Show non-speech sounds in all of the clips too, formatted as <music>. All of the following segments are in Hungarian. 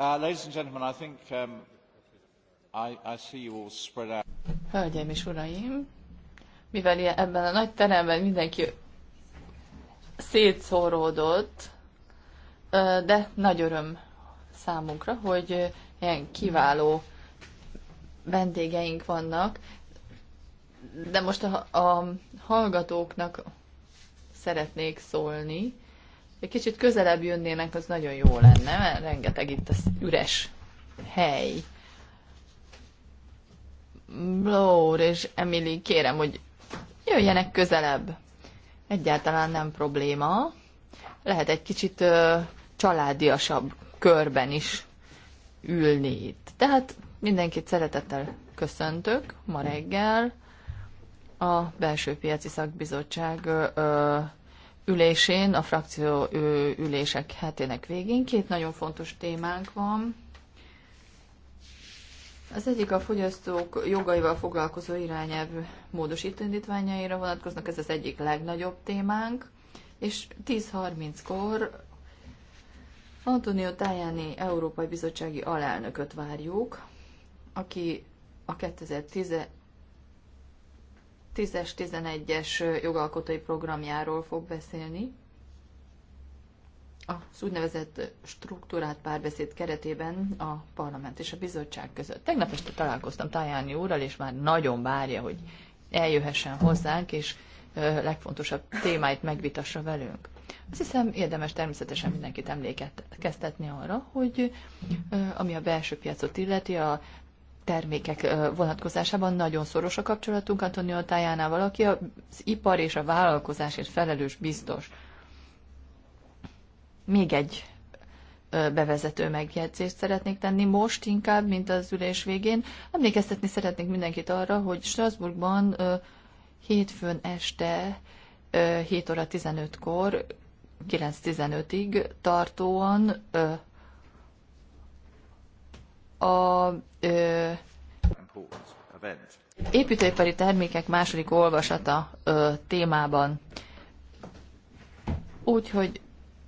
Uh, ladies and gentlemen, I think um, I, I see you all spread out. Hölgyeim és uraim, mivel ebben a nagy teremben mindenki szétszóródott, de nagy öröm számunkra, hogy ilyen kiváló vendégeink vannak, de most a, a hallgatóknak szeretnék szólni, egy kicsit közelebb jönnének, az nagyon jó lenne, mert rengeteg itt az üres hely. Blower és Emily, kérem, hogy jöjjenek közelebb. Egyáltalán nem probléma. Lehet egy kicsit ö, családiasabb körben is ülni itt. Tehát mindenkit szeretettel köszöntök ma reggel. A Belső Piaci Szakbizottság ö, ö, ülésén, a frakció ülések hetének végén két nagyon fontos témánk van. Az egyik a fogyasztók jogaival foglalkozó irányelv módosítóindítványaira vonatkoznak, ez az egyik legnagyobb témánk, és 10.30-kor Antonio Tajani Európai Bizottsági Alelnököt várjuk, aki a 2010 10-es, 11-es jogalkotói programjáról fog beszélni. Az úgynevezett struktúrát párbeszéd keretében a parlament és a bizottság között. Tegnap este találkoztam Tajáni úrral, és már nagyon várja, hogy eljöhessen hozzánk, és legfontosabb témáit megvitassa velünk. Azt hiszem érdemes természetesen mindenkit emlékeztetni arra, hogy ami a belső piacot illeti, a termékek vonatkozásában nagyon szoros a kapcsolatunk Antonio Tajánával, aki az ipar és a vállalkozásért felelős biztos. Még egy bevezető megjegyzést szeretnék tenni most inkább, mint az ülés végén. Emlékeztetni szeretnék mindenkit arra, hogy Strasbourgban hétfőn este 7 óra 15 kor 915 ig tartóan a ö, építőipari termékek második olvasata ö, témában. Úgyhogy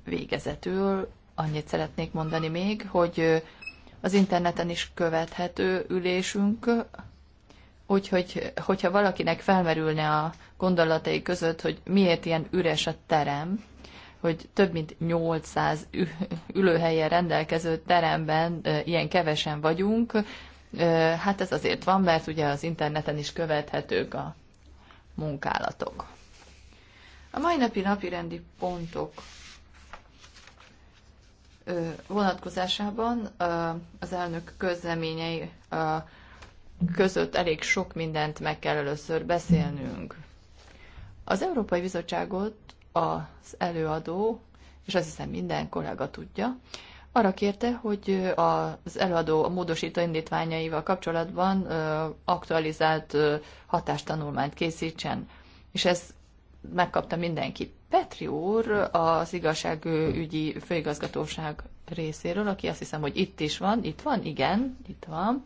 végezetül annyit szeretnék mondani még, hogy az interneten is követhető ülésünk, úgyhogy hogyha valakinek felmerülne a gondolatai között, hogy miért ilyen üres a terem, hogy több mint 800 ülőhelyen rendelkező teremben ilyen kevesen vagyunk. Hát ez azért van, mert ugye az interneten is követhetők a munkálatok. A mai napi napirendi pontok vonatkozásában az elnök közleményei között elég sok mindent meg kell először beszélnünk. Az Európai Bizottságot az előadó, és azt hiszem minden kollega tudja, arra kérte, hogy az előadó a módosító indítványaival kapcsolatban aktualizált hatástanulmányt készítsen, és ez megkapta mindenki. Petri úr az igazságügyi főigazgatóság részéről, aki azt hiszem, hogy itt is van, itt van, igen, itt van.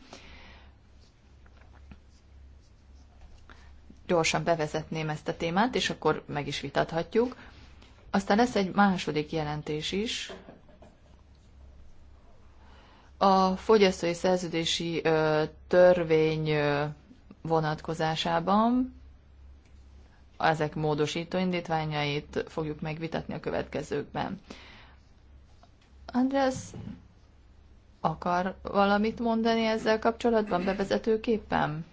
gyorsan bevezetném ezt a témát, és akkor meg is vitathatjuk. Aztán lesz egy második jelentés is, a fogyasztói szerződési ö, törvény ö, vonatkozásában ezek módosító indítványait fogjuk megvitatni a következőkben. András akar valamit mondani ezzel kapcsolatban bevezetőképpen?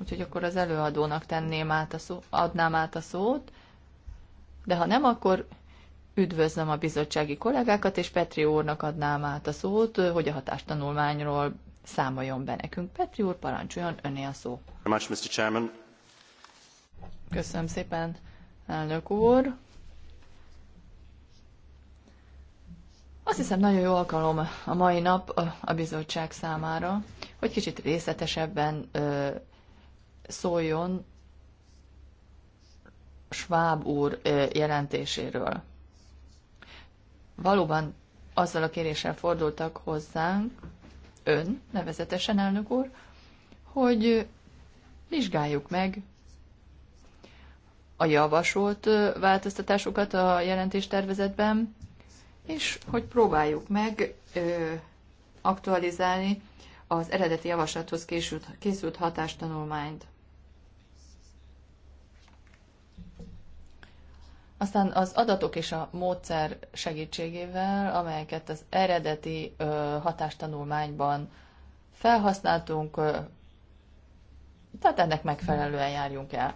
Úgyhogy akkor az előadónak tenném át a szó, adnám át a szót, de ha nem, akkor üdvözlöm a bizottsági kollégákat, és Petri úrnak adnám át a szót, hogy a hatástanulmányról számoljon be nekünk. Petri úr, parancsoljon, öné a szó. Köszönöm szépen, elnök úr. Azt hiszem nagyon jó alkalom a mai nap a bizottság számára, hogy kicsit részletesebben szóljon Schwab úr jelentéséről. Valóban azzal a kéréssel fordultak hozzánk, ön, nevezetesen elnök úr, hogy vizsgáljuk meg a javasolt változtatásokat a jelentéstervezetben, és hogy próbáljuk meg ö, aktualizálni az eredeti javaslathoz készült, készült hatástanulmányt. Aztán az adatok és a módszer segítségével, amelyeket az eredeti hatástanulmányban felhasználtunk, tehát ennek megfelelően járjunk el.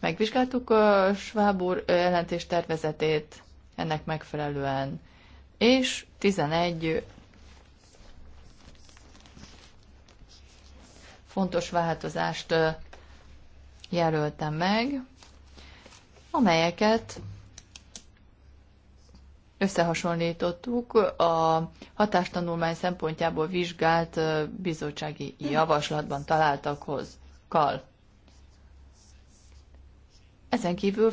Megvizsgáltuk a Schwab úr jelentés tervezetét ennek megfelelően, és 11 fontos változást jelöltem meg amelyeket összehasonlítottuk a hatástanulmány szempontjából vizsgált bizottsági javaslatban találtakhoz. Kal. Ezen kívül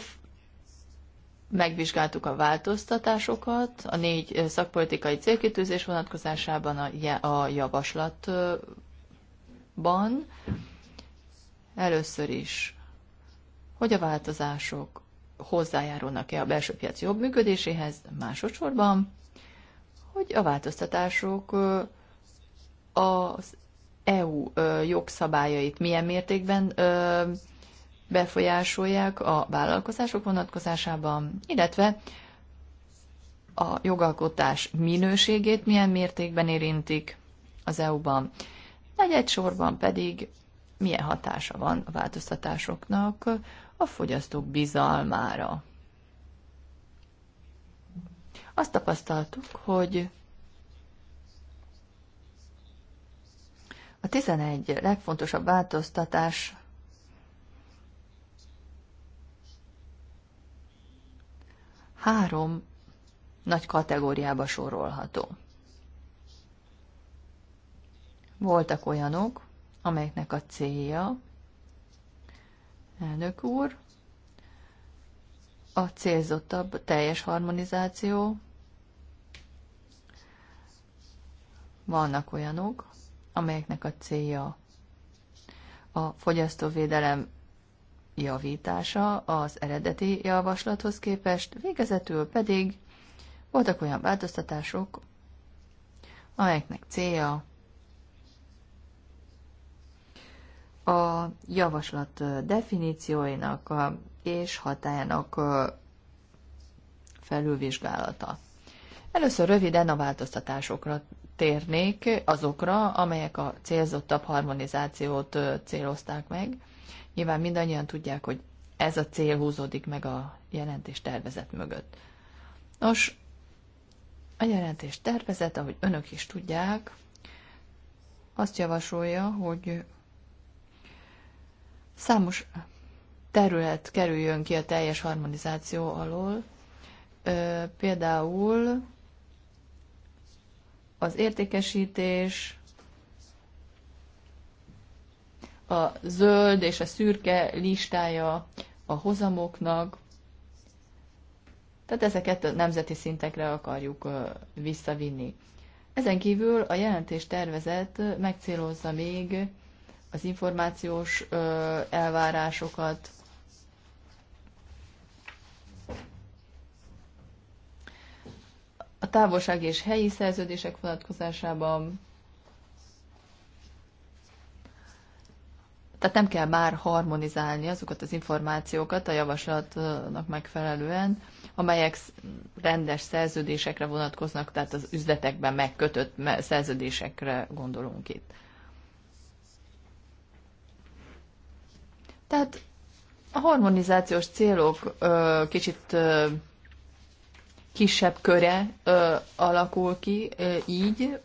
megvizsgáltuk a változtatásokat a négy szakpolitikai célkitűzés vonatkozásában a javaslatban. Először is, hogy a változások hozzájárulnak-e a belső piac jobb működéséhez, másodszorban, hogy a változtatások az EU jogszabályait milyen mértékben befolyásolják a vállalkozások vonatkozásában, illetve a jogalkotás minőségét milyen mértékben érintik az EU-ban. Negyed sorban pedig milyen hatása van a változtatásoknak a fogyasztók bizalmára. Azt tapasztaltuk, hogy a 11 legfontosabb változtatás három nagy kategóriába sorolható. Voltak olyanok, amelyeknek a célja elnök úr. A célzottabb teljes harmonizáció. Vannak olyanok, amelyeknek a célja a fogyasztóvédelem javítása az eredeti javaslathoz képest, végezetül pedig voltak olyan változtatások, amelyeknek célja a javaslat definícióinak és hatájának felülvizsgálata. Először röviden a változtatásokra térnék, azokra, amelyek a célzottabb harmonizációt célozták meg. Nyilván mindannyian tudják, hogy ez a cél húzódik meg a jelentés tervezet mögött. Nos, a jelentés tervezet, ahogy önök is tudják, azt javasolja, hogy Számos terület kerüljön ki a teljes harmonizáció alól, például az értékesítés, a zöld és a szürke listája a hozamoknak, tehát ezeket a nemzeti szintekre akarjuk visszavinni. Ezen kívül a jelentés tervezet megcélozza még az információs elvárásokat. A távolság és helyi szerződések vonatkozásában Tehát nem kell már harmonizálni azokat az információkat a javaslatnak megfelelően, amelyek rendes szerződésekre vonatkoznak, tehát az üzletekben megkötött szerződésekre gondolunk itt. Tehát a harmonizációs célok ö, kicsit ö, kisebb köre ö, alakul ki ö, így,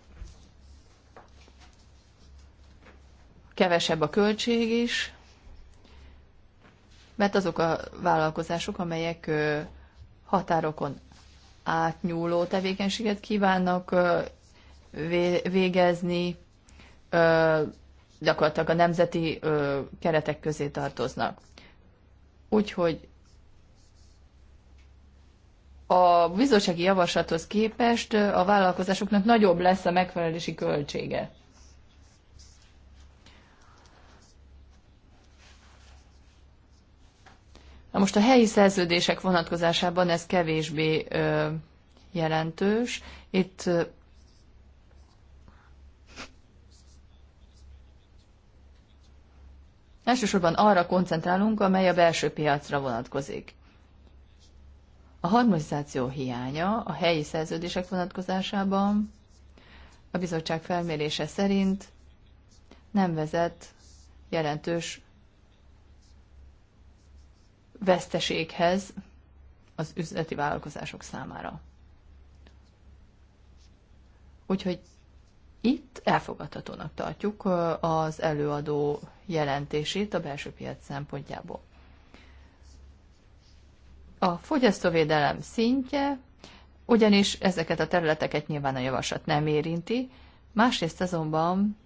kevesebb a költség is, mert azok a vállalkozások, amelyek ö, határokon átnyúló tevékenységet kívánnak ö, végezni, ö, gyakorlatilag a nemzeti ö, keretek közé tartoznak. Úgyhogy a bizottsági javaslathoz képest a vállalkozásoknak nagyobb lesz a megfelelési költsége. Na most a helyi szerződések vonatkozásában ez kevésbé ö, jelentős. Itt Elsősorban arra koncentrálunk, amely a belső piacra vonatkozik. A harmonizáció hiánya a helyi szerződések vonatkozásában a bizottság felmérése szerint nem vezet jelentős veszteséghez az üzleti vállalkozások számára. Úgyhogy itt elfogadhatónak tartjuk az előadó jelentését a belső piac szempontjából. A fogyasztóvédelem szintje, ugyanis ezeket a területeket nyilván a javaslat nem érinti, másrészt azonban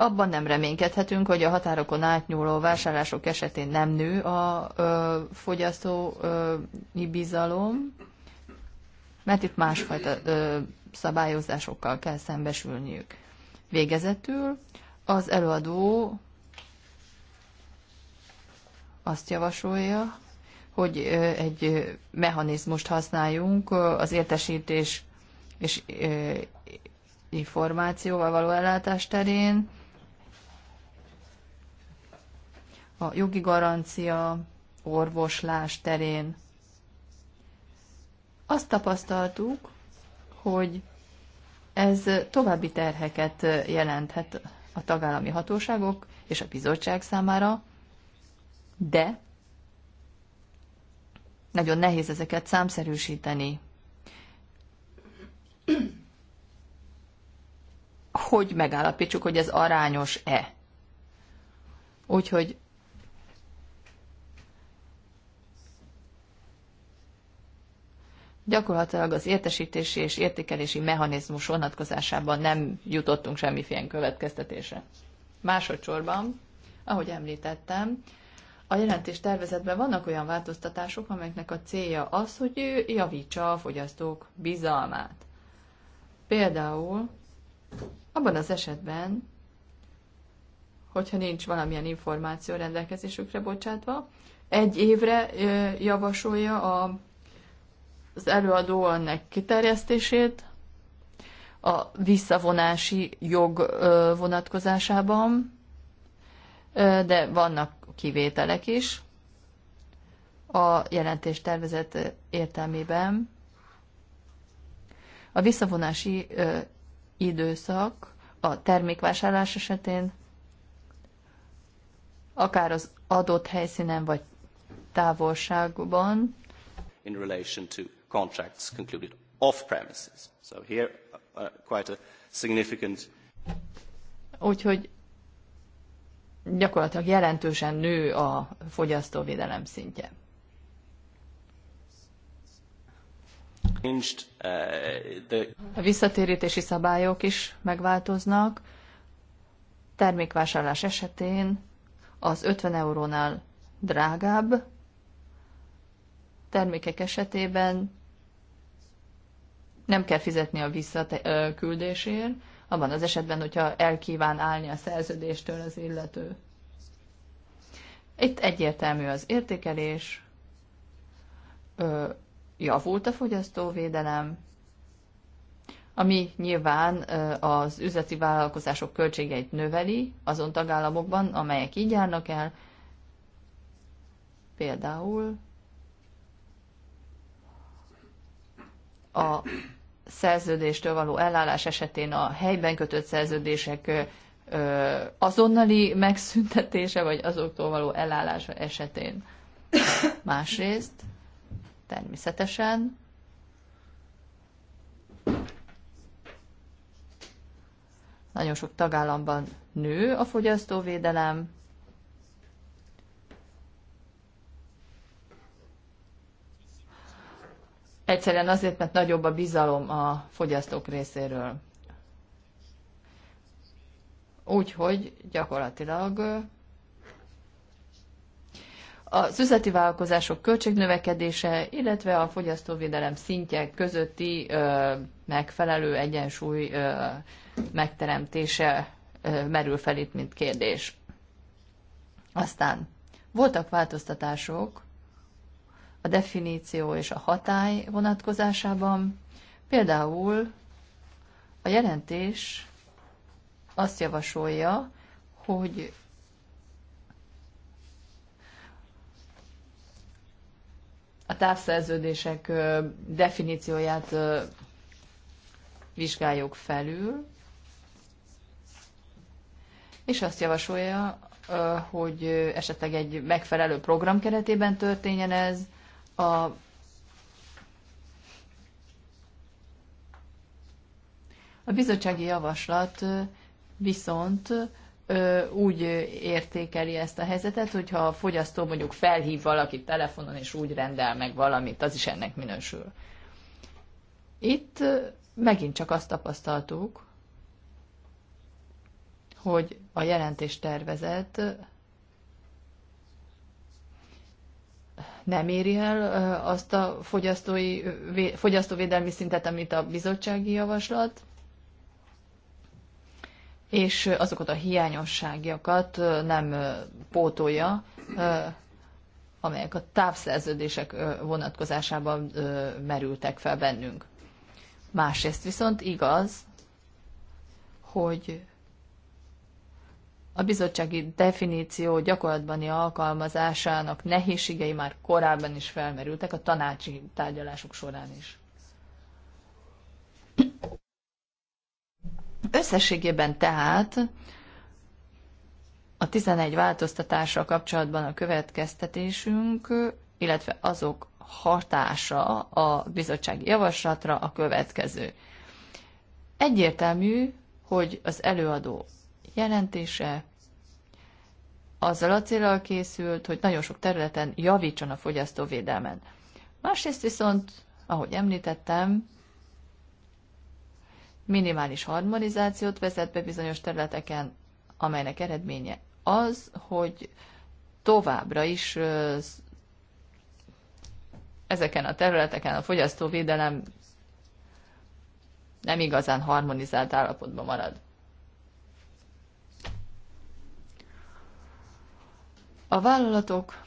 abban nem reménykedhetünk, hogy a határokon átnyúló vásárlások esetén nem nő a ö, fogyasztói bizalom, mert itt másfajta ö, szabályozásokkal kell szembesülniük. Végezetül az előadó azt javasolja, hogy egy mechanizmust használjunk az értesítés és információval való ellátás terén, a jogi garancia, orvoslás terén. Azt tapasztaltuk, hogy ez további terheket jelenthet a tagállami hatóságok és a bizottság számára, de nagyon nehéz ezeket számszerűsíteni. Hogy megállapítsuk, hogy ez arányos-e. Úgyhogy gyakorlatilag az értesítési és értékelési mechanizmus vonatkozásában nem jutottunk semmiféle következtetésre. Másodszorban, ahogy említettem, a jelentés tervezetben vannak olyan változtatások, amelyeknek a célja az, hogy ő javítsa a fogyasztók bizalmát. Például abban az esetben, hogyha nincs valamilyen információ rendelkezésükre bocsátva, egy évre javasolja a az előadó ennek kiterjesztését a visszavonási jog vonatkozásában, de vannak kivételek is a jelentés értelmében. A visszavonási időszak a termékvásárlás esetén akár az adott helyszínen vagy távolságban in relation to contracts concluded off premises. So here uh, quite a significant Úgyhogy gyakorlatilag jelentősen nő a fogyasztóvédelem szintje. Uh, a visszatérítési szabályok is megváltoznak. Termékvásárlás esetén az 50 eurónál drágább termékek esetében nem kell fizetni a visszaküldésért, abban az esetben, hogyha elkíván állni a szerződéstől az illető. Itt egyértelmű az értékelés, javult a fogyasztóvédelem, ami nyilván az üzleti vállalkozások költségeit növeli azon tagállamokban, amelyek így járnak el, például a szerződéstől való ellállás esetén a helyben kötött szerződések azonnali megszüntetése, vagy azoktól való elállása esetén. Másrészt, természetesen, nagyon sok tagállamban nő a fogyasztóvédelem, Egyszerűen azért, mert nagyobb a bizalom a fogyasztók részéről. Úgyhogy gyakorlatilag az üzleti vállalkozások költségnövekedése, illetve a fogyasztóvédelem szintje közötti ö, megfelelő egyensúly ö, megteremtése ö, merül fel itt, mint kérdés. Aztán voltak változtatások a definíció és a hatály vonatkozásában. Például a jelentés azt javasolja, hogy a távszerződések definícióját vizsgáljuk felül, és azt javasolja, hogy esetleg egy megfelelő program keretében történjen ez, a a bizottsági javaslat viszont úgy értékeli ezt a helyzetet, hogyha a fogyasztó mondjuk felhív valakit telefonon, és úgy rendel meg valamit, az is ennek minősül. Itt megint csak azt tapasztaltuk, hogy a jelentés nem éri el azt a fogyasztói, fogyasztóvédelmi szintet, amit a bizottsági javaslat, és azokat a hiányosságokat nem pótolja, amelyek a távszerződések vonatkozásában merültek fel bennünk. Másrészt viszont igaz, hogy a bizottsági definíció gyakorlatbani alkalmazásának nehézségei már korábban is felmerültek, a tanácsi tárgyalások során is. Összességében tehát a 11 változtatással kapcsolatban a következtetésünk, illetve azok hatása a bizottsági javaslatra a következő. Egyértelmű, hogy az előadó jelentése azzal a célral készült, hogy nagyon sok területen javítson a fogyasztóvédelmen. Másrészt viszont, ahogy említettem, minimális harmonizációt vezet be bizonyos területeken, amelynek eredménye az, hogy továbbra is ezeken a területeken a fogyasztóvédelem nem igazán harmonizált állapotban marad. a vállalatok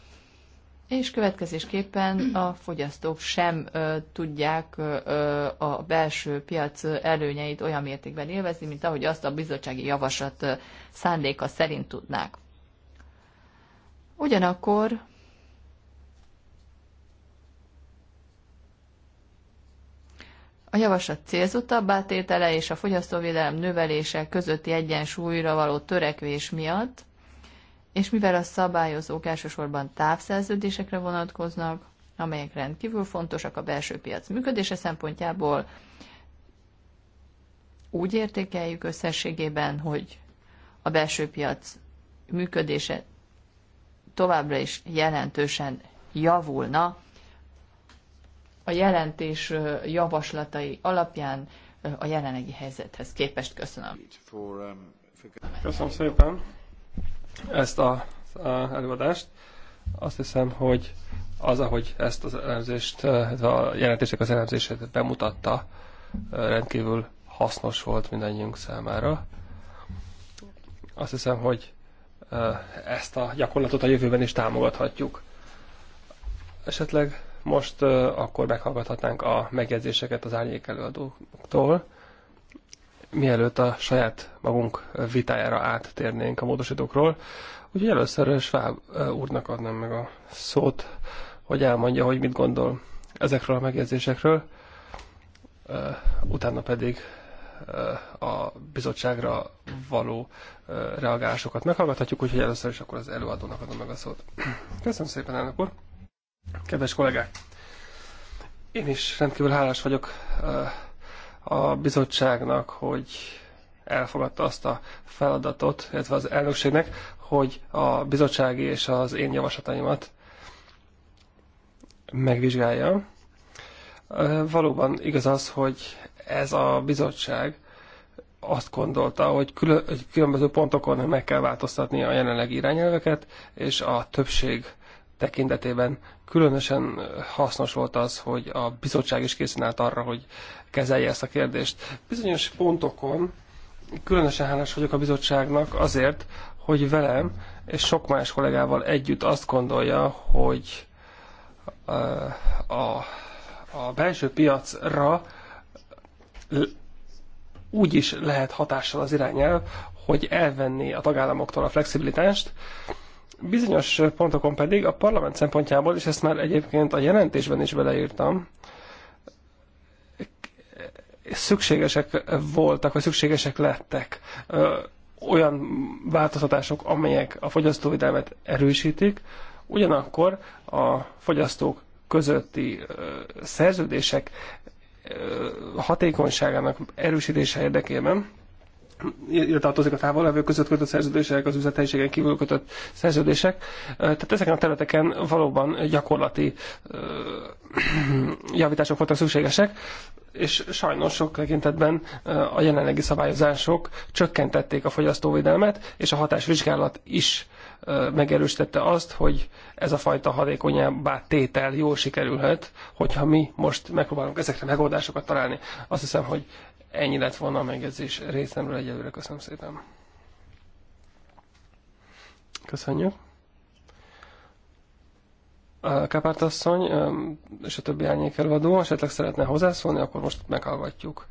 és következésképpen a fogyasztók sem ö, tudják ö, a belső piac előnyeit olyan mértékben élvezni, mint ahogy azt a bizottsági javaslat szándéka szerint tudnák. Ugyanakkor a javaslat célzottabb átétele és a fogyasztóvédelem növelése közötti egyensúlyra való törekvés miatt és mivel a szabályozók elsősorban távszerződésekre vonatkoznak, amelyek rendkívül fontosak a belső piac működése szempontjából, úgy értékeljük összességében, hogy a belső piac működése továbbra is jelentősen javulna. A jelentés javaslatai alapján a jelenlegi helyzethez képest köszönöm. Köszönöm szépen! ezt a, a előadást. Azt hiszem, hogy az, ahogy ezt az elemzést, eh, a jelentések az elemzését bemutatta, eh, rendkívül hasznos volt mindannyiunk számára. Azt hiszem, hogy eh, ezt a gyakorlatot a jövőben is támogathatjuk. Esetleg most akkor meghallgathatnánk a megjegyzéseket az árnyék előadóktól mielőtt a saját magunk vitájára áttérnénk a módosítókról. Úgyhogy először Schwab úrnak adnám meg a szót, hogy elmondja, hogy mit gondol ezekről a megjegyzésekről. Utána pedig a bizottságra való reagálásokat meghallgathatjuk, úgyhogy először is akkor az előadónak adom meg a szót. Köszönöm szépen, elnök úr! Kedves kollégák! Én is rendkívül hálás vagyok a bizottságnak, hogy elfogadta azt a feladatot, illetve az elnökségnek, hogy a bizottsági és az én javaslataimat megvizsgálja. Valóban igaz az, hogy ez a bizottság azt gondolta, hogy különböző pontokon meg kell változtatni a jelenlegi irányelveket, és a többség tekintetében különösen hasznos volt az, hogy a bizottság is készen állt arra, hogy kezelje ezt a kérdést. Bizonyos pontokon különösen hálás vagyok a bizottságnak azért, hogy velem és sok más kollégával együtt azt gondolja, hogy a, a, a belső piacra úgy is lehet hatással az irányelv, hogy elvenni a tagállamoktól a flexibilitást, Bizonyos pontokon pedig a parlament szempontjából, és ezt már egyébként a jelentésben is beleírtam, szükségesek voltak, vagy szükségesek lettek olyan változtatások, amelyek a fogyasztóvédelmet erősítik, ugyanakkor a fogyasztók közötti szerződések hatékonyságának erősítése érdekében ide tartozik a távollevő között kötött szerződések, az üzletelyiségen kívül kötött szerződések. Tehát ezeken a területeken valóban gyakorlati <clears throat> javítások voltak szükségesek, és sajnos sok tekintetben a jelenlegi szabályozások csökkentették a fogyasztóvédelmet, és a hatásvizsgálat is megerősítette azt, hogy ez a fajta hatékonyabbá tétel jól sikerülhet, hogyha mi most megpróbálunk ezekre megoldásokat találni. Azt hiszem, hogy Ennyi lett volna a megjegyzés részemről egyelőre. Köszönöm szépen. Köszönjük. Kapárt asszony és a többi árnyék előadó esetleg szeretne hozzászólni, akkor most meghallgatjuk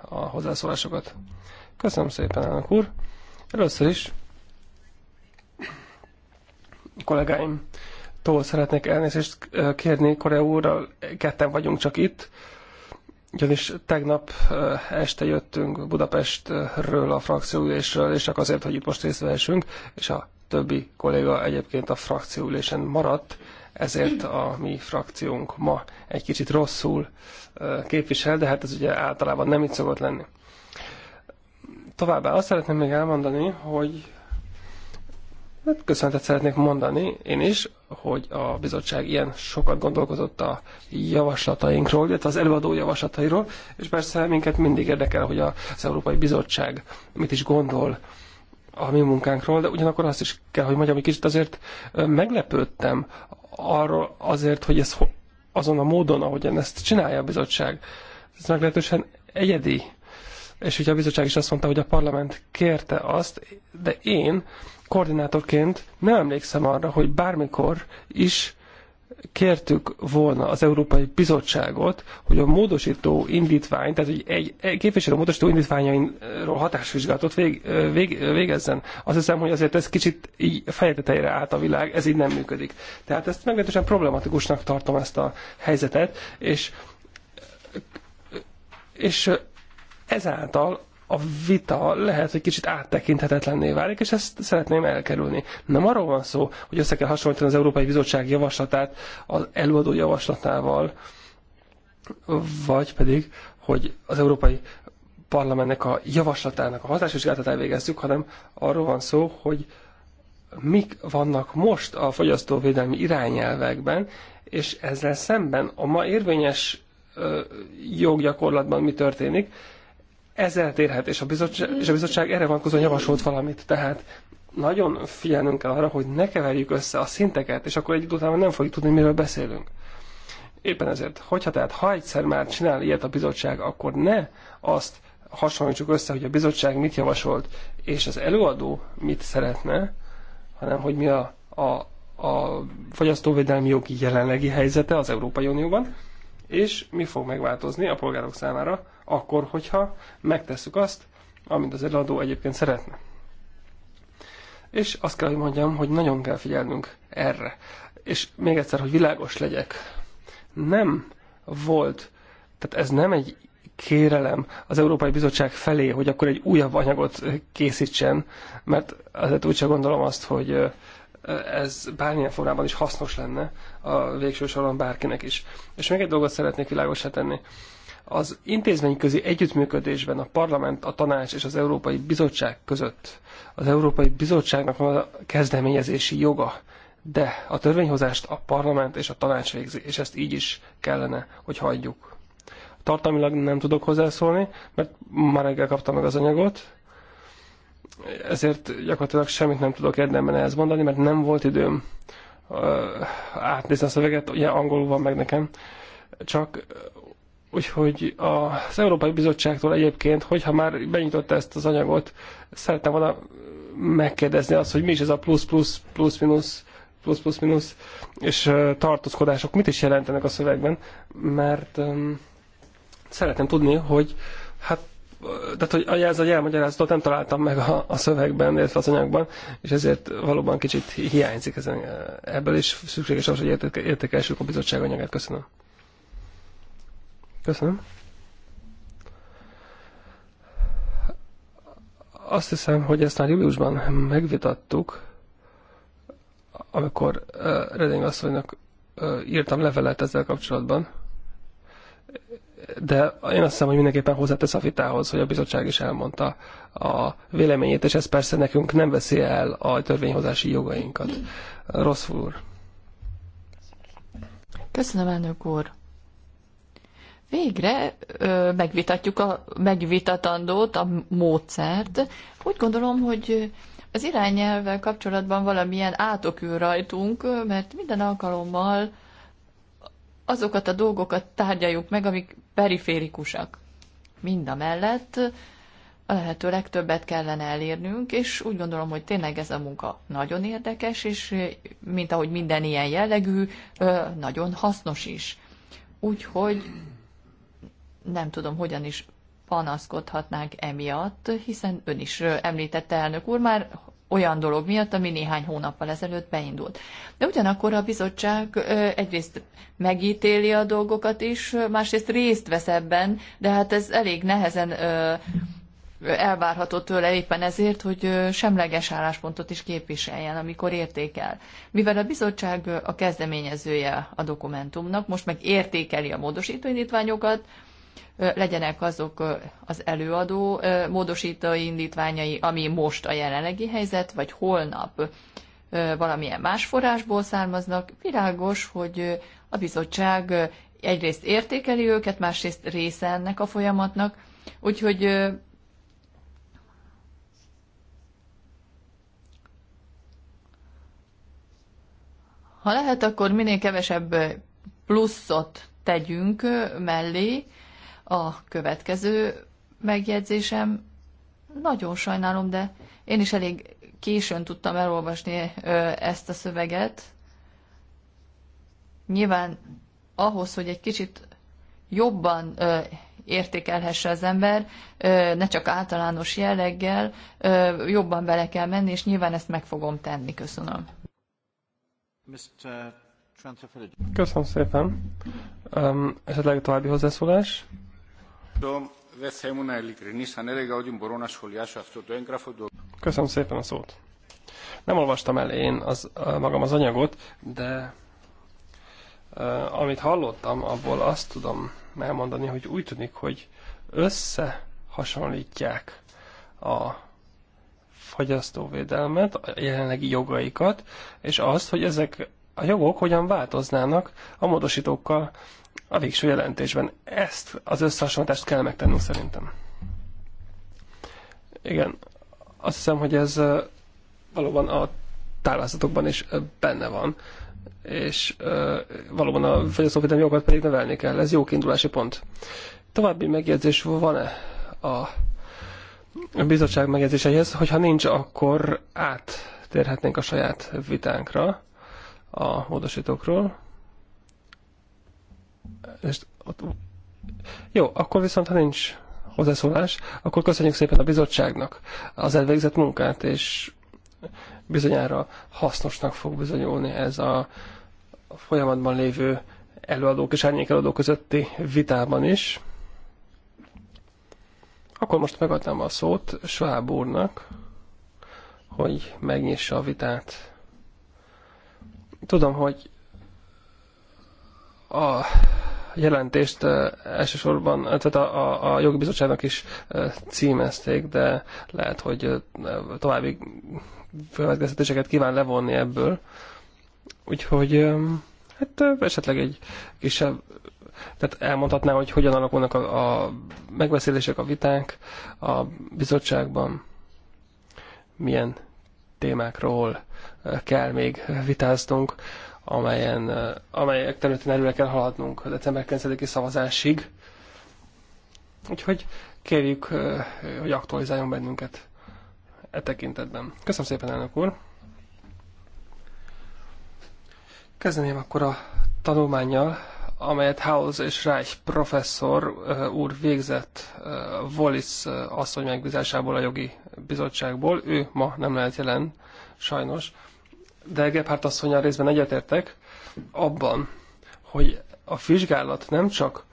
a hozzászólásokat. Köszönöm szépen, elnök úr. Először is kollégáimtól szeretnék elnézést kérni, Korea úrral ketten vagyunk csak itt, ugyanis tegnap este jöttünk Budapestről, a frakcióülésről, és csak azért, hogy itt most részt vehessünk, és a többi kolléga egyébként a frakcióülésen maradt, ezért a mi frakciónk ma egy kicsit rosszul képvisel, de hát ez ugye általában nem így szokott lenni. Továbbá azt szeretném még elmondani, hogy hát köszönetet szeretnék mondani én is hogy a bizottság ilyen sokat gondolkozott a javaslatainkról, illetve az előadó javaslatairól, és persze minket mindig érdekel, hogy az Európai Bizottság mit is gondol a mi munkánkról, de ugyanakkor azt is kell, hogy mondjam, hogy kicsit azért meglepődtem arról azért, hogy ez azon a módon, ahogyan ezt csinálja a bizottság. Ez meglehetősen egyedi. És ugye a bizottság is azt mondta, hogy a parlament kérte azt, de én koordinátorként nem emlékszem arra, hogy bármikor is kértük volna az Európai Bizottságot, hogy a módosító indítvány, tehát hogy egy, egy képviselő módosító indítványainról hatásvizsgálatot vég, vég, végezzen. Azt hiszem, hogy azért ez kicsit így fejteteire állt a világ, ez így nem működik. Tehát ezt meglehetősen problematikusnak tartom ezt a helyzetet, és, és ezáltal a vita lehet, hogy kicsit áttekinthetetlenné válik, és ezt szeretném elkerülni. Nem arról van szó, hogy össze kell hasonlítani az Európai Bizottság javaslatát az előadó javaslatával, vagy pedig, hogy az Európai Parlamentnek a javaslatának a hatásvizsgálatát elvégezzük, hanem arról van szó, hogy mik vannak most a fogyasztóvédelmi irányelvekben, és ezzel szemben a ma érvényes joggyakorlatban mi történik, ez eltérhet, és a bizottság, és a bizottság erre vonatkozóan javasolt valamit, tehát nagyon figyelnünk kell arra, hogy ne keverjük össze a szinteket, és akkor egy idő után nem fogjuk tudni, miről beszélünk. Éppen ezért, hogyha tehát ha egyszer már csinál ilyet a bizottság, akkor ne azt hasonlítsuk össze, hogy a bizottság mit javasolt, és az előadó mit szeretne, hanem hogy mi a, a, a fogyasztóvédelmi jogi jelenlegi helyzete az Európai Unióban, és mi fog megváltozni a polgárok számára akkor, hogyha megtesszük azt, amit az eladó egyébként szeretne. És azt kell, hogy mondjam, hogy nagyon kell figyelnünk erre. És még egyszer, hogy világos legyek. Nem volt, tehát ez nem egy kérelem az Európai Bizottság felé, hogy akkor egy újabb anyagot készítsen, mert azért úgyse gondolom azt, hogy ez bármilyen formában is hasznos lenne a végső soron bárkinek is. És még egy dolgot szeretnék világosra tenni az intézményközi együttműködésben a parlament, a tanács és az Európai Bizottság között az Európai Bizottságnak van a kezdeményezési joga, de a törvényhozást a parlament és a tanács végzi, és ezt így is kellene, hogy hagyjuk. Tartalmilag nem tudok hozzászólni, mert már reggel kaptam meg az anyagot, ezért gyakorlatilag semmit nem tudok érdemben ehhez mondani, mert nem volt időm uh, átnézni a szöveget, ugye angolul van meg nekem, csak Úgyhogy az Európai Bizottságtól egyébként, hogyha már benyitotta ezt az anyagot, szerettem volna megkérdezni azt, hogy mi is ez a plusz, plusz, plusz, minusz, plusz, plusz, minusz, és tartózkodások mit is jelentenek a szövegben, mert um, szeretném tudni, hogy hát tehát, hogy ez a jelmagyarázatot nem találtam meg a, a szövegben, illetve az anyagban, és ezért valóban kicsit hiányzik ezen, ebből, és szükséges az, hogy értékelsük a bizottság anyagát. Köszönöm. Köszönöm. Azt hiszem, hogy ezt már júliusban megvitattuk, amikor uh, Reding asszonynak uh, írtam levelet ezzel kapcsolatban, de én azt hiszem, hogy mindenképpen hozzátesz a vitához, hogy a bizottság is elmondta a véleményét, és ez persze nekünk nem veszi el a törvényhozási jogainkat. Rossz úr. Köszönöm, elnök úr végre ö, megvitatjuk a megvitatandót, a módszert. Úgy gondolom, hogy az irányelvvel kapcsolatban valamilyen átokül rajtunk, mert minden alkalommal azokat a dolgokat tárgyaljuk meg, amik periférikusak. Mind a mellett a lehető legtöbbet kellene elérnünk, és úgy gondolom, hogy tényleg ez a munka nagyon érdekes, és mint ahogy minden ilyen jellegű, nagyon hasznos is. Úgyhogy nem tudom, hogyan is panaszkodhatnánk emiatt, hiszen ön is említette elnök úr már olyan dolog miatt, ami néhány hónappal ezelőtt beindult. De ugyanakkor a bizottság egyrészt megítéli a dolgokat is, másrészt részt vesz ebben, de hát ez elég nehezen elvárható tőle éppen ezért, hogy semleges álláspontot is képviseljen, amikor értékel. Mivel a bizottság a kezdeményezője a dokumentumnak, most meg értékeli a módosítóindítványokat, indítványokat, legyenek azok az előadó módosítói indítványai, ami most a jelenlegi helyzet, vagy holnap valamilyen más forrásból származnak. Világos, hogy a bizottság egyrészt értékeli őket, másrészt része ennek a folyamatnak, úgyhogy ha lehet, akkor minél kevesebb pluszot tegyünk mellé, a következő megjegyzésem, nagyon sajnálom, de én is elég későn tudtam elolvasni ezt a szöveget. Nyilván ahhoz, hogy egy kicsit jobban értékelhesse az ember, ne csak általános jelleggel, jobban bele kell menni, és nyilván ezt meg fogom tenni. Köszönöm. Köszönöm szépen. Um, esetleg további hozzászólás? Köszönöm szépen a szót. Nem olvastam el én az, magam az anyagot, de amit hallottam, abból azt tudom elmondani, hogy úgy tűnik, hogy összehasonlítják a fogyasztóvédelmet, a jelenlegi jogaikat, és azt, hogy ezek a jogok hogyan változnának a módosítókkal a végső jelentésben. Ezt az összehasonlítást kell megtennünk szerintem. Igen, azt hiszem, hogy ez valóban a tárlázatokban is benne van, és valóban a fogyasztóvédelmi jogokat pedig nevelni kell. Ez jó kiindulási pont. További megjegyzés van-e a bizottság megjegyzéseihez, hogyha nincs, akkor áttérhetnénk a saját vitánkra a módosítókról és ott, jó, akkor viszont, ha nincs hozzászólás, akkor köszönjük szépen a bizottságnak az elvégzett munkát, és bizonyára hasznosnak fog bizonyulni ez a folyamatban lévő előadók és árnyékeladók közötti vitában is. Akkor most megadnám a szót Schwab úrnak, hogy megnyissa a vitát. Tudom, hogy a jelentést elsősorban, tehát a, a, a jogi bizottságnak is címezték, de lehet, hogy további következtetéseket kíván levonni ebből. Úgyhogy hát esetleg egy kisebb tehát elmondhatná, hogy hogyan alakulnak a, a megbeszélések, a viták a bizottságban, milyen témákról kell még vitáznunk amelyen, amelyek területen előre kell haladnunk december 9-i szavazásig. Úgyhogy kérjük, hogy aktualizáljon bennünket e tekintetben. Köszönöm szépen, elnök úr! Kezdeném akkor a tanulmányjal, amelyet House és Reich professzor úr végzett Wallis asszony megbízásából a jogi bizottságból. Ő ma nem lehet jelen, sajnos de Gebhardt asszonyal részben egyetértek abban, hogy a vizsgálat nem csak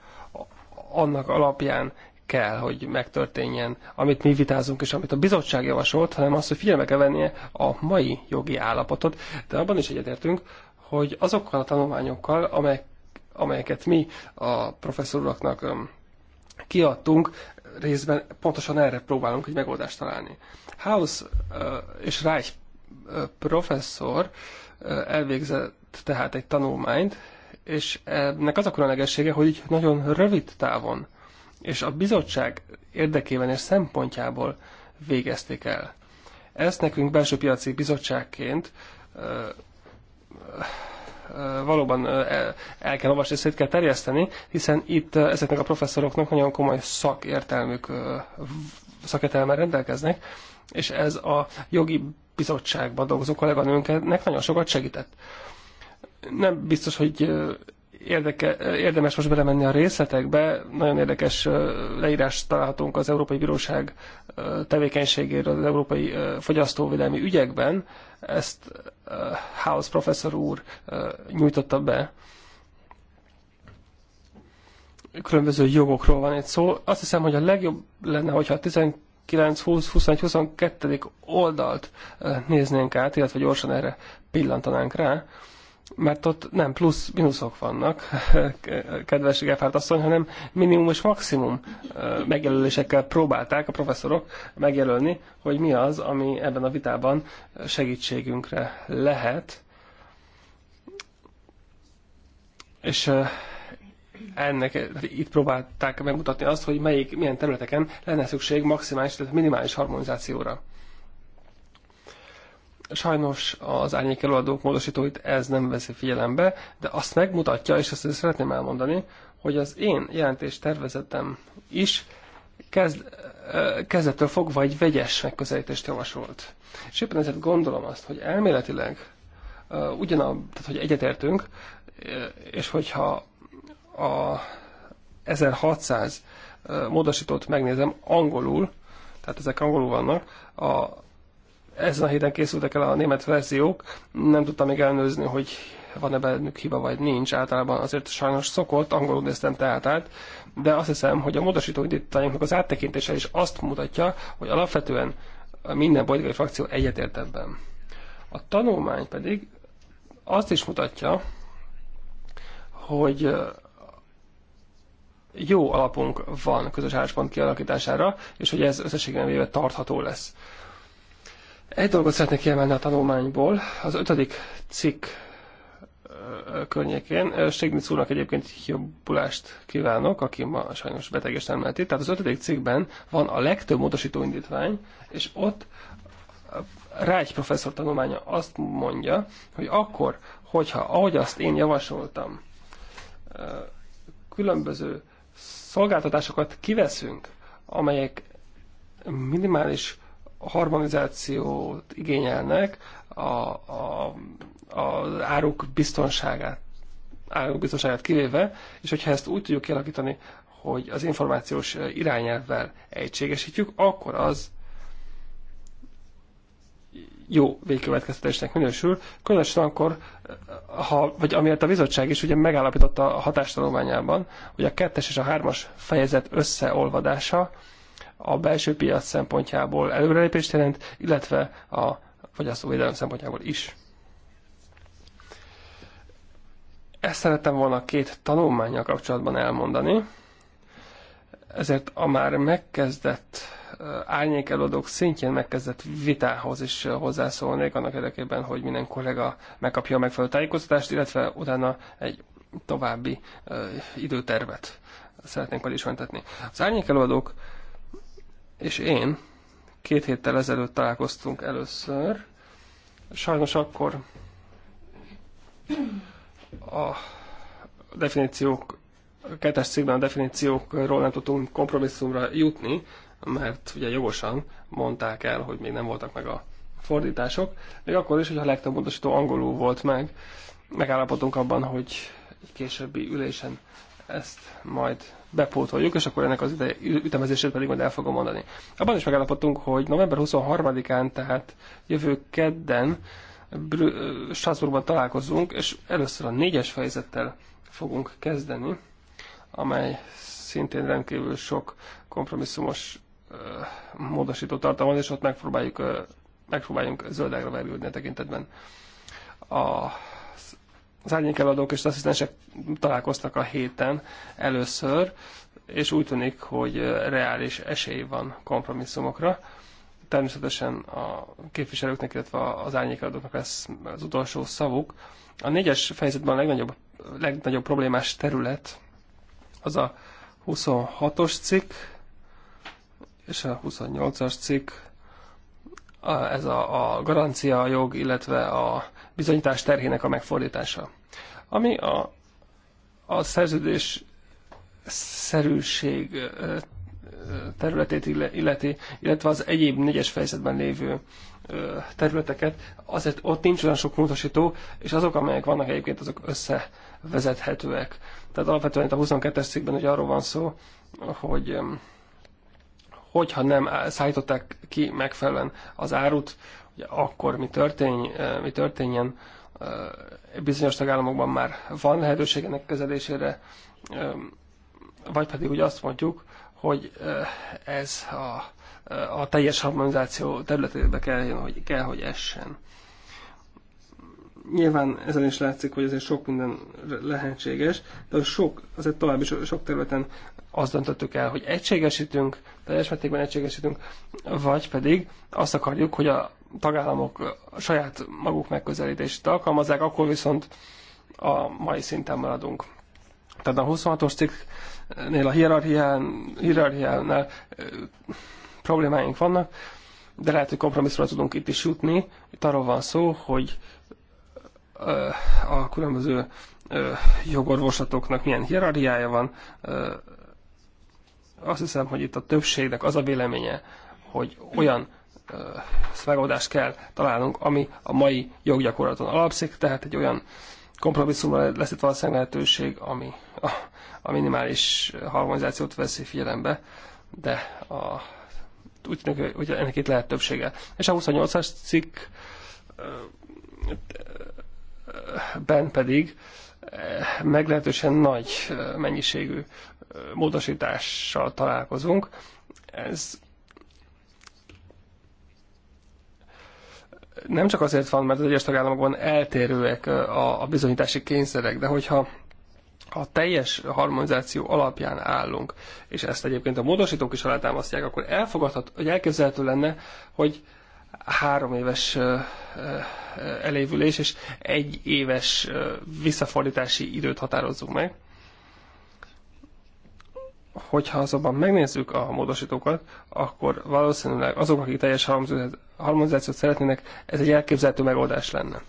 annak alapján kell, hogy megtörténjen, amit mi vitázunk, és amit a bizottság javasolt, hanem azt, hogy figyelme kell vennie a mai jogi állapotot, de abban is egyetértünk, hogy azokkal a tanulmányokkal, amelyek, amelyeket mi a professzoroknak kiadtunk, részben pontosan erre próbálunk egy megoldást találni. House és Reich professzor elvégzett tehát egy tanulmányt, és ennek az a különlegessége, hogy így nagyon rövid távon és a bizottság érdekében és szempontjából végezték el. Ezt nekünk belső piaci bizottságként valóban el kell olvasni, szét kell terjeszteni, hiszen itt ezeknek a professzoroknak nagyon komoly szakértelmük, szakértelemmel rendelkeznek, és ez a jogi bizottságban dolgozó kolléganőnknek nagyon sokat segített. Nem biztos, hogy érdeke, érdemes most belemenni a részletekbe. Nagyon érdekes leírást találhatunk az Európai Bíróság tevékenységéről az európai fogyasztóvédelmi ügyekben. Ezt House professzor úr nyújtotta be. Különböző jogokról van itt szó. Azt hiszem, hogy a legjobb lenne, hogyha a 12 9, 20, 21, 22. oldalt néznénk át, illetve gyorsan erre pillantanánk rá, mert ott nem plusz, minuszok vannak, <laughs> kedves Gefárt asszony, hanem minimum és maximum megjelölésekkel próbálták a professzorok megjelölni, hogy mi az, ami ebben a vitában segítségünkre lehet. És ennek itt próbálták megmutatni azt, hogy melyik, milyen területeken lenne szükség maximális, tehát minimális harmonizációra. Sajnos az árnyék előadók módosítóit ez nem veszi figyelembe, de azt megmutatja, és ezt szeretném elmondani, hogy az én jelentés tervezetem is kezd, kezdettől fogva egy vegyes megközelítést javasolt. És éppen ezért gondolom azt, hogy elméletileg ugyanabb, tehát hogy egyetértünk, és hogyha a 1600 módosítót megnézem angolul, tehát ezek angolul vannak, a, ezen a héten készültek el a német verziók, nem tudtam még elnőzni, hogy van-e bennük hiba vagy nincs, általában azért sajnos szokott, angolul néztem tehát át, de azt hiszem, hogy a módosító indítványoknak az áttekintése is azt mutatja, hogy alapvetően minden politikai frakció egyetért ebben. A tanulmány pedig azt is mutatja, hogy jó alapunk van közös álláspont kialakítására, és hogy ez összességében véve tartható lesz. Egy dolgot szeretnék kiemelni a tanulmányból. Az ötödik cikk környékén. Stiglitz úrnak egyébként jobbulást kívánok, aki ma sajnos beteg és nem lehet itt. Tehát az ötödik cikkben van a legtöbb módosító indítvány, és ott Rágy professzor tanulmánya azt mondja, hogy akkor, hogyha ahogy azt én javasoltam, különböző szolgáltatásokat kiveszünk, amelyek minimális harmonizációt igényelnek a, a, az áruk biztonságát, áruk biztonságát kivéve, és hogyha ezt úgy tudjuk kialakítani, hogy az információs irányelvvel egységesítjük, akkor az jó végkövetkeztetésnek minősül, különösen akkor, ha, vagy amiért a bizottság is ugye megállapította a hatástanulmányában, hogy a kettes és a hármas fejezet összeolvadása a belső piac szempontjából előrelépést jelent, illetve a fogyasztóvédelem szempontjából is. Ezt szerettem volna két tanulmányjal kapcsolatban elmondani, ezért a már megkezdett árnyék előadók szintjén megkezdett vitához is hozzászólnék, annak érdekében, hogy minden kollega megkapja a megfelelő tájékoztatást, illetve utána egy további időtervet szeretnénk majd ismertetni. Az árnyék előadók és én két héttel ezelőtt találkoztunk először. Sajnos akkor a definíciók, a kettes cikkben a definíciókról nem tudtunk kompromisszumra jutni, mert ugye jogosan mondták el, hogy még nem voltak meg a fordítások, még akkor is, hogyha a legtöbb módosító angolul volt meg, megállapodtunk abban, hogy egy későbbi ülésen ezt majd bepótoljuk, és akkor ennek az ide, ütemezését pedig majd el fogom mondani. Abban is megállapodtunk, hogy november 23-án, tehát jövő kedden Brü- Strasbourgban találkozunk, és először a négyes fejezettel fogunk kezdeni, amely szintén rendkívül sok kompromisszumos módosító tartalmaz, és ott megpróbáljuk, megpróbáljunk zöldekre verülni a tekintetben. A, az árnyékeladók és az asszisztensek találkoztak a héten először, és úgy tűnik, hogy reális esély van kompromisszumokra. Természetesen a képviselőknek, illetve az árnyékeladóknak lesz az utolsó szavuk. A négyes fejezetben a legnagyobb, legnagyobb problémás terület az a 26-os cikk, és a 28-as cikk, ez a, a garancia jog, illetve a bizonyítás terhének a megfordítása. Ami a, a szerződés szerűség területét illeti, illetve az egyéb négyes fejezetben lévő területeket, azért ott nincs olyan sok módosító, és azok, amelyek vannak egyébként, azok összevezethetőek. Tehát alapvetően itt a 22-es cikkben ugye arról van szó, hogy hogyha nem szállították ki megfelelően az árut, ugye akkor mi, történj, eh, mi történjen, eh, bizonyos tagállamokban már van lehetőség ennek kezelésére, eh, vagy pedig úgy azt mondjuk, hogy ez a, a teljes harmonizáció területébe kell, hogy, kell, hogy essen. Nyilván ezen is látszik, hogy ez sok minden lehetséges, de sok, azért további sok területen azt döntöttük el, hogy egységesítünk, teljes mértékben egységesítünk, vagy pedig azt akarjuk, hogy a tagállamok a saját maguk megközelítését alkalmazzák, akkor viszont a mai szinten maradunk. Tehát a 26-os cikknél a hierarchiánál problémáink vannak, de lehet, hogy kompromisszumra tudunk itt is jutni. Itt arról van szó, hogy a különböző jogorvoslatoknak milyen hierarchiája van, azt hiszem, hogy itt a többségnek az a véleménye, hogy olyan megoldást kell találnunk, ami a mai joggyakorlaton alapszik, tehát egy olyan kompromisszumra lesz itt valószínűleg lehetőség, ami a, a minimális harmonizációt veszi figyelembe, de a, úgy tűnik, hogy ennek itt lehet többsége. És a 28-as cikk ben pedig meglehetősen nagy mennyiségű módosítással találkozunk. Ez nem csak azért van, mert az egyes tagállamokban eltérőek a, bizonyítási kényszerek, de hogyha a teljes harmonizáció alapján állunk, és ezt egyébként a módosítók is alátámasztják, akkor elfogadhat, hogy elképzelhető lenne, hogy három éves elévülés és egy éves visszafordítási időt határozzunk meg. Hogyha azonban megnézzük a módosítókat, akkor valószínűleg azok, akik teljes harmonizációt szeretnének, ez egy elképzelhető megoldás lenne.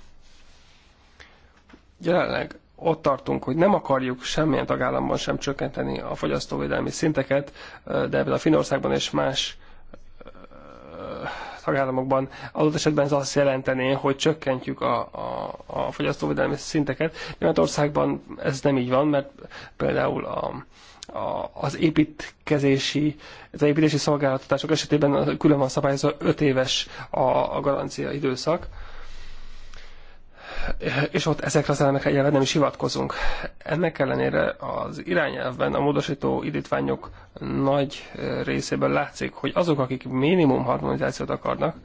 Jelenleg ott tartunk, hogy nem akarjuk semmilyen tagállamban sem csökkenteni a fogyasztóvédelmi szinteket, de ebben a Finországban és más tagállamokban adott esetben ez azt jelenteni, hogy csökkentjük a, a, a fogyasztóvédelmi szinteket. Németországban ez nem így van, mert például a, az építkezési, az építési szolgáltatások esetében külön van szabályozva 5 éves a, a garancia időszak, és ott ezekre az elemekre egyelőre nem is hivatkozunk. Ennek ellenére az irányelvben a módosító idítványok nagy részében látszik, hogy azok, akik minimum harmonizációt akarnak,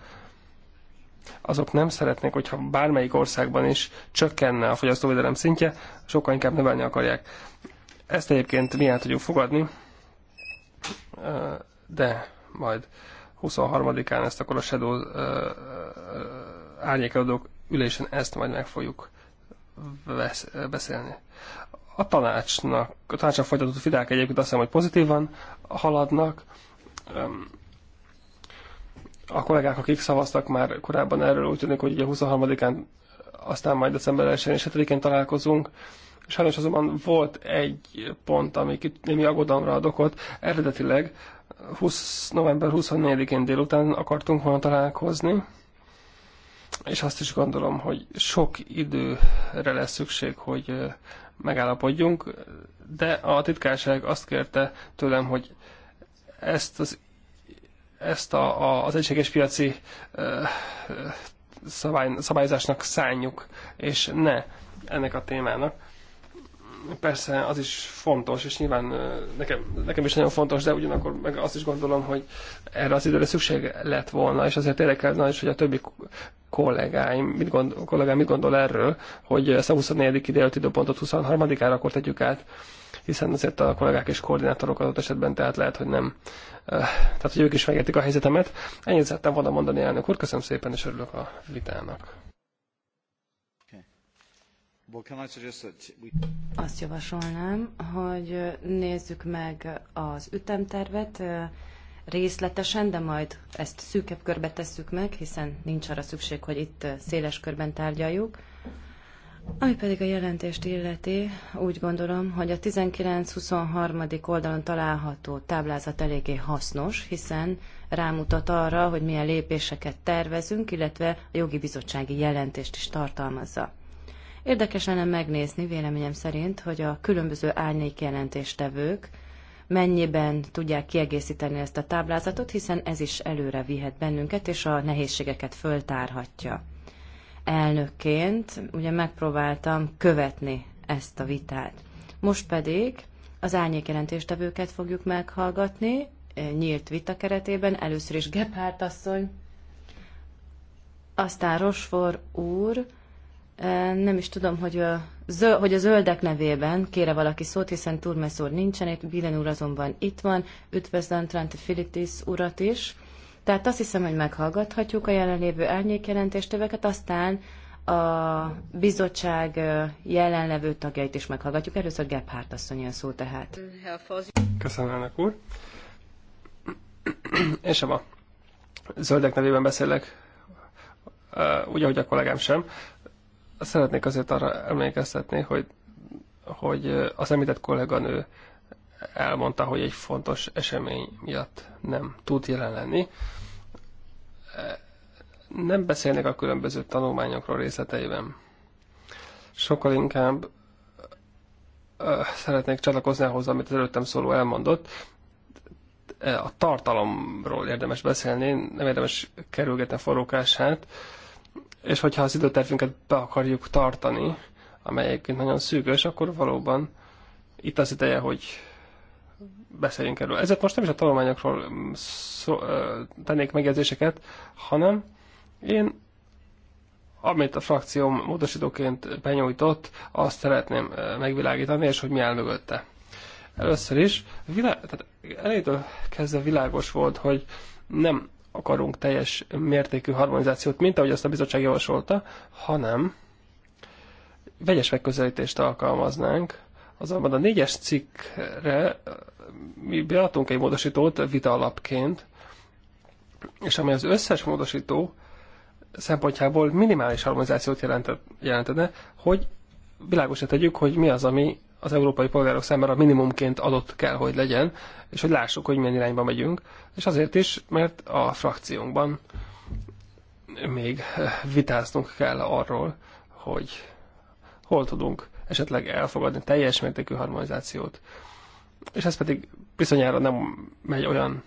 azok nem szeretnék, hogyha bármelyik országban is csökkenne a fogyasztóvédelem szintje, sokkal inkább növelni akarják. Ezt egyébként mi el tudjuk fogadni, de majd 23-án ezt akkor a Shadow árnyékeladók ülésen ezt majd meg fogjuk beszélni. A tanácsnak, a tanácsnak folytatott fidák egyébként azt hiszem, hogy pozitívan haladnak. A kollégák, akik szavaztak már korábban erről, úgy tűnik, hogy ugye 23-án, aztán majd december 1 és 7-én találkozunk Sajnos azonban volt egy pont, ami némi aggodalomra ad okot. Eredetileg 20, november 24-én délután akartunk volna találkozni, és azt is gondolom, hogy sok időre lesz szükség, hogy megállapodjunk, de a titkárság azt kérte tőlem, hogy ezt az ezt a, a, az egységes piaci ö, szabály, szabályzásnak szálljuk, és ne ennek a témának persze az is fontos, és nyilván nekem, nekem is nagyon fontos, de ugyanakkor meg azt is gondolom, hogy erre az időre szükség lett volna, és azért érdekelne is, hogy a többi kollégáim, mit gondol, kollégám mit gondol erről, hogy ezt a 24. időt időpontot 23-ára akkor tegyük át, hiszen azért a kollégák és koordinátorok adott esetben, tehát lehet, hogy nem, tehát hogy ők is megértik a helyzetemet. Ennyit szerettem volna mondani, elnök úr, köszönöm szépen, és örülök a vitának. Azt javasolnám, hogy nézzük meg az ütemtervet részletesen, de majd ezt szűkebb körbe tesszük meg, hiszen nincs arra szükség, hogy itt széles körben tárgyaljuk. Ami pedig a jelentést illeti, úgy gondolom, hogy a 19-23. oldalon található táblázat eléggé hasznos, hiszen rámutat arra, hogy milyen lépéseket tervezünk, illetve a jogi bizottsági jelentést is tartalmazza. Érdekes lenne megnézni véleményem szerint, hogy a különböző árnyék jelentéstevők mennyiben tudják kiegészíteni ezt a táblázatot, hiszen ez is előre vihet bennünket, és a nehézségeket föltárhatja. Elnökként ugye megpróbáltam követni ezt a vitát. Most pedig az jelentéstevőket fogjuk meghallgatni, eh, nyílt vita keretében, először is Gephárt asszony, aztán Rosfor úr, nem is tudom, hogy a, zöld, hogy a zöldek nevében kére valaki szót, hiszen Turmes úr nincsen itt, Bilen úr azonban itt van, üdvözlöm Trante Filitis urat is. Tehát azt hiszem, hogy meghallgathatjuk a jelenlévő árnyékjelentéstöveket, aztán a bizottság jelenlevő tagjait is meghallgatjuk. Először Gebhardt asszony a szó tehát. Köszönöm, elnök úr. Én sem a zöldek nevében beszélek, úgy, ahogy a kollégám sem szeretnék azért arra emlékeztetni, hogy, hogy az említett kolléganő elmondta, hogy egy fontos esemény miatt nem tud jelen lenni. Nem beszélnek a különböző tanulmányokról részleteiben. Sokkal inkább szeretnék csatlakozni ahhoz, amit az előttem szóló elmondott. E, a tartalomról érdemes beszélni, nem érdemes kerülgetni a forrókását és hogyha az időtervünket be akarjuk tartani, amely egyébként nagyon szűkös, akkor valóban itt az ideje, hogy beszéljünk erről. Ezért most nem is a tanulmányokról szó, tennék megjegyzéseket, hanem én, amit a frakcióm módosítóként benyújtott, azt szeretném megvilágítani, és hogy mi áll mögötte. Először is, világ, tehát elejétől kezdve világos volt, hogy nem akarunk teljes mértékű harmonizációt, mint ahogy azt a bizottság javasolta, hanem vegyes megközelítést alkalmaznánk. Azonban a négyes cikkre mi beadtunk egy módosítót vita alapként, és ami az összes módosító szempontjából minimális harmonizációt jelentene, hogy világosra tegyük, hogy mi az, ami az európai polgárok számára minimumként adott kell, hogy legyen, és hogy lássuk, hogy milyen irányba megyünk. És azért is, mert a frakciónkban még eh, vitáznunk kell arról, hogy hol tudunk esetleg elfogadni teljes mértékű harmonizációt. És ez pedig bizonyára nem megy olyan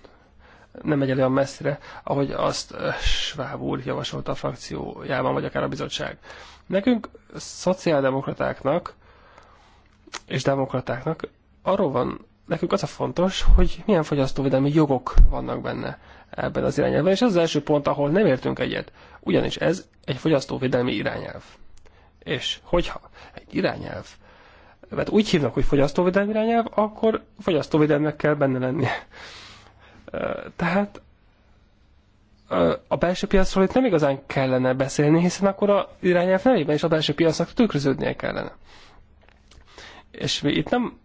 nem megy el olyan messzire, ahogy azt eh, Schwab úr javasolta a frakciójában, vagy akár a bizottság. Nekünk, szociáldemokratáknak és demokratáknak arról van, nekünk az a fontos, hogy milyen fogyasztóvédelmi jogok vannak benne ebben az irányelvben, és ez az első pont, ahol nem értünk egyet. Ugyanis ez egy fogyasztóvédelmi irányelv. És hogyha egy irányelv, mert úgy hívnak, hogy fogyasztóvédelmi irányelv, akkor fogyasztóvédelmnek kell benne lennie. Tehát a belső piacról itt nem igazán kellene beszélni, hiszen akkor a irányelv nevében is a belső piacnak tükröződnie kellene és mi itt nem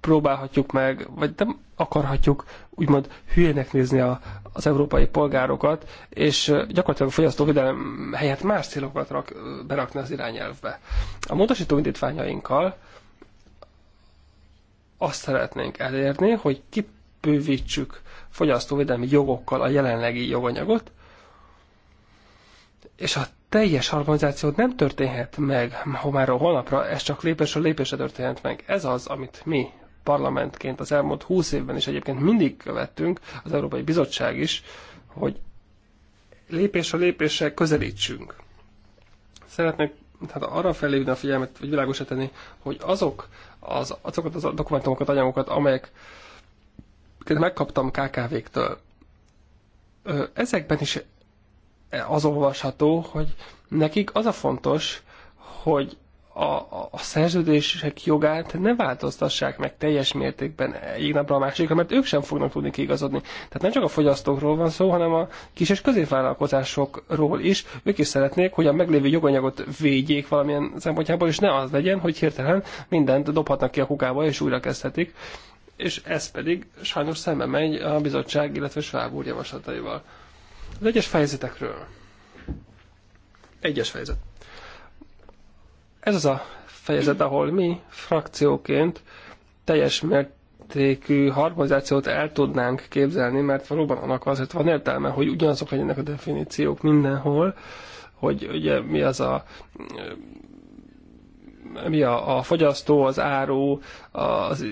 próbálhatjuk meg, vagy nem akarhatjuk úgymond hülyének nézni a, az európai polgárokat, és gyakorlatilag a fogyasztóvédelem helyett más célokat rak, berakni az irányelvbe. A módosító indítványainkkal azt szeretnénk elérni, hogy kipővítsük fogyasztóvédelmi jogokkal a jelenlegi joganyagot, és a teljes harmonizáció nem történhet meg már a holnapra, ez csak lépésről lépésre történhet meg. Ez az, amit mi parlamentként az elmúlt húsz évben is egyébként mindig követtünk, az Európai Bizottság is, hogy lépésről lépésre közelítsünk. Szeretnék tehát arra felhívni a figyelmet, hogy világosítani, hogy azok az, azokat az dokumentumokat, anyagokat, amelyek megkaptam kkv ktől ezekben is az olvasható, hogy nekik az a fontos, hogy a, a szerződések jogát ne változtassák meg teljes mértékben egyik napra a másikra, mert ők sem fognak tudni kiigazodni. Tehát nem csak a fogyasztókról van szó, hanem a kis és középvállalkozásokról is. Ők is szeretnék, hogy a meglévő joganyagot védjék valamilyen szempontjából, és ne az legyen, hogy hirtelen mindent dobhatnak ki a kukába, és újra kezdhetik. És ez pedig sajnos szembe megy a bizottság, illetve Schwab úr javaslataival. Az egyes fejezetekről. Egyes fejezet. Ez az a fejezet, ahol mi frakcióként teljes mértékű harmonizációt el tudnánk képzelni, mert valóban annak azért van értelme, hogy ugyanazok legyenek a definíciók mindenhol, hogy ugye mi az a mi a, a fogyasztó, az áru, az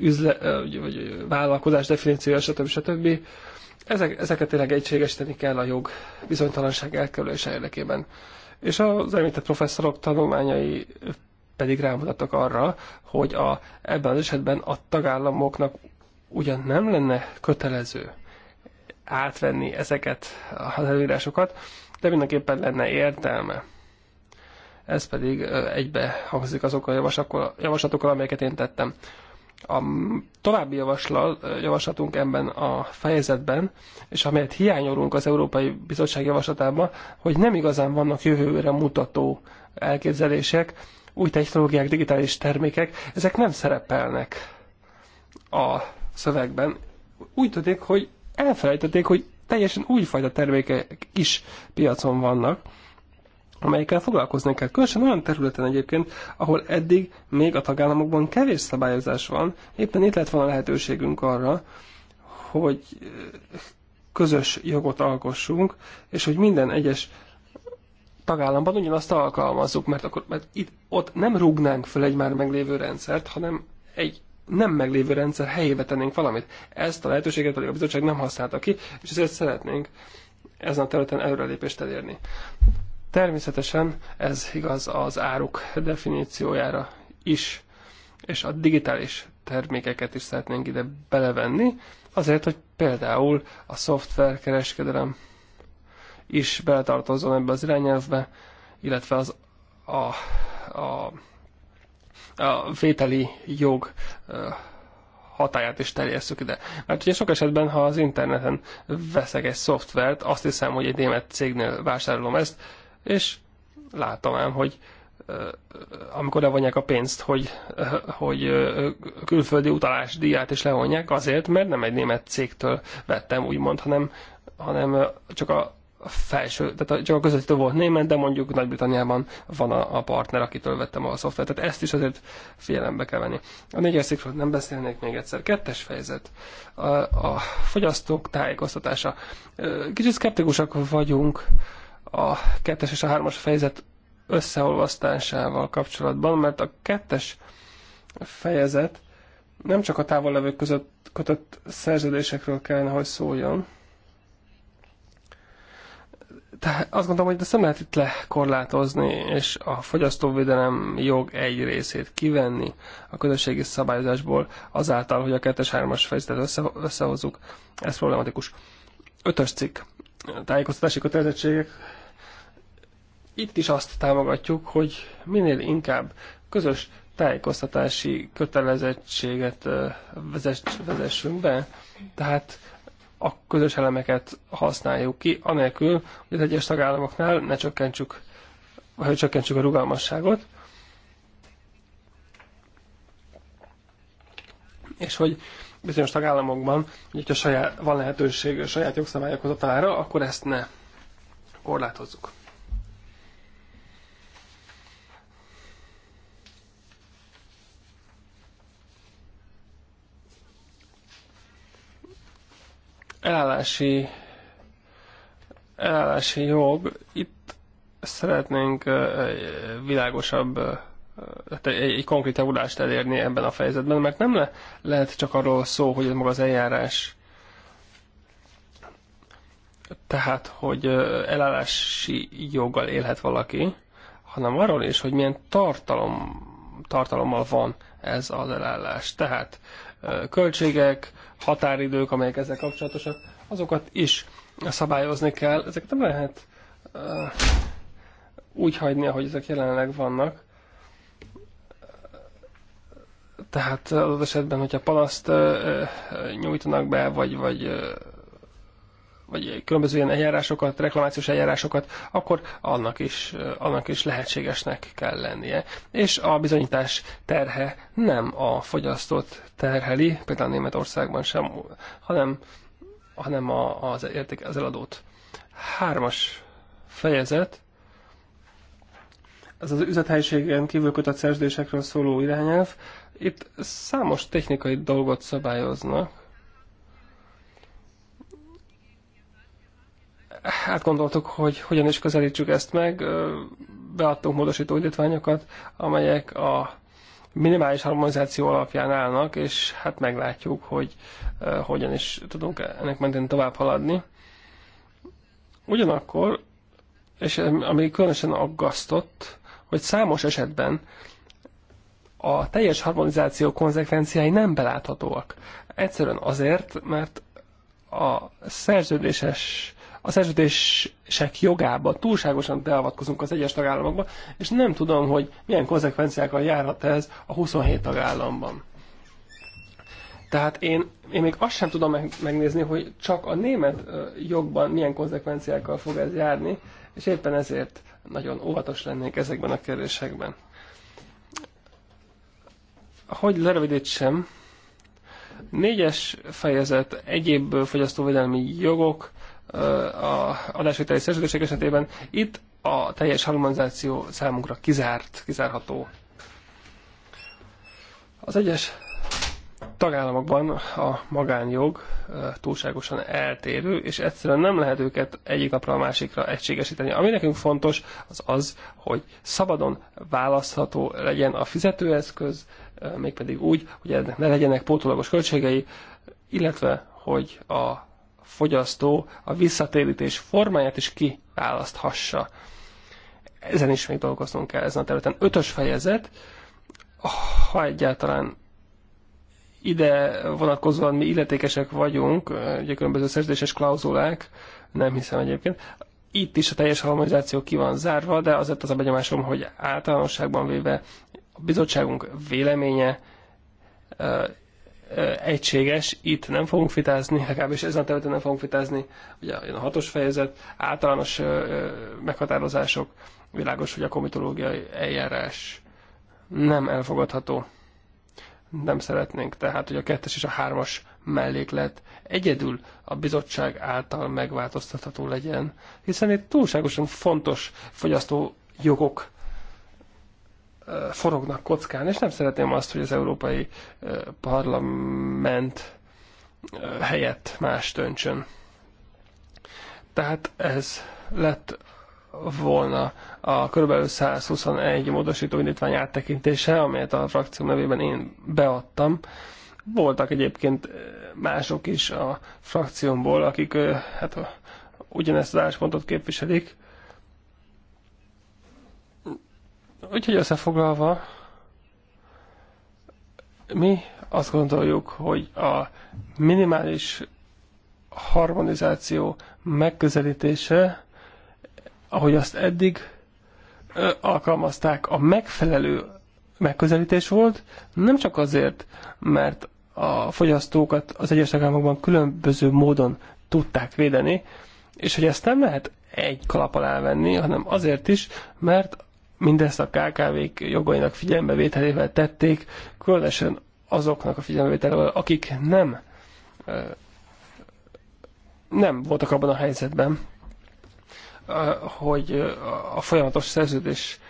üzle, vagy vállalkozás definíciója, stb. stb. stb. Ezek, ezeket tényleg egységesíteni kell a jog bizonytalanság elkerülése érdekében. És az említett professzorok tanulmányai pedig rámutattak arra, hogy a, ebben az esetben a tagállamoknak ugyan nem lenne kötelező átvenni ezeket az előírásokat, de mindenképpen lenne értelme. Ez pedig egybe hangzik azokkal a javaslatokkal, amelyeket én tettem. A további javaslat, javaslatunk ebben a fejezetben, és amelyet hiányolunk az Európai Bizottság javaslatában, hogy nem igazán vannak jövőre mutató elképzelések, új technológiák, digitális termékek, ezek nem szerepelnek a szövegben. Úgy tudik, hogy elfelejtették, hogy teljesen újfajta termékek is piacon vannak, amelyekkel foglalkozni kell. Különösen olyan területen egyébként, ahol eddig még a tagállamokban kevés szabályozás van, éppen itt lett volna lehetőségünk arra, hogy eh, közös jogot alkossunk, és hogy minden egyes tagállamban ugyanazt alkalmazzuk, mert akkor mert itt, ott nem rúgnánk fel egy már meglévő rendszert, hanem egy nem meglévő rendszer helyébe tennénk valamit. Ezt a lehetőséget pedig a bizottság nem használta ki, és ezért szeretnénk ezen a területen előrelépést elérni. Természetesen ez igaz az áruk definíciójára is, és a digitális termékeket is szeretnénk ide belevenni, azért, hogy például a szoftverkereskedelem is beletartozzon ebbe az irányelvbe, illetve az a, a, a vételi jog hatáját is terjesszük ide. Mert ugye sok esetben, ha az interneten veszek egy szoftvert, azt hiszem, hogy egy német cégnél vásárolom ezt, és látom ám, hogy amikor levonják a pénzt, hogy, hogy külföldi utalás díját is levonják, azért, mert nem egy német cégtől vettem, úgymond, hanem, hanem csak a felső, tehát csak a közvetítő volt német, de mondjuk Nagy-Britanniában van a, a partner, akitől vettem a szoftvert. Tehát ezt is azért figyelembe kell venni. A négyes szikről nem beszélnék még egyszer. Kettes fejezet. A, a fogyasztók tájékoztatása. Kicsit szkeptikusak vagyunk, a kettes és a hármas fejezet összeolvasztásával kapcsolatban, mert a kettes fejezet nem csak a távollevők között kötött szerződésekről kellene, hogy szóljon. Tehát azt gondolom, hogy ezt nem lehet itt lekorlátozni, és a fogyasztóvédelem jog egy részét kivenni a közösségi szabályozásból azáltal, hogy a kettes hármas fejezetet össze, összehozzuk. Ez problematikus. Ötös cikk. Tájékoztatási kötelezettségek itt is azt támogatjuk, hogy minél inkább közös tájékoztatási kötelezettséget vezessünk be, tehát a közös elemeket használjuk ki, anélkül, hogy az egyes tagállamoknál ne csökkentsük, vagy hogy csökkentsük a rugalmasságot, és hogy bizonyos tagállamokban, hogyha saját, van lehetőség a saját jogszabályok hozatalára, akkor ezt ne korlátozzuk. elállási, elállási jog, itt szeretnénk világosabb egy, egy konkrét javulást elérni ebben a fejezetben, mert nem le, lehet csak arról szó, hogy ez maga az eljárás tehát, hogy elállási joggal élhet valaki, hanem arról is, hogy milyen tartalom, tartalommal van ez az elállás. Tehát költségek, határidők, amelyek ezzel kapcsolatosak, azokat is szabályozni kell. Ezeket nem lehet úgy hagyni, ahogy ezek jelenleg vannak. Tehát az esetben, hogyha panaszt nyújtanak be, vagy, vagy vagy különböző ilyen eljárásokat, reklamációs eljárásokat, akkor annak is, eh, annak is lehetségesnek kell lennie. És a bizonyítás terhe nem a fogyasztót terheli, például Németországban sem, hanem, hanem a, az, érték, az eladót. Hármas fejezet, ez az üzlethelyiségen kívül kötött szerződésekről szóló irányelv, itt számos technikai dolgot szabályoznak, hát gondoltuk, hogy hogyan is közelítsük ezt meg. Beadtunk módosító indítványokat, amelyek a minimális harmonizáció alapján állnak, és hát meglátjuk, hogy hogyan is tudunk ennek mentén tovább haladni. Ugyanakkor, és ami különösen aggasztott, hogy számos esetben a teljes harmonizáció konzekvenciái nem beláthatóak. Egyszerűen azért, mert a szerződéses a szerződések jogába túlságosan beavatkozunk az egyes tagállamokba, és nem tudom, hogy milyen konzekvenciákkal járhat ez a 27 tagállamban. Tehát én, én még azt sem tudom megnézni, hogy csak a német jogban milyen konzekvenciákkal fog ez járni, és éppen ezért nagyon óvatos lennék ezekben a kérdésekben. Hogy lerövidítsem, négyes fejezet, egyéb fogyasztóvédelmi jogok, a adásvételi szerződések esetében. Itt a teljes harmonizáció számunkra kizárt, kizárható. Az egyes tagállamokban a magánjog túlságosan eltérő, és egyszerűen nem lehet őket egyik napra a másikra egységesíteni. Ami nekünk fontos, az az, hogy szabadon választható legyen a fizetőeszköz, mégpedig úgy, hogy ennek ne legyenek pótolagos költségei, illetve hogy a fogyasztó a visszatérítés formáját is kiválaszthassa. Ezen is még dolgoznunk kell ezen a területen. Ötös fejezet, ha egyáltalán ide vonatkozóan mi illetékesek vagyunk, ugye különböző szerződéses klauzulák, nem hiszem egyébként, itt is a teljes harmonizáció ki van zárva, de azért az a benyomásom, hogy általánosságban véve a bizottságunk véleménye egységes, itt nem fogunk fitázni, legalábbis ezen a területen nem fogunk fitázni, ugye a hatos fejezet, általános meghatározások, világos, hogy a komitológiai eljárás nem elfogadható. Nem szeretnénk tehát, hogy a kettes és a hármas melléklet egyedül a bizottság által megváltoztatható legyen, hiszen itt túlságosan fontos fogyasztó jogok forognak kockán, és nem szeretném azt, hogy az Európai Parlament helyett más döntsön. Tehát ez lett volna a kb. 121 módosító indítvány áttekintése, amelyet a frakció nevében én beadtam. Voltak egyébként mások is a frakciómból, akik hát, ugyanezt az álláspontot képviselik, Úgyhogy összefoglalva, mi azt gondoljuk, hogy a minimális harmonizáció megközelítése, ahogy azt eddig alkalmazták, a megfelelő megközelítés volt, nem csak azért, mert a fogyasztókat az egyes tagállamokban különböző módon tudták védeni, és hogy ezt nem lehet egy kalap alá venni, hanem azért is, mert Mindezt a KKV-k jogainak figyelembevételével tették, különösen azoknak a figyelembevételével, akik nem, nem voltak abban a helyzetben, hogy a folyamatos szerződés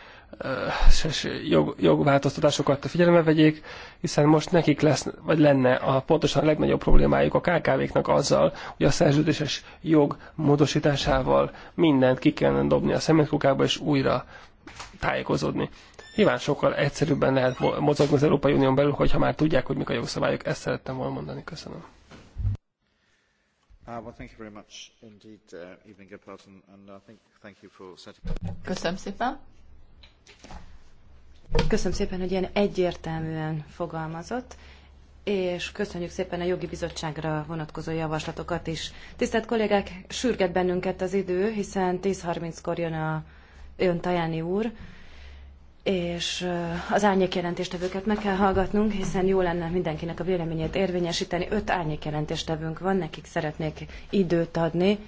és jog, jogváltoztatásokat figyelembe vegyék, hiszen most nekik lesz, vagy lenne a pontosan a legnagyobb problémájuk a KKV-knak azzal, hogy a szerződéses jog módosításával mindent ki kellene dobni a szemétkukába, és újra tájékozódni. Nyilván sokkal egyszerűbben lehet mozogni az Európai Unión belül, hogyha már tudják, hogy mik a jogszabályok. Ezt szerettem volna mondani. Köszönöm. Köszönöm szépen. Köszönöm szépen, hogy ilyen egyértelműen fogalmazott, és köszönjük szépen a jogi bizottságra vonatkozó javaslatokat is. Tisztelt kollégák, sürget bennünket az idő, hiszen 10.30-kor jön a ön Tajáni úr, és az árnyékjelentéstevőket meg kell hallgatnunk, hiszen jó lenne mindenkinek a véleményét érvényesíteni. Öt árnyékjelentéstevőnk van, nekik szeretnék időt adni,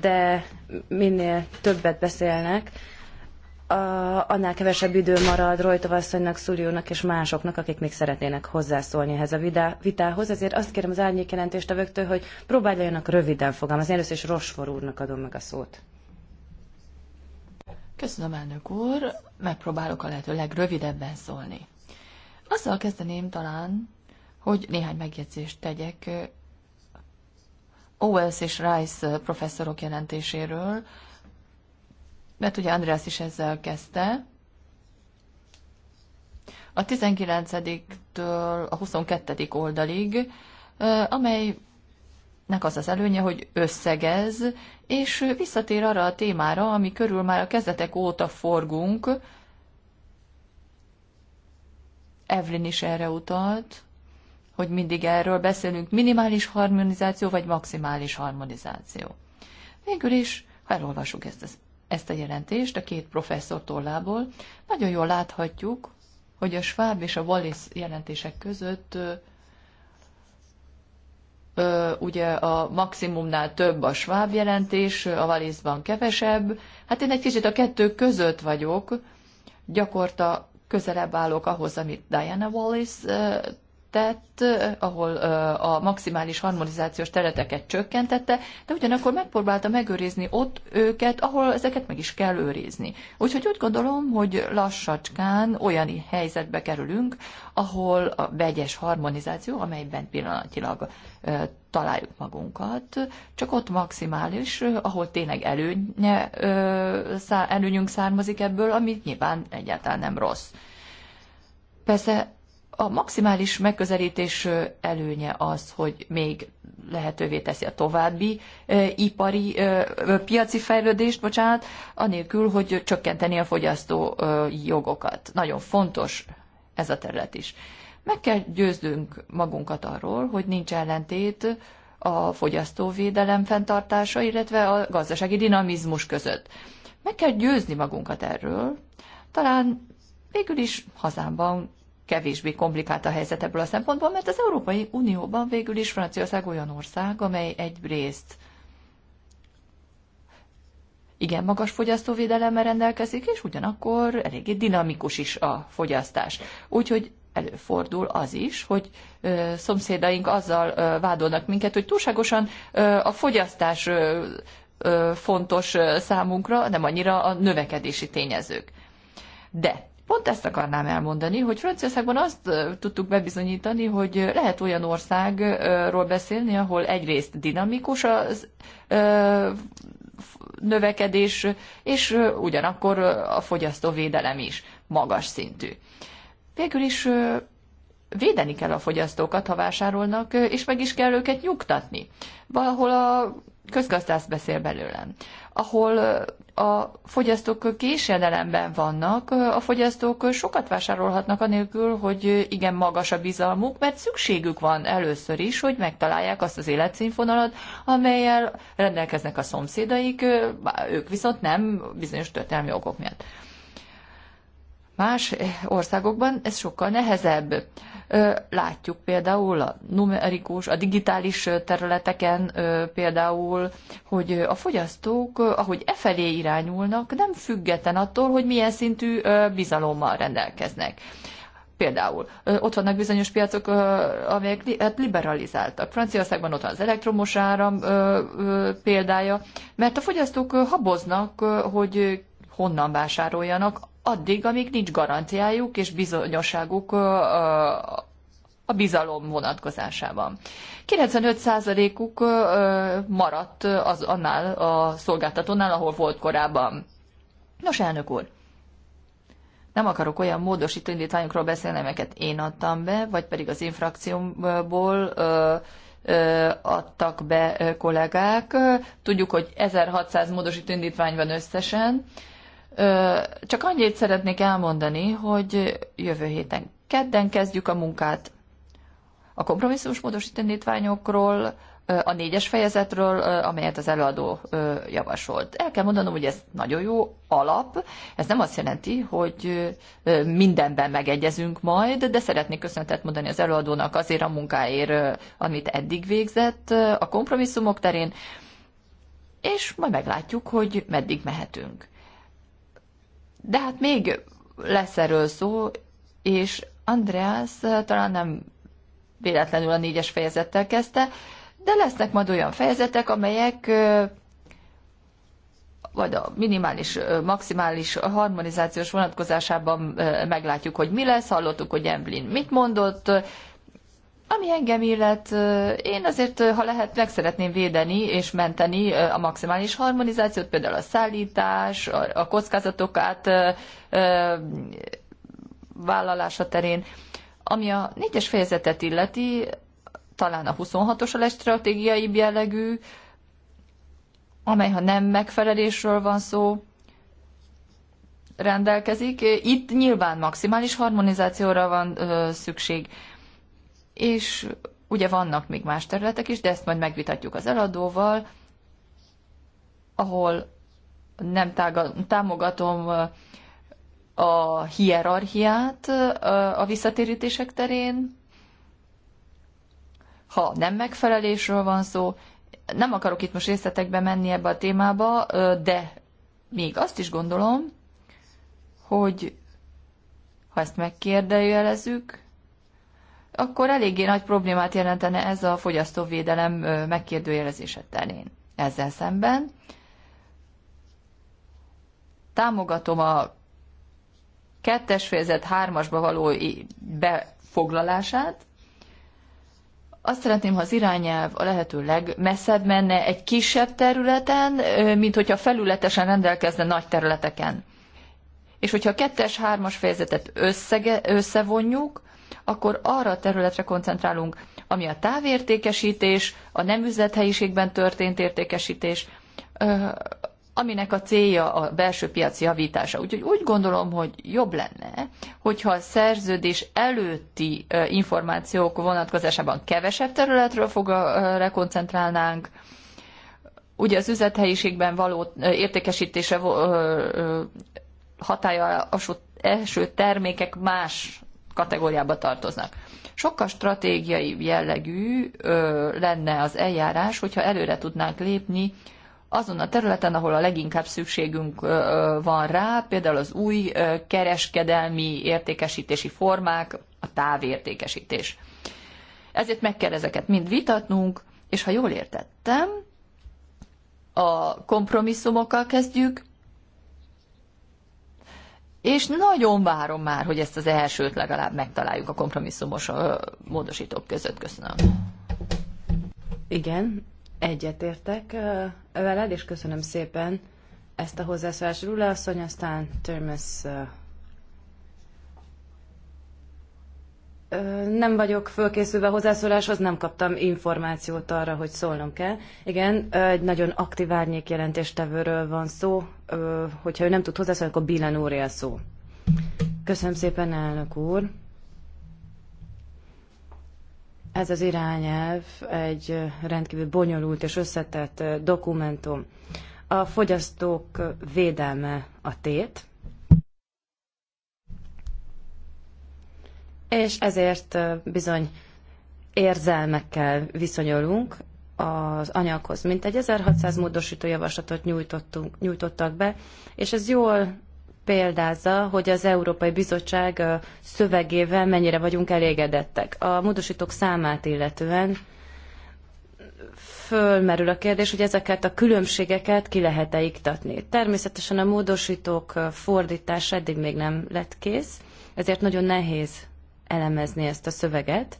de minél többet beszélnek, annál kevesebb idő marad Rojtovasszonynak, Szuliónak és másoknak, akik még szeretnének hozzászólni ehhez a vitához. Ezért azt kérem az árnyékjelentéstevőktől, hogy próbáljanak röviden fogalmazni. Először is Rosfor úrnak adom meg a szót. Köszönöm, elnök úr. Megpróbálok a lehető legrövidebben szólni. Azzal kezdeném talán, hogy néhány megjegyzést tegyek Owens és Rice professzorok jelentéséről, mert ugye András is ezzel kezdte. A 19-től a 22. oldalig, amely nek az az előnye, hogy összegez, és visszatér arra a témára, ami körül már a kezdetek óta forgunk. Evelyn is erre utalt, hogy mindig erről beszélünk, minimális harmonizáció vagy maximális harmonizáció. Végül is, ha elolvassuk ezt, ezt a jelentést a két professzor tollából, nagyon jól láthatjuk, hogy a Schwab és a Wallis jelentések között ugye a maximumnál több a sváb jelentés, a valizban kevesebb. Hát én egy kicsit a kettő között vagyok, gyakorta közelebb állok ahhoz, amit Diana Wallace tett, eh, ahol eh, a maximális harmonizációs tereteket csökkentette, de ugyanakkor megpróbálta megőrizni ott őket, ahol ezeket meg is kell őrizni. Úgyhogy úgy gondolom, hogy lassacskán olyan helyzetbe kerülünk, ahol a vegyes harmonizáció, amelyben pillanatilag eh, találjuk magunkat, csak ott maximális, ahol tényleg előnye, előnyünk származik ebből, ami nyilván egyáltalán nem rossz. Persze a maximális megközelítés előnye az, hogy még lehetővé teszi a további ipari piaci fejlődést, bocsánat, anélkül, hogy csökkenteni a fogyasztó jogokat. Nagyon fontos ez a terület is. Meg kell győznünk magunkat arról, hogy nincs ellentét a fogyasztóvédelem fenntartása, illetve a gazdasági dinamizmus között. Meg kell győzni magunkat erről. Talán végül is hazámban kevésbé komplikált a helyzet ebből a szempontból, mert az Európai Unióban végül is Franciaország olyan ország, amely egyrészt igen magas fogyasztóvédelemmel rendelkezik, és ugyanakkor eléggé dinamikus is a fogyasztás. Úgyhogy előfordul az is, hogy ö, szomszédaink azzal ö, vádolnak minket, hogy túlságosan ö, a fogyasztás ö, ö, fontos ö, számunkra, nem annyira a növekedési tényezők. De Pont ezt akarnám elmondani, hogy Franciaországban azt tudtuk bebizonyítani, hogy lehet olyan országról beszélni, ahol egyrészt dinamikus az növekedés, és ugyanakkor a fogyasztóvédelem is magas szintű. Végül is védeni kell a fogyasztókat, ha vásárolnak, és meg is kell őket nyugtatni. Valahol a közgazdász beszél belőlem ahol a fogyasztók késedelemben vannak, a fogyasztók sokat vásárolhatnak anélkül, hogy igen magas a bizalmuk, mert szükségük van először is, hogy megtalálják azt az életszínfonalat, amelyel rendelkeznek a szomszédaik, ők viszont nem bizonyos történelmi okok miatt. Más országokban ez sokkal nehezebb. Látjuk például a numerikus, a digitális területeken például, hogy a fogyasztók, ahogy e felé irányulnak, nem független attól, hogy milyen szintű bizalommal rendelkeznek. Például ott vannak bizonyos piacok, amelyek hát liberalizáltak. Franciaországban ott van az elektromos áram példája, mert a fogyasztók haboznak, hogy honnan vásároljanak, addig, amíg nincs garanciájuk és bizonyosságuk a bizalom vonatkozásában. 95%-uk maradt az annál a szolgáltatónál, ahol volt korábban. Nos, elnök úr, nem akarok olyan módosító indítványokról beszélni, amelyeket én adtam be, vagy pedig az infrakciómból adtak be kollégák. Tudjuk, hogy 1600 módosító indítvány van összesen. Csak annyit szeretnék elmondani, hogy jövő héten kedden kezdjük a munkát a kompromisszumos módosítanítványokról, a négyes fejezetről, amelyet az előadó javasolt. El kell mondanom, hogy ez nagyon jó alap. Ez nem azt jelenti, hogy mindenben megegyezünk majd, de szeretnék köszönetet mondani az előadónak azért a munkáért, amit eddig végzett a kompromisszumok terén, és majd meglátjuk, hogy meddig mehetünk. De hát még lesz erről szó, és Andreas eh, talán nem véletlenül a négyes fejezettel kezdte, de lesznek majd olyan fejezetek, amelyek eh, vagy a minimális, eh, maximális harmonizációs vonatkozásában meglátjuk, hogy mi lesz, hallottuk, hogy Emblin mit mondott, ami engem illet, én azért, ha lehet, meg szeretném védeni és menteni a maximális harmonizációt, például a szállítás, a kockázatok át vállalása terén. Ami a négyes fejezetet illeti, talán a 26-os a stratégiai jellegű, amely, ha nem megfelelésről van szó, rendelkezik. Itt nyilván maximális harmonizációra van szükség és ugye vannak még más területek is, de ezt majd megvitatjuk az eladóval, ahol nem támogatom a hierarchiát a visszatérítések terén, ha nem megfelelésről van szó, nem akarok itt most részletekbe menni ebbe a témába, de még azt is gondolom, hogy ha ezt megkérdőjelezzük, akkor eléggé nagy problémát jelentene ez a fogyasztóvédelem megkérdőjelezése terén. Ezzel szemben támogatom a kettes fejezet hármasba való befoglalását. Azt szeretném, ha az irányelv a lehető legmesszebb menne egy kisebb területen, mint hogyha felületesen rendelkezne nagy területeken. És hogyha a kettes-hármas fejezetet összege, összevonjuk, akkor arra a területre koncentrálunk, ami a távértékesítés, a nem üzlethelyiségben történt értékesítés, aminek a célja a belső piac javítása. Úgyhogy úgy gondolom, hogy jobb lenne, hogyha a szerződés előtti információk vonatkozásában kevesebb területről fog koncentrálnánk, ugye az üzlethelyiségben való értékesítése hatája eső termékek más kategóriába tartoznak. Sokkal stratégiai jellegű ö, lenne az eljárás, hogyha előre tudnánk lépni azon a területen, ahol a leginkább szükségünk ö, van rá, például az új ö, kereskedelmi értékesítési formák, a távértékesítés. Ezért meg kell ezeket mind vitatnunk, és ha jól értettem, a kompromisszumokkal kezdjük, és nagyon várom már, hogy ezt az elsőt legalább megtaláljuk a kompromisszumos a módosítók között. Köszönöm. Igen, egyetértek veled, és köszönöm szépen ezt a hozzászólást. Rula asszony, aztán Törmesz nem vagyok fölkészülve a hozzászóláshoz, nem kaptam információt arra, hogy szólnom kell. Igen, egy nagyon aktív árnyék jelentéstevőről van szó, hogyha ő nem tud hozzászólni, akkor Billen úr él szó. Köszönöm szépen, elnök úr. Ez az irányelv egy rendkívül bonyolult és összetett dokumentum. A fogyasztók védelme a tét, és ezért bizony érzelmekkel viszonyulunk az anyaghoz. Mint egy 1600 módosító javaslatot nyújtottunk, nyújtottak be, és ez jól példázza, hogy az Európai Bizottság szövegével mennyire vagyunk elégedettek. A módosítók számát illetően fölmerül a kérdés, hogy ezeket a különbségeket ki lehet-e iktatni. Természetesen a módosítók fordítása eddig még nem lett kész, ezért nagyon nehéz elemezni ezt a szöveget,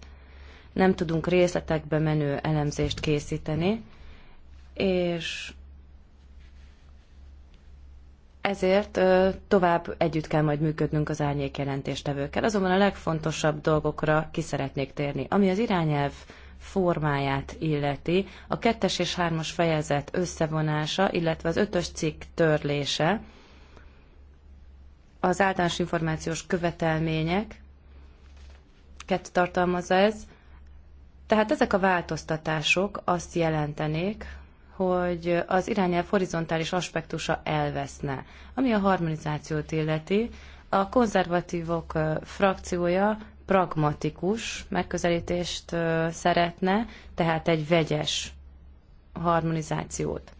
nem tudunk részletekbe menő elemzést készíteni, és ezért tovább együtt kell majd működnünk az árnyék jelentéstevőkkel. Azonban a legfontosabb dolgokra ki szeretnék térni. Ami az irányelv formáját illeti, a kettes és hármas fejezet összevonása, illetve az ötös cikk törlése, az általános információs követelmények, kettőt tartalmaz ez. Tehát ezek a változtatások azt jelentenék, hogy az irányelv horizontális aspektusa elveszne. Ami a harmonizációt illeti, a konzervatívok frakciója pragmatikus megközelítést szeretne, tehát egy vegyes harmonizációt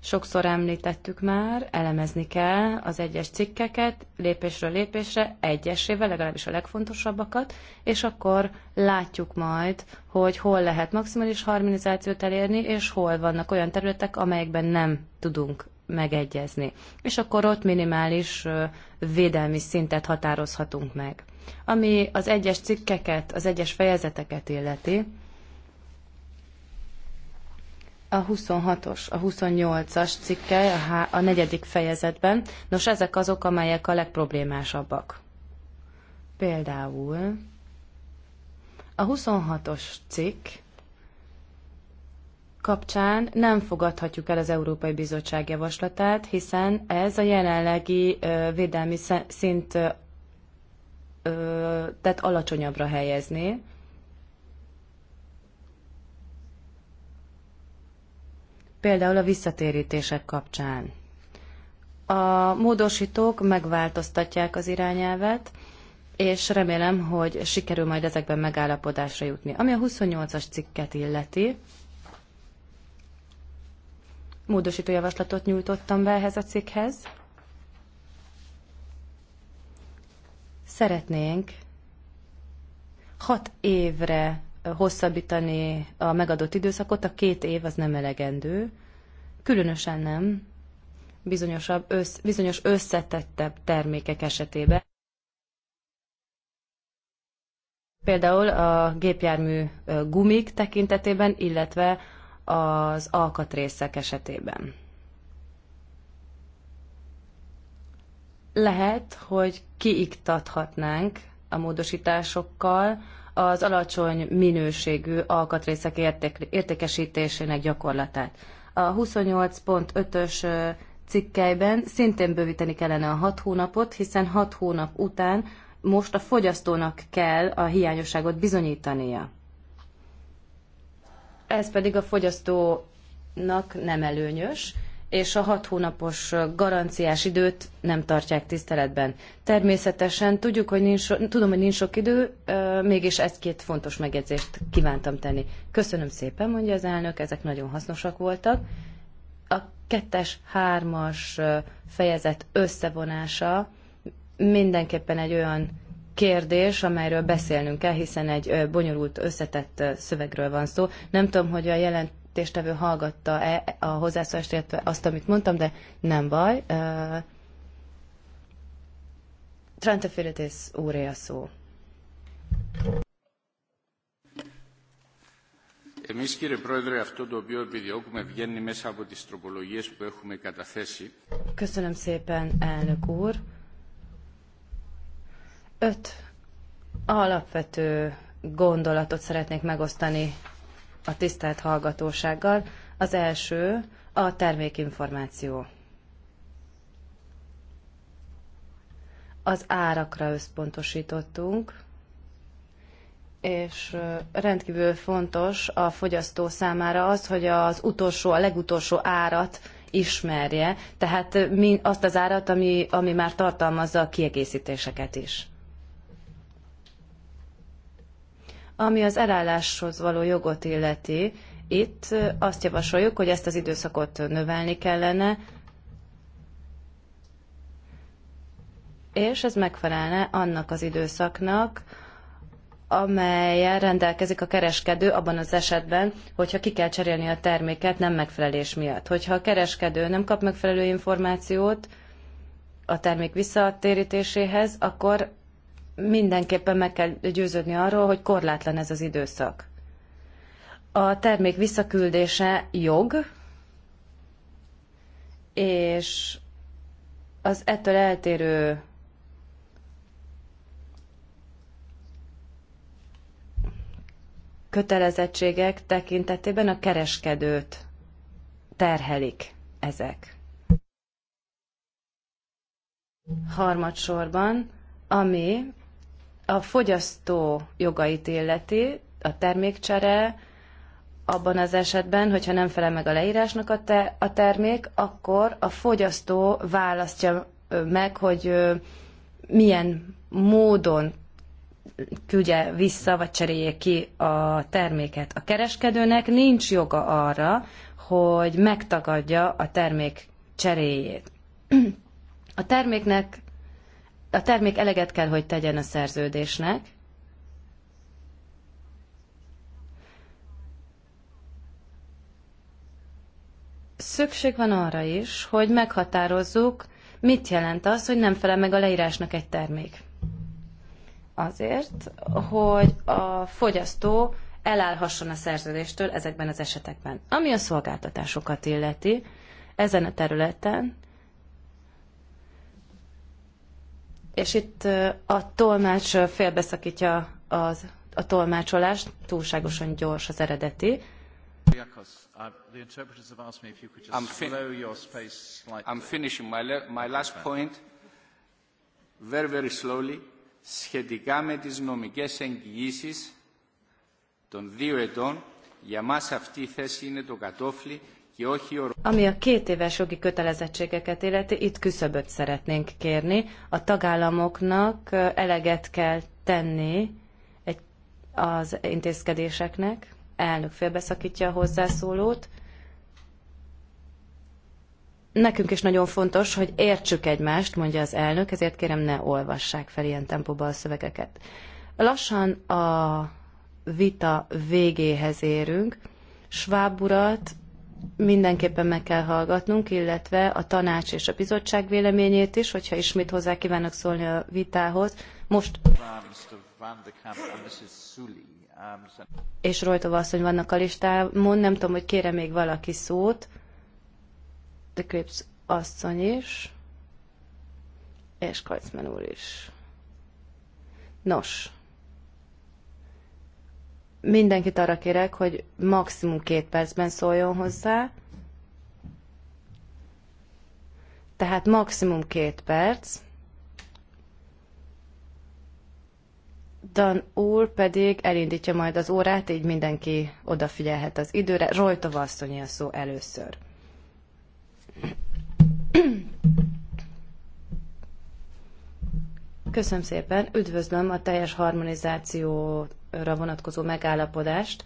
sokszor említettük már, elemezni kell az egyes cikkeket lépésről lépésre, egyesével, legalábbis a legfontosabbakat, és akkor látjuk majd, hogy hol lehet maximális harmonizációt elérni, és hol vannak olyan területek, amelyekben nem tudunk megegyezni. És akkor ott minimális védelmi szintet határozhatunk meg. Ami az egyes cikkeket, az egyes fejezeteket illeti, a 26-os, a 28-as cikke a, a negyedik fejezetben. Nos, ezek azok, amelyek a legproblémásabbak. Például a 26-os cikk kapcsán nem fogadhatjuk el az Európai Bizottság javaslatát, hiszen ez a jelenlegi védelmi szint tehát alacsonyabbra helyezné. például a visszatérítések kapcsán. A módosítók megváltoztatják az irányelvet, és remélem, hogy sikerül majd ezekben megállapodásra jutni. Ami a 28-as cikket illeti, módosító javaslatot nyújtottam be ehhez a cikkhez. Szeretnénk hat évre hosszabbítani a megadott időszakot, a két év az nem elegendő, különösen nem bizonyosabb, össz, bizonyos összetettebb termékek esetében. Például a gépjármű gumik tekintetében, illetve az alkatrészek esetében. Lehet, hogy kiiktathatnánk a módosításokkal az alacsony minőségű alkatrészek érték, értékesítésének gyakorlatát. A 28.5-ös cikkelyben szintén bővíteni kellene a 6 hónapot, hiszen 6 hónap után most a fogyasztónak kell a hiányosságot bizonyítania. Ez pedig a fogyasztónak nem előnyös, és a hat hónapos garanciás időt nem tartják tiszteletben. Természetesen tudjuk, hogy nincs, tudom, hogy nincs sok idő, mégis egy-két fontos megjegyzést kívántam tenni. Köszönöm szépen, mondja az elnök, ezek nagyon hasznosak voltak. A kettes, hármas fejezet összevonása mindenképpen egy olyan kérdés, amelyről beszélnünk kell, hiszen egy bonyolult, összetett szövegről van szó. Nem tudom, hogy a jelent, jelentéstevő hallgatta-e a hozzászólást, illetve azt, amit mondtam, de nem baj. Uh, Trantafilitis úré a szó. Εμείς κύριε Πρόεδρε αυτό το οποίο επιδιώκουμε βγαίνει μέσα από τις τροπολογίες που έχουμε καταθέσει. Köszönöm szépen, elnök úr. Öt alapvető gondolatot szeretnék megosztani a tisztelt hallgatósággal. Az első a termékinformáció. Az árakra összpontosítottunk, és rendkívül fontos a fogyasztó számára az, hogy az utolsó, a legutolsó árat ismerje, tehát azt az árat, ami, ami már tartalmazza a kiegészítéseket is. Ami az elálláshoz való jogot illeti, itt azt javasoljuk, hogy ezt az időszakot növelni kellene, és ez megfelelne annak az időszaknak, amelyen rendelkezik a kereskedő abban az esetben, hogyha ki kell cserélni a terméket nem megfelelés miatt. Hogyha a kereskedő nem kap megfelelő információt a termék visszatérítéséhez, akkor mindenképpen meg kell győződni arról, hogy korlátlan ez az időszak. A termék visszaküldése jog, és az ettől eltérő kötelezettségek tekintetében a kereskedőt terhelik ezek. Harmadsorban, ami a fogyasztó jogait illeti, a termékcsere, abban az esetben, hogyha nem felel meg a leírásnak a, te, a termék, akkor a fogyasztó választja meg, hogy milyen módon küldje vissza, vagy cserélje ki a terméket. A kereskedőnek nincs joga arra, hogy megtagadja a termék cseréjét. A terméknek a termék eleget kell, hogy tegyen a szerződésnek, szükség van arra is, hogy meghatározzuk, mit jelent az, hogy nem felel meg a leírásnak egy termék. Azért, hogy a fogyasztó elállhasson a szerződéstől ezekben az esetekben. Ami a szolgáltatásokat illeti, ezen a területen és itt a tolmács félbeszakítja az, a tolmácsolást, túlságosan gyors az eredeti. Uh, I'm, finishing my, my last point very very slowly σχετικά με τις νομικές εγγυήσεις των δύο ετών για μας αυτή η θέση είναι το κατόφλι ami a két éves jogi kötelezettségeket illeti, itt küszöböt szeretnénk kérni. A tagállamoknak eleget kell tenni egy, az intézkedéseknek. Elnök félbeszakítja a hozzászólót. Nekünk is nagyon fontos, hogy értsük egymást, mondja az elnök, ezért kérem ne olvassák fel ilyen tempóban a szövegeket. Lassan a vita végéhez érünk. Schwab urat mindenképpen meg kell hallgatnunk, illetve a tanács és a bizottság véleményét is, hogyha ismét hozzá kívánok szólni a vitához. Most és Rojtova asszony vannak a listámon, nem tudom, hogy kére még valaki szót. De Krips asszony is, és Kajcmen úr is. Nos, Mindenkit arra kérek, hogy maximum két percben szóljon hozzá. Tehát maximum két perc. Dan úr pedig elindítja majd az órát, így mindenki odafigyelhet az időre. Rojta asszonyi a szó először. Köszönöm szépen, üdvözlöm a teljes harmonizációt tartalomra vonatkozó megállapodást.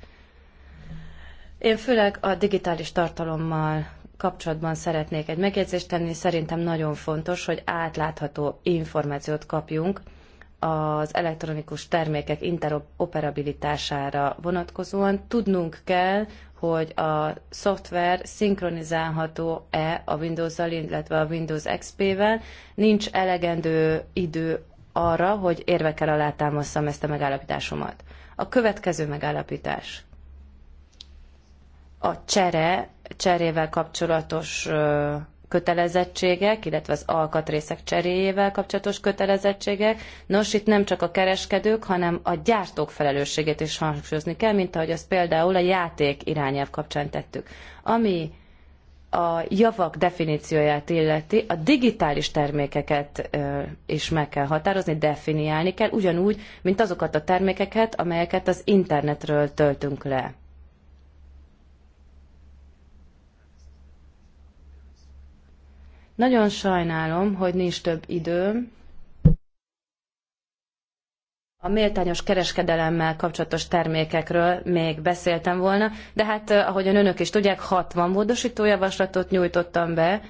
Én főleg a digitális tartalommal kapcsolatban szeretnék egy megjegyzést tenni. Szerintem nagyon fontos, hogy átlátható információt kapjunk az elektronikus termékek interoperabilitására vonatkozóan. Tudnunk kell, hogy a szoftver szinkronizálható-e a Windows-zal, illetve a Windows XP-vel. Nincs elegendő idő arra, hogy érvekkel alátámasztam ezt a megállapításomat. A következő megállapítás. A csere, cserével kapcsolatos kötelezettségek, illetve az alkatrészek cseréjével kapcsolatos kötelezettségek. Nos, itt nem csak a kereskedők, hanem a gyártók felelősségét is hangsúlyozni kell, mint ahogy azt például a játék irányelv kapcsán tettük. Ami a javak definícióját illeti, a digitális termékeket ö, is meg kell határozni, definiálni kell, ugyanúgy, mint azokat a termékeket, amelyeket az internetről töltünk le. Nagyon sajnálom, hogy nincs több időm, a méltányos kereskedelemmel kapcsolatos termékekről még beszéltem volna, de hát eh, ahogyan önök is tudják, 60 módosító javaslatot nyújtottam be.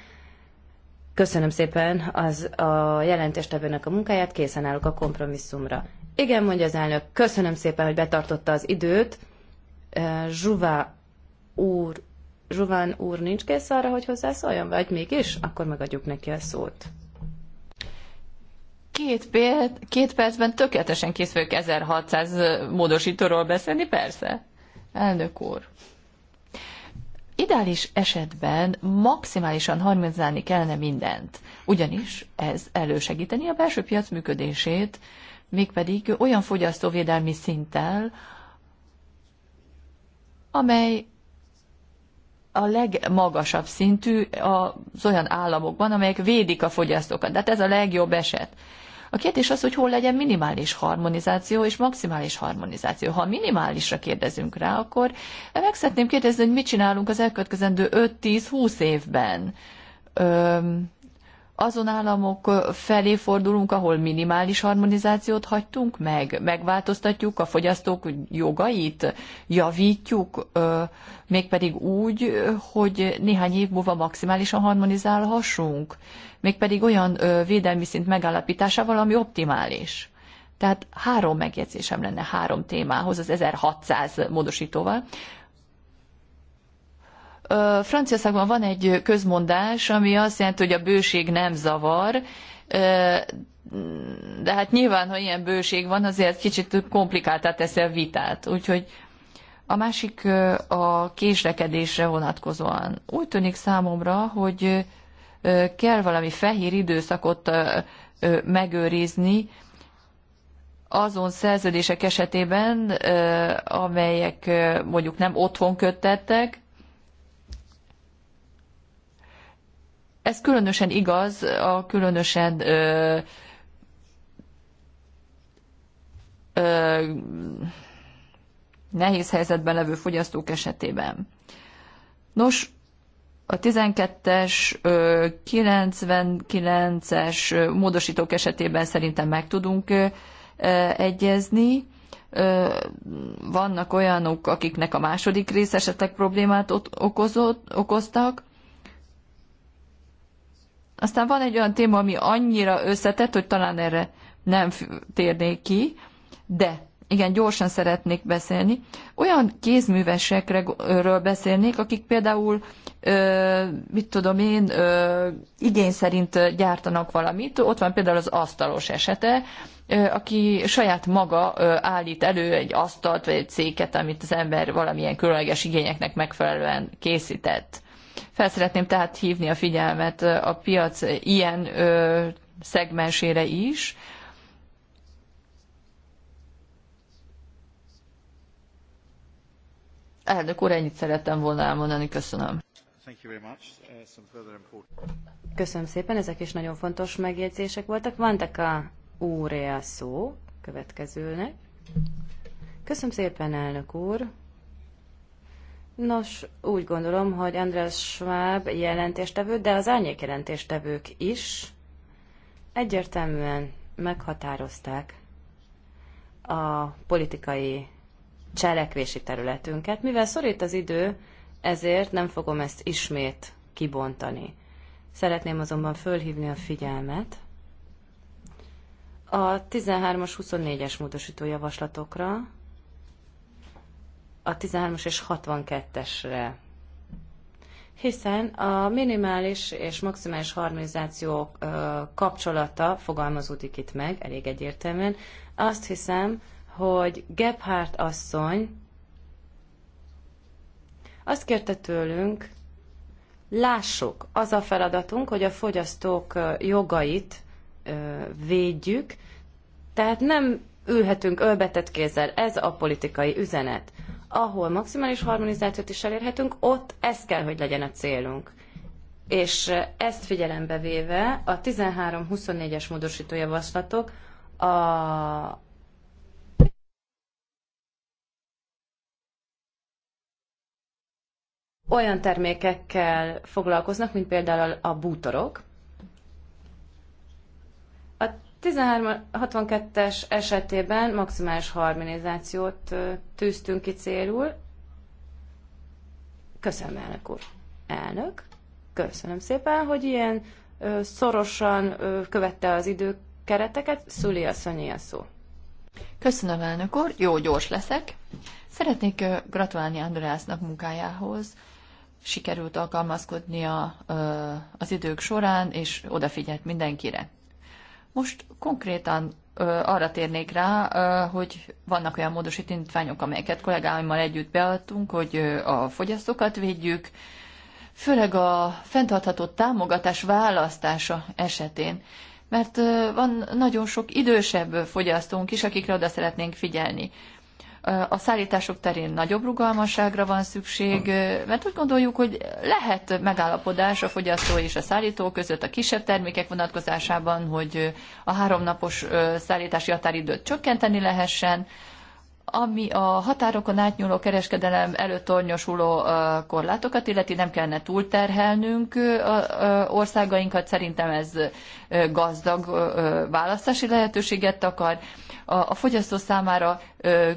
Köszönöm szépen az a jelentéstevőnek a munkáját, készen állok a kompromisszumra. Igen, mondja az elnök, köszönöm szépen, hogy betartotta az időt. Eh, Zsuvá úr, Zsuván úr nincs kész arra, hogy hozzászóljon, vagy mégis? Akkor megadjuk neki a szót. Két, péld, két percben tökéletesen kész vagyok 1600 módosítóról beszélni, persze. Elnök úr. Ideális esetben maximálisan harmonizálni kellene mindent, ugyanis ez elősegíteni a belső piac működését, mégpedig olyan fogyasztóvédelmi szinttel, amely a legmagasabb szintű az olyan államokban, amelyek védik a fogyasztókat. Tehát ez a legjobb eset. A kérdés az, hogy hol legyen minimális harmonizáció és maximális harmonizáció. Ha minimálisra kérdezünk rá, akkor meg szeretném kérdezni, hogy mit csinálunk az elkövetkezendő 5-10-20 évben. Öm, azon államok felé fordulunk, ahol minimális harmonizációt hagytunk meg, megváltoztatjuk a fogyasztók jogait, javítjuk, mégpedig úgy, hogy néhány év múlva maximálisan harmonizálhassunk, mégpedig olyan védelmi szint megállapításával, ami optimális. Tehát három megjegyzésem lenne három témához, az 1600 módosítóval. Franciaországban van egy közmondás, ami azt jelenti, hogy a bőség nem zavar, de hát nyilván, ha ilyen bőség van, azért kicsit komplikáltá teszi a vitát. Úgyhogy a másik a késlekedésre vonatkozóan. Úgy tűnik számomra, hogy kell valami fehér időszakot megőrizni azon szerződések esetében, amelyek mondjuk nem otthon köttettek, Ez különösen igaz a különösen ö, ö, nehéz helyzetben levő fogyasztók esetében. Nos, a 12-es, 99-es módosítók esetében szerintem meg tudunk egyezni. Vannak olyanok, akiknek a második rész esetleg problémát okozott, okoztak, aztán van egy olyan téma, ami annyira összetett, hogy talán erre nem térnék ki, de igen, gyorsan szeretnék beszélni. Olyan kézművesekről beszélnék, akik például, ö, mit tudom én, ö, igény szerint gyártanak valamit. Ott van például az asztalos esete, ö, aki saját maga ö, állít elő egy asztalt vagy egy széket, amit az ember valamilyen különleges igényeknek megfelelően készített. Felszeretném tehát hívni a figyelmet a piac ilyen ö, szegmensére is. Elnök úr, ennyit szerettem volna elmondani, köszönöm. Uh, köszönöm szépen, ezek is nagyon fontos megjegyzések voltak. Vannak a úré a szó következőnek. Köszönöm szépen, elnök úr. Nos, úgy gondolom, hogy András Schwab jelentéstevő, de az árnyék jelentéstevők is egyértelműen meghatározták a politikai cselekvési területünket. Mivel szorít az idő, ezért nem fogom ezt ismét kibontani. Szeretném azonban fölhívni a figyelmet a 13-as, 24-es módosító javaslatokra, a 13-as és 62-esre. Hiszen a minimális és maximális harmonizáció kapcsolata fogalmazódik itt meg, elég egyértelműen. Azt hiszem, hogy Gebhardt asszony azt kérte tőlünk, lássuk, az a feladatunk, hogy a fogyasztók jogait védjük, tehát nem ülhetünk ölbetett kézzel, ez a politikai üzenet ahol maximális harmonizációt is elérhetünk, ott ez kell, hogy legyen a célunk. És ezt figyelembe véve a 13-24-es módosító javaslatok a olyan termékekkel foglalkoznak, mint például a bútorok, 1362-es esetében maximális harmonizációt tűztünk ki célul. Köszönöm, elnök úr. Elnök, köszönöm szépen, hogy ilyen ö, szorosan ö, követte az időkereteket. Szüli asszonyi a szó. Köszönöm, elnök úr. Jó, gyors leszek. Szeretnék gratulálni Andreasnak munkájához. Sikerült alkalmazkodnia az idők során, és odafigyelt mindenkire. Most konkrétan arra térnék rá, hogy vannak olyan módosítványok, amelyeket kollégáimmal együtt beadtunk, hogy a fogyasztókat védjük, főleg a fenntartható támogatás választása esetén, mert van nagyon sok idősebb fogyasztónk is, akikre oda szeretnénk figyelni a szállítások terén nagyobb rugalmasságra van szükség, mert úgy gondoljuk, hogy lehet megállapodás a fogyasztó és a szállító között a kisebb termékek vonatkozásában, hogy a háromnapos szállítási határidőt csökkenteni lehessen, ami a határokon átnyúló kereskedelem előtt tornyosuló korlátokat illeti, nem kellene túlterhelnünk országainkat, szerintem ez gazdag választási lehetőséget takar. A fogyasztó számára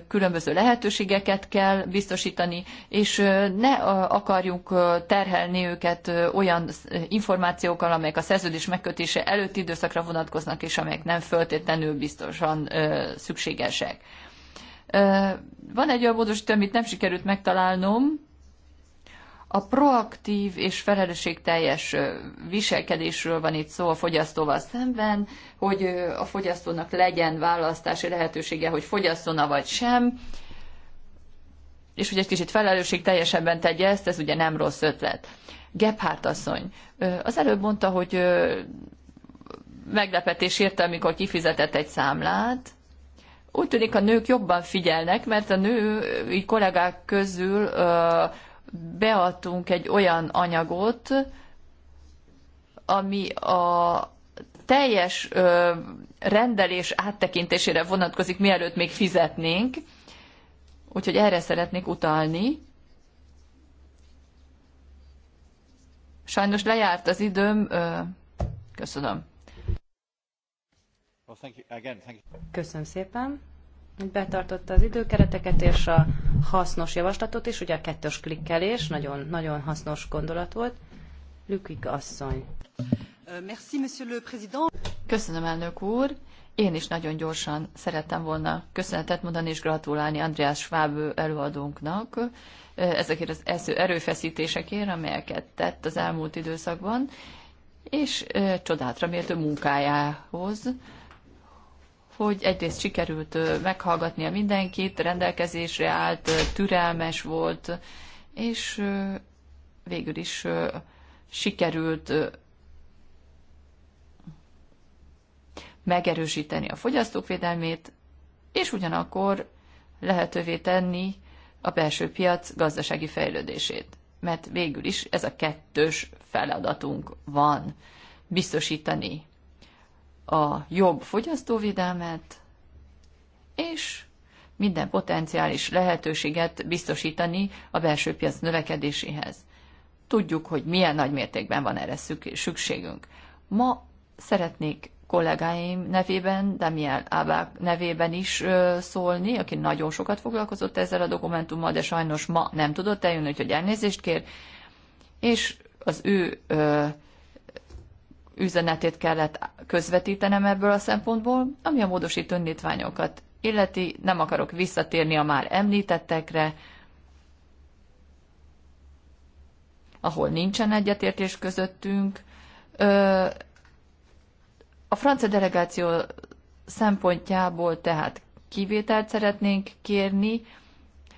különböző lehetőségeket kell biztosítani, és ne akarjuk terhelni őket olyan információkkal, amelyek a szerződés megkötése előtti időszakra vonatkoznak, és amelyek nem föltétlenül biztosan szükségesek. Van egy olyan módosítő, amit nem sikerült megtalálnom, a proaktív és felelősségteljes viselkedésről van itt szó a fogyasztóval szemben, hogy a fogyasztónak legyen választási lehetősége, hogy fogyasszon vagy sem, és hogy egy kicsit felelősség teljesebben tegye ezt, ez ugye nem rossz ötlet. Gebhardt asszony, az előbb mondta, hogy meglepetés érte, amikor kifizetett egy számlát, úgy tűnik a nők jobban figyelnek, mert a női kollégák közül beadtunk egy olyan anyagot, ami a teljes rendelés áttekintésére vonatkozik, mielőtt még fizetnénk. Úgyhogy erre szeretnék utalni. Sajnos lejárt az időm. Köszönöm. Köszönöm szépen. Betartotta az időkereteket és a hasznos javaslatot is, ugye a kettős klikkelés, nagyon, nagyon hasznos gondolat volt. Lükik asszony. Euh, merci, monsieur le président. Köszönöm, elnök úr. Én is nagyon gyorsan szerettem volna köszönetet mondani és gratulálni Andreas Schwab előadónknak euh, ezekért az erőfeszítésekért, amelyeket tett az elmúlt időszakban, és euh, csodátra mértő munkájához, hogy egyrészt sikerült meghallgatnia mindenkit, rendelkezésre állt, türelmes volt, és végül is sikerült megerősíteni a fogyasztók védelmét, és ugyanakkor lehetővé tenni a belső piac gazdasági fejlődését. Mert végül is ez a kettős feladatunk van biztosítani a jobb fogyasztóvédelmet, és minden potenciális lehetőséget biztosítani a belső piac növekedéséhez. Tudjuk, hogy milyen nagy mértékben van erre szükségünk. Ma szeretnék kollégáim nevében, Damiel Ábák nevében is szólni, aki nagyon sokat foglalkozott ezzel a dokumentummal, de sajnos ma nem tudott eljönni, hogy elnézést kér, és az ő üzenetét kellett közvetítenem ebből a szempontból, ami a módosító nyitványokat, illeti, nem akarok visszatérni a már említettekre, ahol nincsen egyetértés közöttünk. A francia delegáció szempontjából tehát kivételt szeretnénk kérni,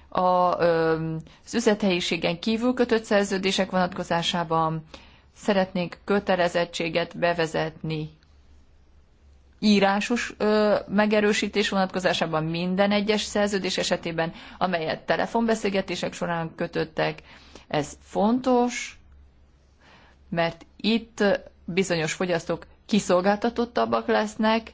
a, az üzlethelyiségen kívül kötött szerződések vonatkozásában szeretnénk kötelezettséget bevezetni írásos ö, megerősítés vonatkozásában minden egyes szerződés esetében, amelyet telefonbeszélgetések során kötöttek. Ez fontos, mert itt bizonyos fogyasztók kiszolgáltatottabbak lesznek,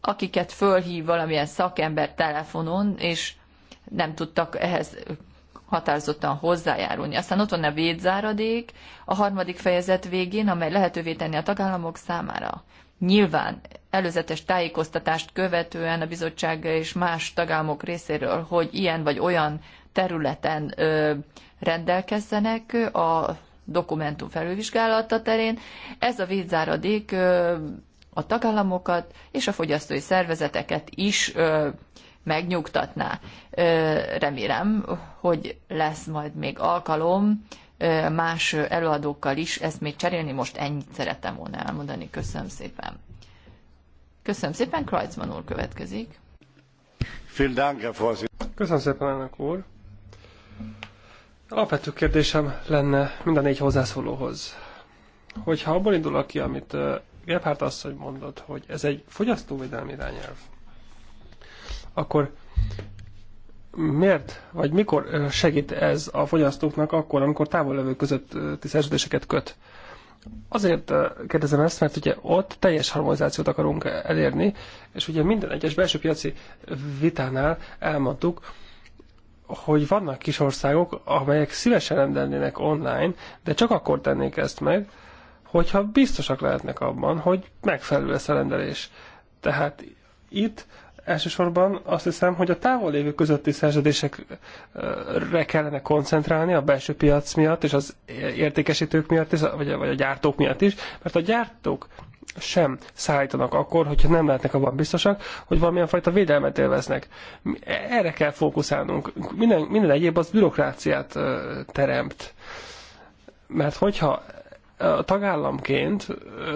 akiket fölhív valamilyen szakember telefonon, és nem tudtak ehhez határozottan hozzájárulni. Aztán ott van a védzáradék, a harmadik fejezet végén, amely lehetővé tenni a tagállamok számára. Nyilván előzetes tájékoztatást követően a bizottság és más tagállamok részéről, hogy ilyen vagy olyan területen ö, rendelkezzenek a dokumentum felülvizsgálata terén. Ez a védzáradék ö, a tagállamokat és a fogyasztói szervezeteket is ö, megnyugtatná. Remélem, hogy lesz majd még alkalom más előadókkal is ezt még cserélni. Most ennyit szerettem volna elmondani. Köszönöm szépen. Köszönöm szépen. Kreuzmann úr következik. Köszönöm szépen, elnök úr. Alapvető kérdésem lenne mind a négy hozzászólóhoz. Hogyha abból indulok ki, amit Gebhardt asszony mondott, hogy ez egy fogyasztóvédelmi irányelv, akkor miért, vagy mikor segít ez a fogyasztóknak akkor, amikor távollevő közötti szerződéseket köt? Azért kérdezem ezt, mert ugye ott teljes harmonizációt akarunk elérni, és ugye minden egyes belső piaci vitánál elmondtuk, hogy vannak kis országok, amelyek szívesen rendelnének online, de csak akkor tennék ezt meg, hogyha biztosak lehetnek abban, hogy megfelelő lesz a rendelés. Tehát itt elsősorban azt hiszem, hogy a távol lévő közötti szerződésekre kellene koncentrálni a belső piac miatt, és az értékesítők miatt, is, vagy, a, vagy a gyártók miatt is, mert a gyártók sem szállítanak akkor, hogyha nem lehetnek abban biztosak, hogy valamilyen fajta védelmet élveznek. Erre kell fókuszálnunk. Minden, minden egyéb az bürokráciát teremt. Mert hogyha tagállamként,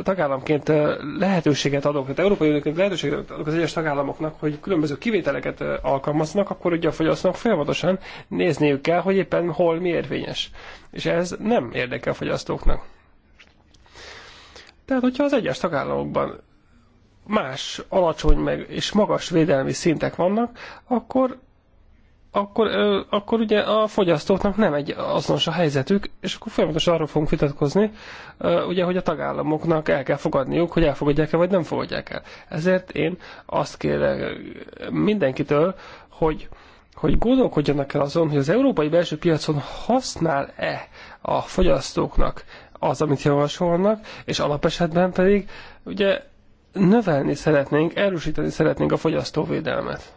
tagállamként lehetőséget adok, tehát Európai Unióként lehetőséget adok az egyes tagállamoknak, hogy különböző kivételeket alkalmaznak, akkor ugye a fogyasztónak folyamatosan nézniük kell, hogy éppen hol mi érvényes. És ez nem érdekel a fogyasztóknak. Tehát, hogyha az egyes tagállamokban más alacsony meg és magas védelmi szintek vannak, akkor akkor, akkor ugye a fogyasztóknak nem egy azonos a helyzetük, és akkor folyamatosan arról fogunk vitatkozni, ugye, hogy a tagállamoknak el kell fogadniuk, hogy elfogadják-e, vagy nem fogadják el. Ezért én azt kérek mindenkitől, hogy, hogy gondolkodjanak el azon, hogy az európai belső piacon használ-e a fogyasztóknak az, amit javasolnak, és alapesetben pedig ugye növelni szeretnénk, erősíteni szeretnénk a fogyasztóvédelmet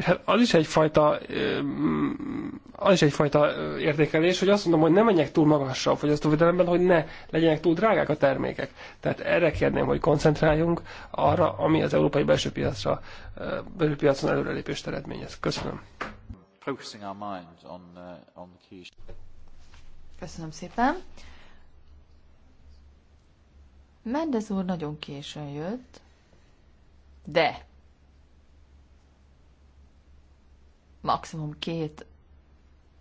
hát az is egyfajta az is egyfajta értékelés, hogy azt mondom, hogy ne menjek túl magasra a fogyasztóvédelemben, hogy ne legyenek túl drágák a termékek. Tehát erre kérném, hogy koncentráljunk arra, ami az európai belső piacra, belső piacon előrelépést eredményez. Köszönöm. Uh, Köszönöm szépen. Mendez úr nagyon későn jött, de maximum két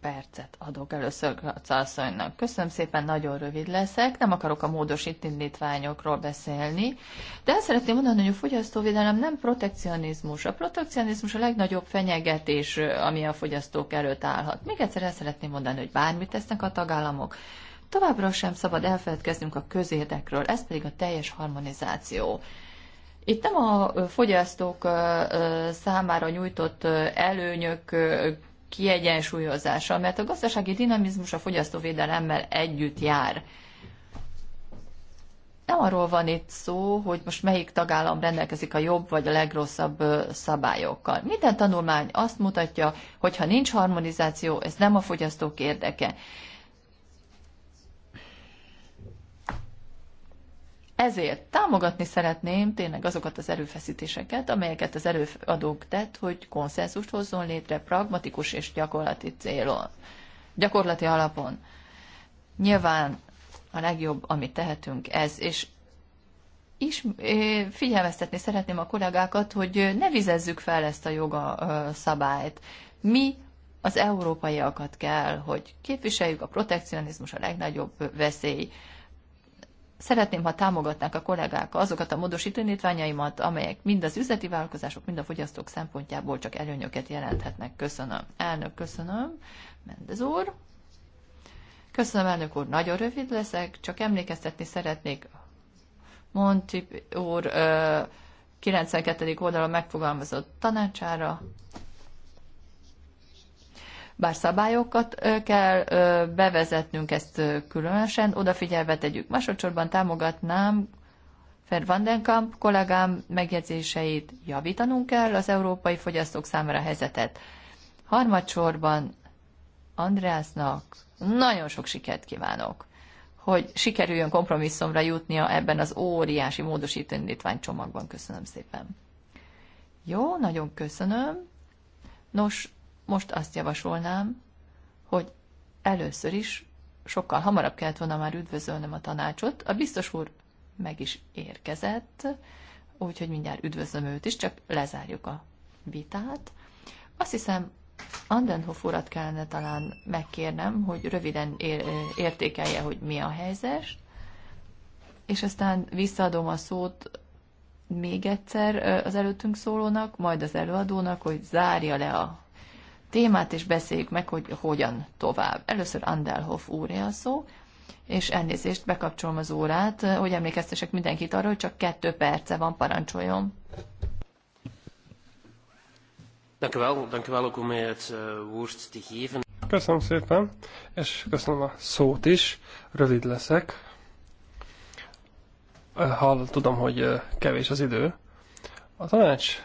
percet adok először a Kacalszonynak. Köszönöm szépen, nagyon rövid leszek, nem akarok a módosít indítványokról beszélni, de azt szeretném mondani, hogy a fogyasztóvédelem nem protekcionizmus. A protekcionizmus a legnagyobb fenyegetés, ami a fogyasztók előtt állhat. Még egyszer el szeretném mondani, hogy bármit tesznek a tagállamok, továbbra sem szabad elfeledkeznünk a közérdekről, ez pedig a teljes harmonizáció. Itt nem a fogyasztók számára nyújtott előnyök kiegyensúlyozása, mert a gazdasági dinamizmus a fogyasztóvédelemmel együtt jár. Nem arról van itt szó, hogy most melyik tagállam rendelkezik a jobb vagy a legrosszabb szabályokkal. Minden tanulmány azt mutatja, hogy ha nincs harmonizáció, ez nem a fogyasztók érdeke. Ezért támogatni szeretném tényleg azokat az erőfeszítéseket, amelyeket az előadók tett, hogy konszenzust hozzon létre pragmatikus és gyakorlati célon, gyakorlati alapon. Nyilván a legjobb, amit tehetünk ez, és is figyelmeztetni szeretném a kollégákat, hogy ne vizezzük fel ezt a joga szabályt. Mi az európaiakat kell, hogy képviseljük, a protekcionizmus a legnagyobb veszély. Szeretném, ha támogatnák a kollégák azokat a módosítőnétványaimat, amelyek mind az üzleti vállalkozások, mind a fogyasztók szempontjából csak előnyöket jelenthetnek. Köszönöm. Elnök, köszönöm. Mendez úr. Köszönöm, elnök úr. Nagyon rövid leszek, csak emlékeztetni szeretnék Monti úr 92. oldalon megfogalmazott tanácsára, bár szabályokat kell bevezetnünk, ezt különösen odafigyelve tegyük. Másodszorban támogatnám Fer Kamp kollégám megjegyzéseit, javítanunk kell az európai fogyasztók számára helyzetet. Harmadsorban Andrásnak nagyon sok sikert kívánok, hogy sikerüljön kompromisszumra jutnia ebben az óriási módosító csomagban. Köszönöm szépen. Jó, nagyon köszönöm. Nos, most azt javasolnám, hogy először is sokkal hamarabb kellett volna már üdvözölnöm a tanácsot. A biztos úr meg is érkezett, úgyhogy mindjárt üdvözlöm őt is, csak lezárjuk a vitát. Azt hiszem, Andenhoff urat kellene talán megkérnem, hogy röviden értékelje, hogy mi a helyzet, és aztán visszaadom a szót még egyszer az előttünk szólónak, majd az előadónak, hogy zárja le a témát, és beszéljük meg, hogy hogyan tovább. Először Andelhoff úré a szó, és elnézést, bekapcsolom az órát, hogy emlékeztesek mindenkit arról, hogy csak kettő perce van, parancsoljon. Eh, köszönöm szépen, és köszönöm a szót is, rövid leszek. Eh, hall, tudom, hogy eh, kevés az idő. A tanács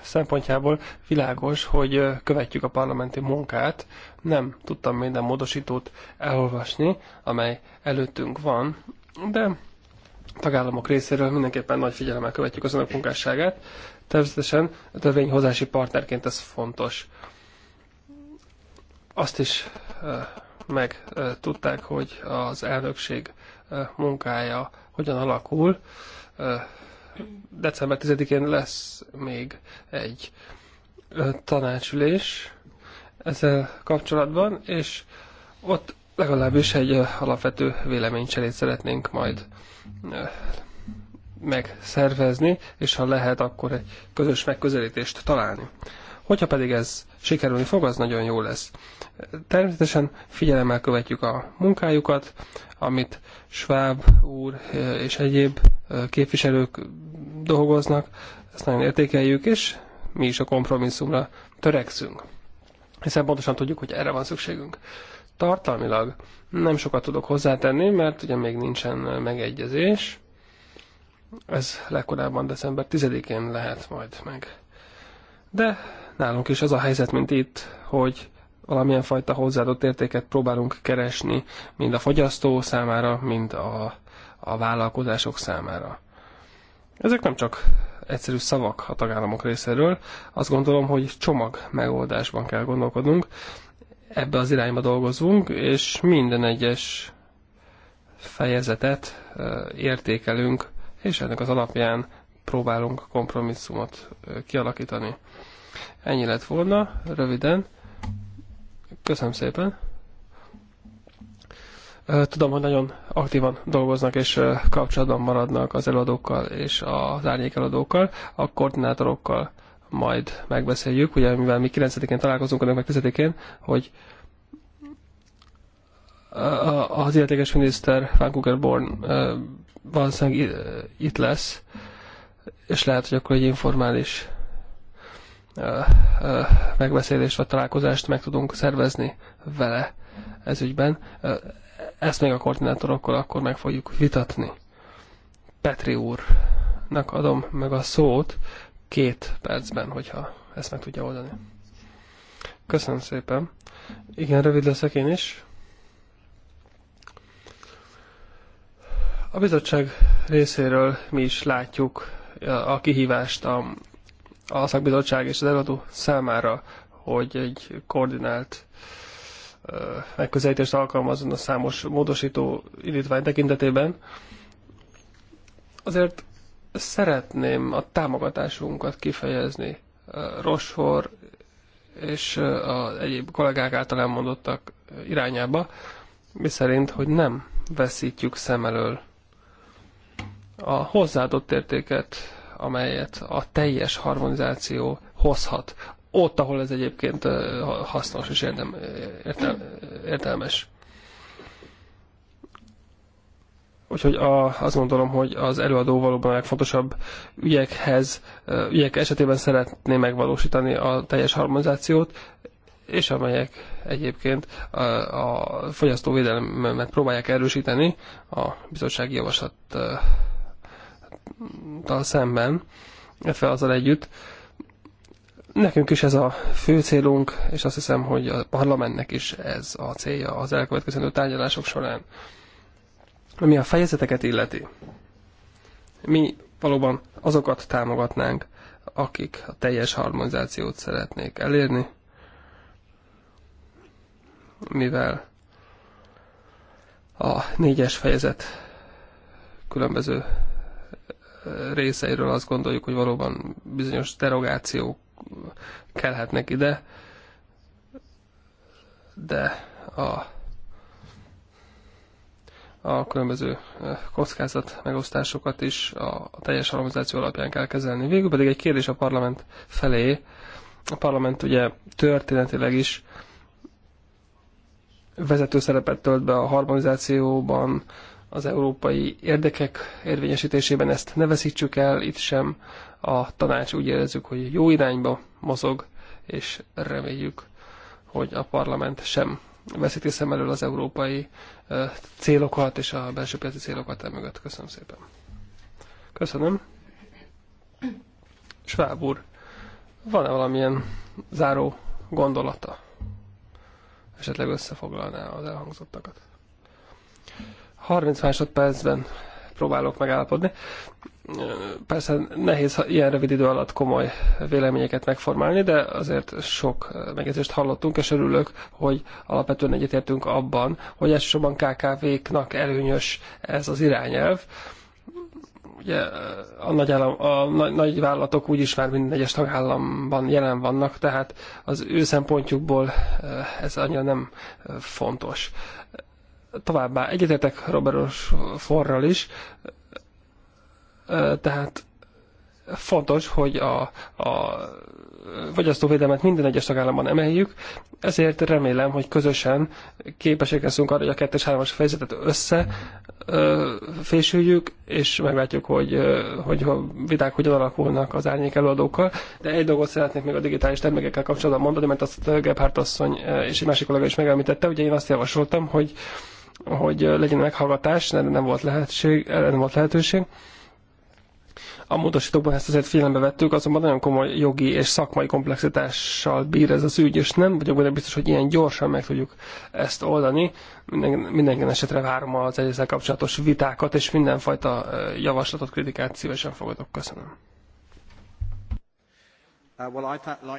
szempontjából világos, hogy követjük a parlamenti munkát. Nem tudtam minden módosítót elolvasni, amely előttünk van, de tagállamok részéről mindenképpen nagy figyelemmel követjük az önök munkásságát. Természetesen a törvényhozási partnerként ez fontos. Azt is meg tudták, hogy az elnökség munkája hogyan alakul december 10-én lesz még egy tanácsülés ezzel kapcsolatban, és ott legalábbis egy alapvető véleménycserét szeretnénk majd megszervezni, és ha lehet, akkor egy közös megközelítést találni. Hogyha pedig ez sikerülni fog, az nagyon jó lesz. Természetesen figyelemmel követjük a munkájukat, amit Schwab úr és egyéb képviselők dolgoznak, ezt nagyon értékeljük, és mi is a kompromisszumra törekszünk. Hiszen pontosan tudjuk, hogy erre van szükségünk. Tartalmilag nem sokat tudok hozzátenni, mert ugye még nincsen megegyezés. Ez legkorábban december 10-én lehet majd meg. De nálunk is az a helyzet, mint itt, hogy valamilyen fajta hozzáadott értéket próbálunk keresni, mind a fogyasztó számára, mind a a vállalkozások számára. Ezek nem csak egyszerű szavak a tagállamok részéről, azt gondolom, hogy csomag megoldásban kell gondolkodnunk, ebbe az irányba dolgozunk, és minden egyes fejezetet értékelünk, és ennek az alapján próbálunk kompromisszumot kialakítani. Ennyi lett volna, röviden. Köszönöm szépen! Tudom, hogy nagyon aktívan dolgoznak és kapcsolatban maradnak az eladókkal és az árnyék eladókkal, a koordinátorokkal majd megbeszéljük, ugye mivel mi 9-én találkozunk, önök meg 10-én, hogy az illetékes miniszter van Born valószínűleg itt lesz, és lehet, hogy akkor egy informális megbeszélést vagy találkozást meg tudunk szervezni vele ez ügyben ezt még a koordinátorokkal akkor meg fogjuk vitatni. Petri úrnak adom meg a szót két percben, hogyha ezt meg tudja oldani. Köszönöm szépen. Igen, rövid leszek én is. A bizottság részéről mi is látjuk a kihívást a, szakbizottság és az előadó számára, hogy egy koordinált megközelítést alkalmazzon a számos módosító indítvány tekintetében. Azért szeretném a támogatásunkat kifejezni Rosfor és az egyéb kollégák által elmondottak irányába, miszerint, hogy nem veszítjük szem elől a hozzáadott értéket, amelyet a teljes harmonizáció hozhat ott, ahol ez egyébként hasznos és értem, értel, értelmes. Úgyhogy a, azt gondolom, hogy az előadó valóban a legfontosabb ügyekhez, ügyek esetében szeretné megvalósítani a teljes harmonizációt, és amelyek egyébként a, a fogyasztóvédelmet próbálják erősíteni a bizottsági javaslattal szemben, illetve azzal együtt, Nekünk is ez a fő célunk, és azt hiszem, hogy a parlamentnek is ez a célja az elkövetkező tárgyalások során. Ami a fejezeteket illeti, mi valóban azokat támogatnánk, akik a teljes harmonizációt szeretnék elérni, mivel a négyes fejezet különböző részeiről azt gondoljuk, hogy valóban bizonyos derogációk kellhetnek ide, de a, a különböző kockázat megosztásokat is a teljes harmonizáció alapján kell kezelni. Végül pedig egy kérdés a parlament felé. A parlament ugye történetileg is vezető szerepet tölt be a harmonizációban, az európai érdekek érvényesítésében ezt ne veszítsük el, itt sem a tanács úgy érezzük, hogy jó irányba mozog, és reméljük, hogy a parlament sem veszíti szem elől az európai célokat és a belső piaci célokat emögött. Köszönöm szépen. Köszönöm. Schwab úr, van-e valamilyen záró gondolata? Esetleg összefoglalná az elhangzottakat? 30 másodpercben próbálok megállapodni. Persze nehéz ilyen rövid idő alatt komoly véleményeket megformálni, de azért sok megjegyzést hallottunk, és örülök, hogy alapvetően egyetértünk abban, hogy elsősorban KKV-knak előnyös ez az irányelv. Ugye a nagy, állam, a nagy vállalatok úgyis már minden egyes tagállamban jelen vannak, tehát az ő szempontjukból eh, ez annyira nem eh, fontos Továbbá egyetetek Roberos forral is, tehát fontos, hogy a, a fogyasztóvédelmet minden egyes tagállamban emeljük, ezért remélem, hogy közösen képesek leszünk arra, hogy a 2 3 fejezetet összefésüljük, és meglátjuk, hogy, hogy a viták hogyan alakulnak az árnyék előadókkal. De egy dolgot szeretnék még a digitális termékekkel kapcsolatban mondani, mert azt Gebhardt asszony és egy másik kollega is megemlítette, ugye én azt javasoltam, hogy hogy legyen meghallgatás, de nem volt, lehetőség. Eh, nem volt lehetőség. A módosítókban ezt azért figyelembe vettük, azonban nagyon komoly jogi és szakmai komplexitással bír ez az ügy, és nem vagyok benne biztos, hogy ilyen gyorsan meg tudjuk ezt oldani. Minden, minden esetre várom az egészen kapcsolatos vitákat, és mindenfajta eh, javaslatot, kritikát szívesen fogadok. Köszönöm. Uh,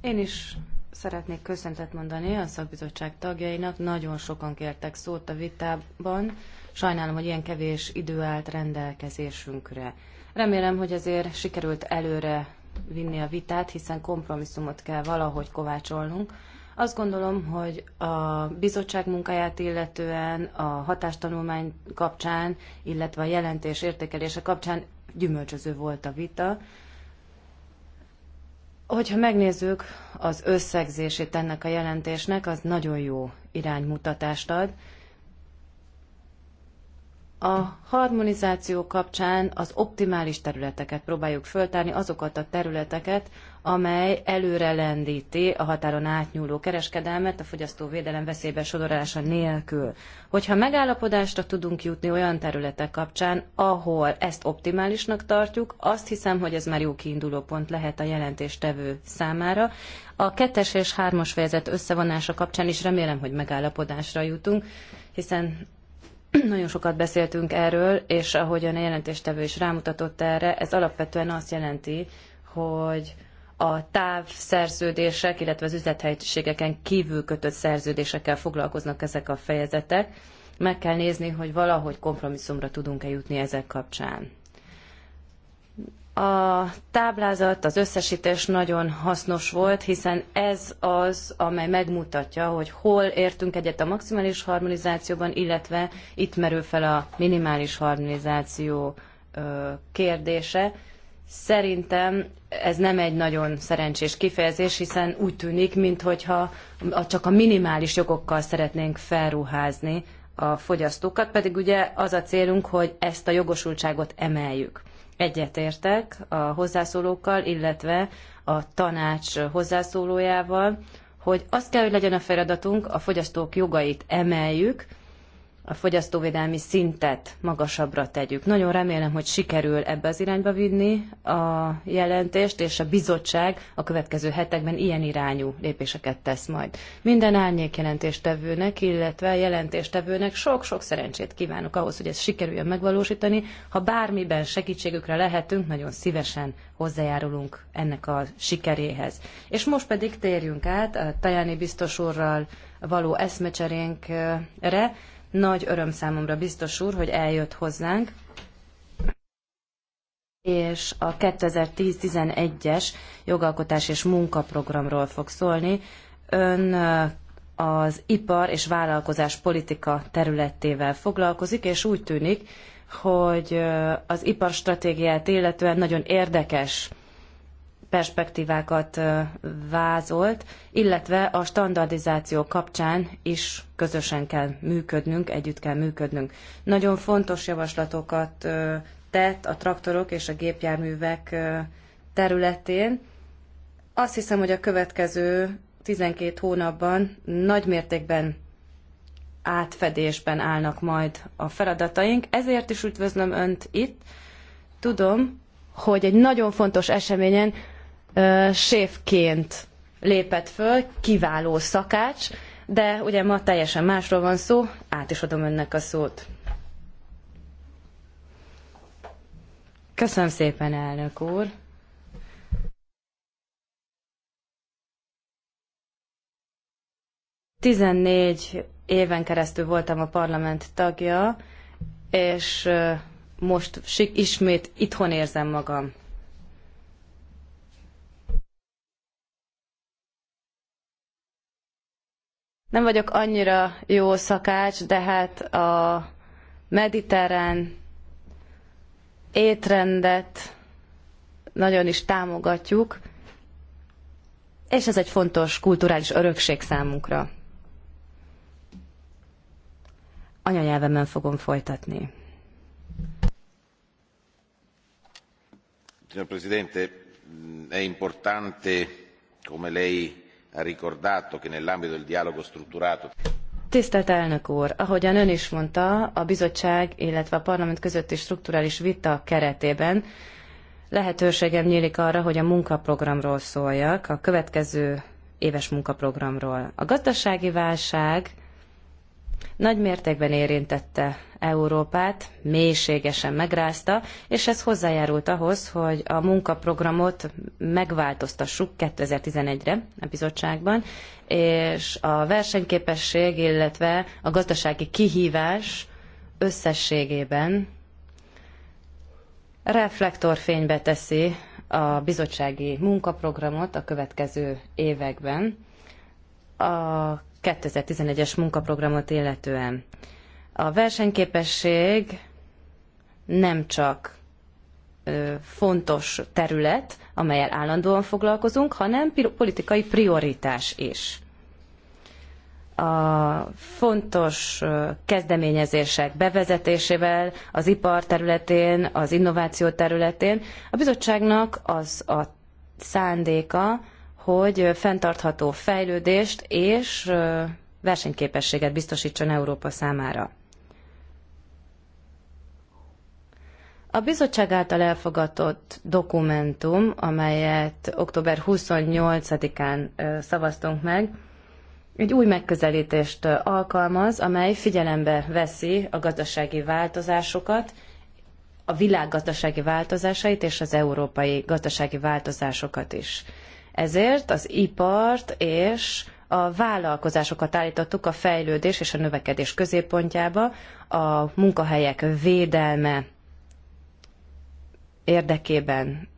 Én is Szeretnék köszöntet mondani a szakbizottság tagjainak. Nagyon sokan kértek szót a vitában. Sajnálom, hogy ilyen kevés idő állt rendelkezésünkre. Remélem, hogy azért sikerült előre vinni a vitát, hiszen kompromisszumot kell valahogy kovácsolnunk. Azt gondolom, hogy a bizottság munkáját illetően, a hatástanulmány kapcsán, illetve a jelentés értékelése kapcsán gyümölcsöző volt a vita. Hogyha megnézzük az összegzését ennek a jelentésnek, az nagyon jó iránymutatást ad. A harmonizáció kapcsán az optimális területeket próbáljuk föltárni, azokat a területeket, amely előre lendíti a határon átnyúló kereskedelmet a fogyasztóvédelem veszélybe sodorása nélkül. Hogyha megállapodásra tudunk jutni olyan területek kapcsán, ahol ezt optimálisnak tartjuk, azt hiszem, hogy ez már jó kiinduló pont lehet a jelentéstevő számára. A kettes és hármas fejezet összevonása kapcsán is remélem, hogy megállapodásra jutunk, hiszen nagyon sokat beszéltünk erről, és ahogyan a jelentéstevő is rámutatott erre, ez alapvetően azt jelenti, hogy a távszerződések, illetve az üzlethelyiségeken kívül kötött szerződésekkel foglalkoznak ezek a fejezetek. Meg kell nézni, hogy valahogy kompromisszumra tudunk-e jutni ezek kapcsán. A táblázat, az összesítés nagyon hasznos volt, hiszen ez az, amely megmutatja, hogy hol értünk egyet a maximális harmonizációban, illetve itt merül fel a minimális harmonizáció kérdése Szerintem ez nem egy nagyon szerencsés kifejezés, hiszen úgy tűnik, mintha csak a minimális jogokkal szeretnénk felruházni a fogyasztókat, pedig ugye az a célunk, hogy ezt a jogosultságot emeljük. Egyetértek a hozzászólókkal, illetve a tanács hozzászólójával, hogy az kell, hogy legyen a feladatunk, a fogyasztók jogait emeljük, a fogyasztóvédelmi szintet magasabbra tegyük. Nagyon remélem, hogy sikerül ebbe az irányba vinni a jelentést, és a bizottság a következő hetekben ilyen irányú lépéseket tesz majd. Minden árnyék jelentéstevőnek, illetve jelentéstevőnek sok-sok szerencsét kívánok ahhoz, hogy ezt sikerüljön megvalósítani. Ha bármiben segítségükre lehetünk, nagyon szívesen hozzájárulunk ennek a sikeréhez. És most pedig térjünk át a Tajani biztos úrral való eszmecserénkre, nagy öröm számomra biztos úr, hogy eljött hozzánk, és a 2010-11-es jogalkotás és munkaprogramról fog szólni. Ön az ipar és vállalkozás politika területével foglalkozik, és úgy tűnik, hogy az stratégiát illetően nagyon érdekes perspektívákat vázolt, illetve a standardizáció kapcsán is közösen kell működnünk, együtt kell működnünk. Nagyon fontos javaslatokat tett a traktorok és a gépjárművek területén. Azt hiszem, hogy a következő 12 hónapban nagy mértékben átfedésben állnak majd a feladataink. Ezért is üdvözlöm Önt itt. Tudom, hogy egy nagyon fontos eseményen séfként lépett föl, kiváló szakács, de ugye ma teljesen másról van szó, át is adom önnek a szót. Köszönöm szépen, elnök úr! Tizennégy éven keresztül voltam a parlament tagja, és most ismét itthon érzem magam. Nem vagyok annyira jó szakács, de hát a mediterrán étrendet nagyon is támogatjuk, és ez egy fontos kulturális örökség számunkra. Anyanyelvemen fogom folytatni. Signor Presidente, è importante, come lei ricordato che nell'ambito del dialogo strutturato Tisztelt elnök úr, ahogyan ön is mondta, a bizottság, illetve a parlament közötti strukturális vita keretében lehetőségem nyílik arra, hogy a munkaprogramról szóljak, a következő éves munkaprogramról. A gazdasági válság nagy mértékben érintette Európát, mélységesen megrázta, és ez hozzájárult ahhoz, hogy a munkaprogramot megváltoztassuk 2011-re a bizottságban, és a versenyképesség, illetve a gazdasági kihívás összességében reflektorfénybe teszi a bizottsági munkaprogramot a következő években. A 2011-es munkaprogramot illetően. A versenyképesség nem csak fontos terület, amelyel állandóan foglalkozunk, hanem politikai prioritás is. A fontos kezdeményezések bevezetésével az ipar területén, az innováció területén a bizottságnak az a szándéka, hogy fenntartható fejlődést és versenyképességet biztosítson Európa számára. A bizottság által elfogadott dokumentum, amelyet október 28-án szavaztunk meg, egy új megközelítést alkalmaz, amely figyelembe veszi a gazdasági változásokat, a világ gazdasági változásait és az európai gazdasági változásokat is. Ezért az ipart és a vállalkozásokat állítottuk a fejlődés és a növekedés középpontjába, a munkahelyek védelme érdekében.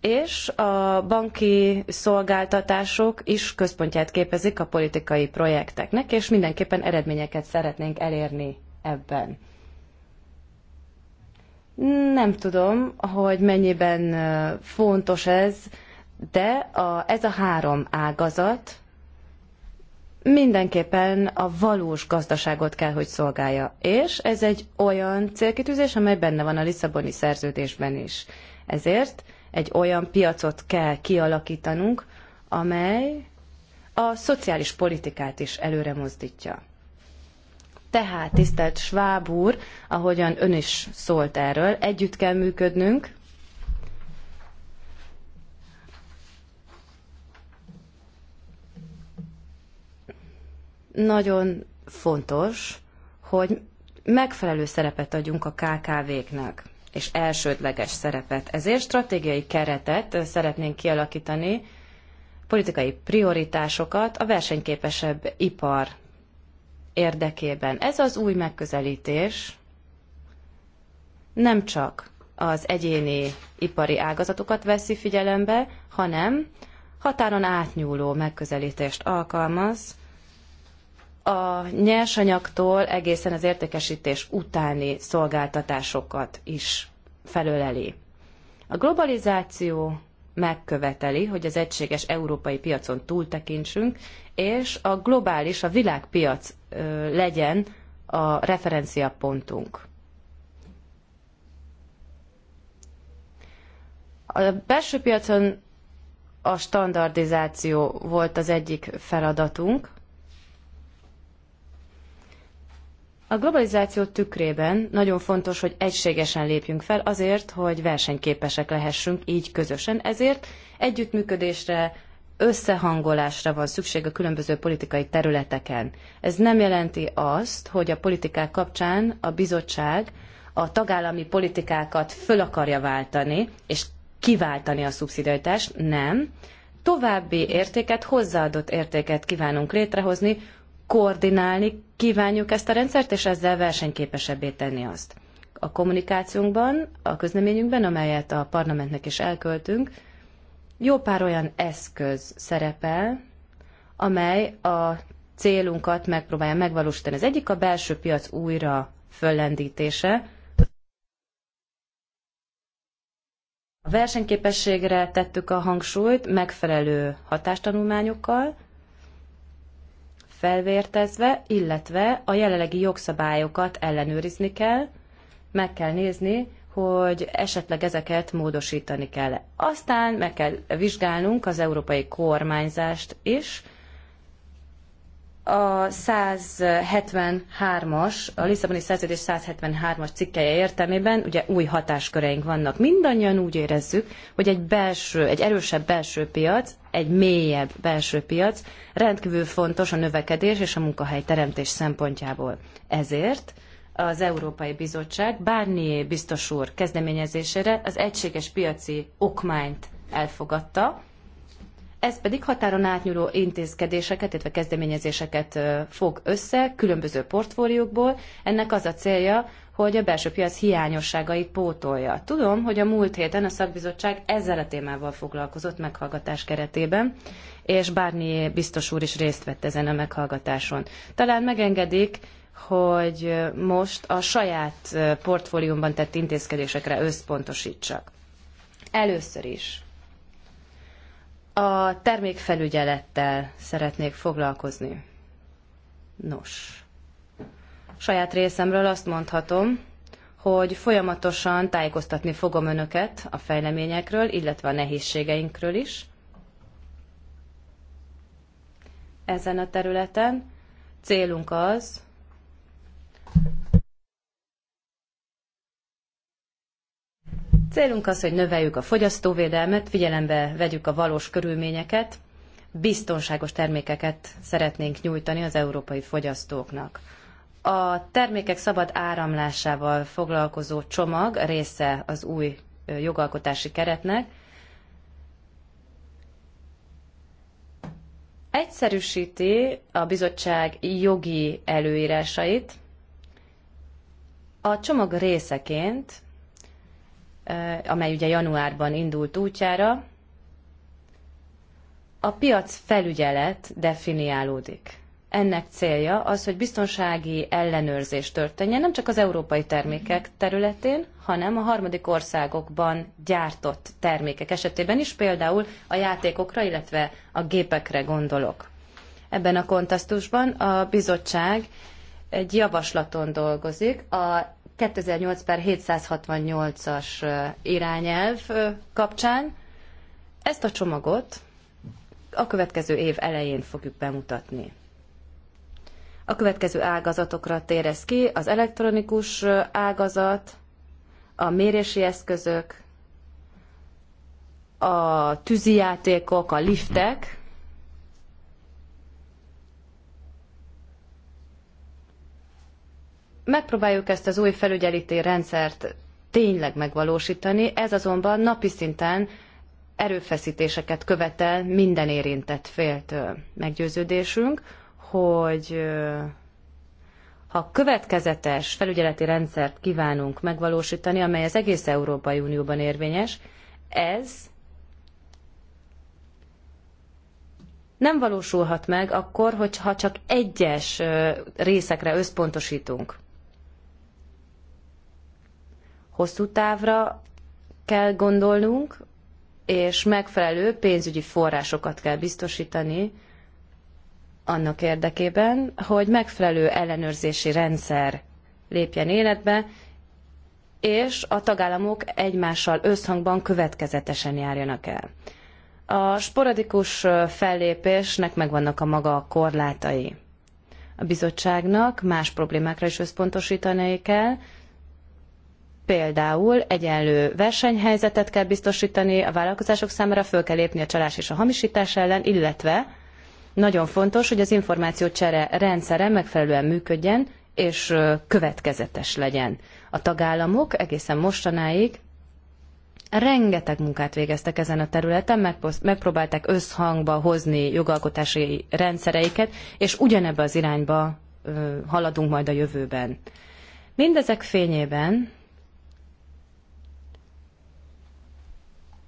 És a banki szolgáltatások is központját képezik a politikai projekteknek, és mindenképpen eredményeket szeretnénk elérni ebben. Nem tudom, hogy mennyiben fontos ez, de a, ez a három ágazat mindenképpen a valós gazdaságot kell, hogy szolgálja. És ez egy olyan célkitűzés, amely benne van a Lisszaboni szerződésben is. Ezért egy olyan piacot kell kialakítanunk, amely a szociális politikát is előre mozdítja. Tehát, tisztelt Schwab úr, ahogyan ön is szólt erről, együtt kell működnünk. Nagyon fontos, hogy megfelelő szerepet adjunk a KKV-knak, és elsődleges szerepet. Ezért stratégiai keretet szeretnénk kialakítani, politikai prioritásokat a versenyképesebb ipar érdekében. Ez az új megközelítés nem csak az egyéni ipari ágazatokat veszi figyelembe, hanem határon átnyúló megközelítést alkalmaz a nyersanyagtól egészen az értékesítés utáni szolgáltatásokat is felöleli. A globalizáció megköveteli, hogy az egységes európai piacon túltekintsünk, és a globális, a világpiac legyen a referenciapontunk. A belső piacon a standardizáció volt az egyik feladatunk. A globalizáció tükrében nagyon fontos, hogy egységesen lépjünk fel azért, hogy versenyképesek lehessünk így közösen. Ezért együttműködésre, összehangolásra van szükség a különböző politikai területeken. Ez nem jelenti azt, hogy a politikák kapcsán a bizottság a tagállami politikákat föl akarja váltani, és kiváltani a szubszidiaritást, nem. További értéket, hozzáadott értéket kívánunk létrehozni, koordinálni kívánjuk ezt a rendszert, és ezzel versenyképesebbé tenni azt. A kommunikációnkban, a közleményünkben, amelyet a parlamentnek is elköltünk, jó pár olyan eszköz szerepel, amely a célunkat megpróbálja megvalósítani. Az egyik a belső piac újra föllendítése, A versenyképességre tettük a hangsúlyt megfelelő hatástanulmányokkal, felvértezve, illetve a jelenlegi jogszabályokat ellenőrizni kell, meg kell nézni, hogy esetleg ezeket módosítani kell. Aztán meg kell vizsgálnunk az európai kormányzást is. A 173-as, a Lisszaboni szerződés 173-as cikkeje értelmében ugye új hatásköreink vannak. Mindannyian úgy érezzük, hogy egy belső, egy erősebb belső piac, egy mélyebb belső piac rendkívül fontos a növekedés és a munkahely teremtés szempontjából. Ezért az Európai Bizottság Barnier biztos úr kezdeményezésére az egységes piaci okmányt elfogadta, ez pedig határon átnyúló intézkedéseket, illetve kezdeményezéseket fog össze különböző portfóliókból. Ennek az a célja, hogy a belső piac hiányosságait pótolja. Tudom, hogy a múlt héten a szakbizottság ezzel a témával foglalkozott meghallgatás keretében, és Barnier biztos úr is részt vett ezen a meghallgatáson. Talán megengedik, hogy most a saját portfóliumban tett intézkedésekre összpontosítsak. Először is a termékfelügyelettel szeretnék foglalkozni. Nos, saját részemről azt mondhatom, hogy folyamatosan tájékoztatni fogom önöket a fejleményekről, illetve a nehézségeinkről is ezen a területen. Célunk az, Célunk az, hogy növeljük a fogyasztóvédelmet, figyelembe vegyük a valós körülményeket, biztonságos termékeket szeretnénk nyújtani az európai fogyasztóknak. A termékek szabad áramlásával foglalkozó csomag része az új jogalkotási keretnek. Egyszerűsíti a bizottság jogi előírásait, a csomag részeként, amely ugye januárban indult útjára, a piac felügyelet definiálódik. Ennek célja az, hogy biztonsági ellenőrzés történjen nem csak az európai termékek területén, hanem a harmadik országokban gyártott termékek esetében is, például a játékokra, illetve a gépekre gondolok. Ebben a kontextusban a bizottság egy javaslaton dolgozik. A 2008 per 768-as irányelv kapcsán ezt a csomagot a következő év elején fogjuk bemutatni. A következő ágazatokra térez ki az elektronikus ágazat, a mérési eszközök, a tűzijátékok, a liftek, megpróbáljuk ezt az új felügyeleti rendszert tényleg megvalósítani, ez azonban napi szinten erőfeszítéseket követel minden érintett féltől. Meggyőződésünk, hogy ha következetes felügyeleti rendszert kívánunk megvalósítani, amely az egész Európai Unióban érvényes, ez nem valósulhat meg akkor, hogyha csak egyes részekre összpontosítunk hosszú távra kell gondolnunk, és megfelelő pénzügyi forrásokat kell biztosítani annak érdekében, hogy megfelelő ellenőrzési rendszer lépjen életbe, és a tagállamok egymással összhangban következetesen járjanak el. A sporadikus fellépésnek megvannak a maga korlátai. A bizottságnak más problémákra is összpontosítani kell, Például egyenlő versenyhelyzetet kell biztosítani a vállalkozások számára, föl kell lépni a csalás és a hamisítás ellen, illetve nagyon fontos, hogy az információcsere rendszere megfelelően működjen, és következetes legyen. A tagállamok egészen mostanáig rengeteg munkát végeztek ezen a területen, megpróbálták összhangba hozni jogalkotási rendszereiket, és ugyanebbe az irányba haladunk majd a jövőben. Mindezek fényében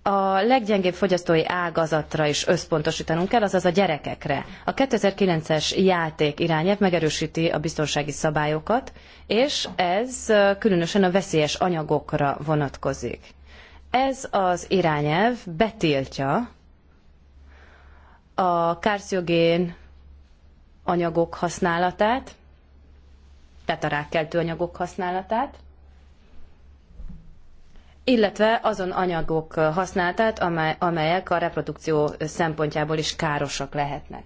a leggyengébb fogyasztói ágazatra is összpontosítanunk kell, azaz a gyerekekre. A 2009-es játék irányelv megerősíti a biztonsági szabályokat, és ez különösen a veszélyes anyagokra vonatkozik. Ez az irányelv betiltja a kárciogén anyagok használatát, tehát a rákkeltő anyagok használatát, illetve azon anyagok használatát, amely, amelyek a reprodukció szempontjából is károsak lehetnek.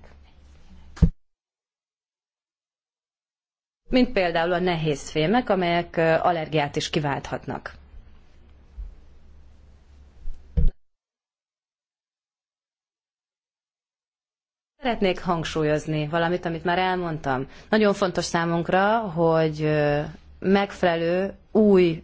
Mint például a nehéz fémek, amelyek allergiát is kiválthatnak. Szeretnék hangsúlyozni valamit, amit már elmondtam. Nagyon fontos számunkra, hogy megfelelő új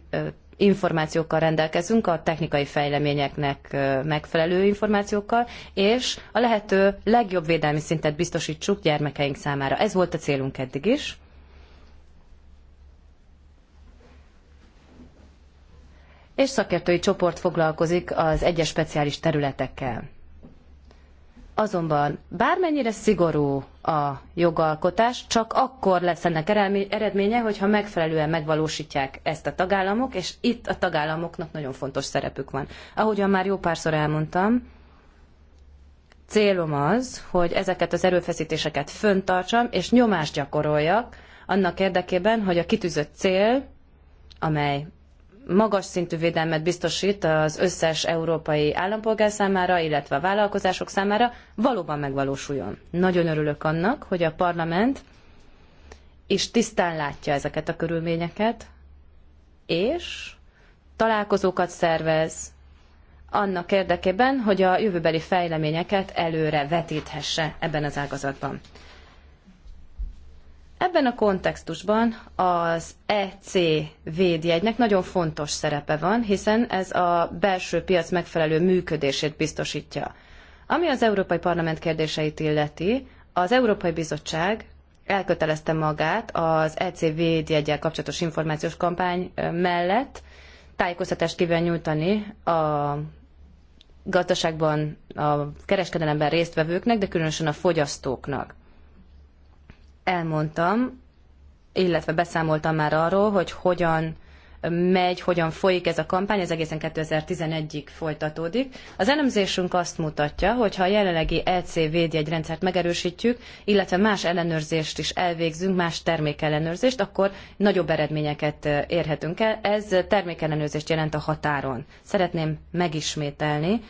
információkkal rendelkezünk, a technikai fejleményeknek megfelelő információkkal, és a lehető legjobb védelmi szintet biztosítsuk gyermekeink számára. Ez volt a célunk eddig is. És szakértői csoport foglalkozik az egyes speciális területekkel. Azonban bármennyire szigorú a jogalkotás, csak akkor lesz ennek eredménye, hogyha megfelelően megvalósítják ezt a tagállamok, és itt a tagállamoknak nagyon fontos szerepük van. Ahogyan már jó párszor elmondtam, célom az, hogy ezeket az erőfeszítéseket föntartsam, és nyomást gyakoroljak annak érdekében, hogy a kitűzött cél, amely magas szintű védelmet biztosít az összes európai állampolgár számára, illetve a vállalkozások számára, valóban megvalósuljon. Nagyon örülök annak, hogy a parlament is tisztán látja ezeket a körülményeket, és találkozókat szervez annak érdekében, hogy a jövőbeli fejleményeket előre vetíthesse ebben az ágazatban. Ebben a kontextusban az EC védjegynek nagyon fontos szerepe van, hiszen ez a belső piac megfelelő működését biztosítja. Ami az Európai Parlament kérdéseit illeti, az Európai Bizottság elkötelezte magát az EC védjegyel kapcsolatos információs kampány mellett, tájékoztatást kíván nyújtani a gazdaságban, a kereskedelemben résztvevőknek, de különösen a fogyasztóknak elmondtam, illetve beszámoltam már arról, hogy hogyan megy, hogyan folyik ez a kampány, ez egészen 2011-ig folytatódik. Az elemzésünk azt mutatja, hogy ha a jelenlegi EC védjegyrendszert megerősítjük, illetve más ellenőrzést is elvégzünk, más termékellenőrzést, akkor nagyobb eredményeket eh, érhetünk el. Ez termékellenőrzést jelent a határon. Szeretném megismételni,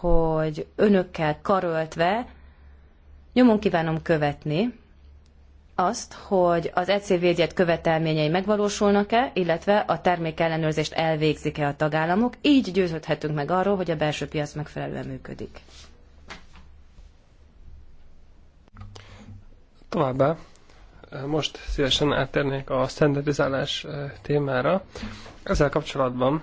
hogy önökkel karöltve nyomon kívánom követni azt, hogy az EC védjegy követelményei megvalósulnak-e, illetve a termékellenőrzést elvégzik-e a tagállamok, így győződhetünk meg arról, hogy a belső piac megfelelően működik. Továbbá most szívesen áttérnék a standardizálás témára. Ezzel kapcsolatban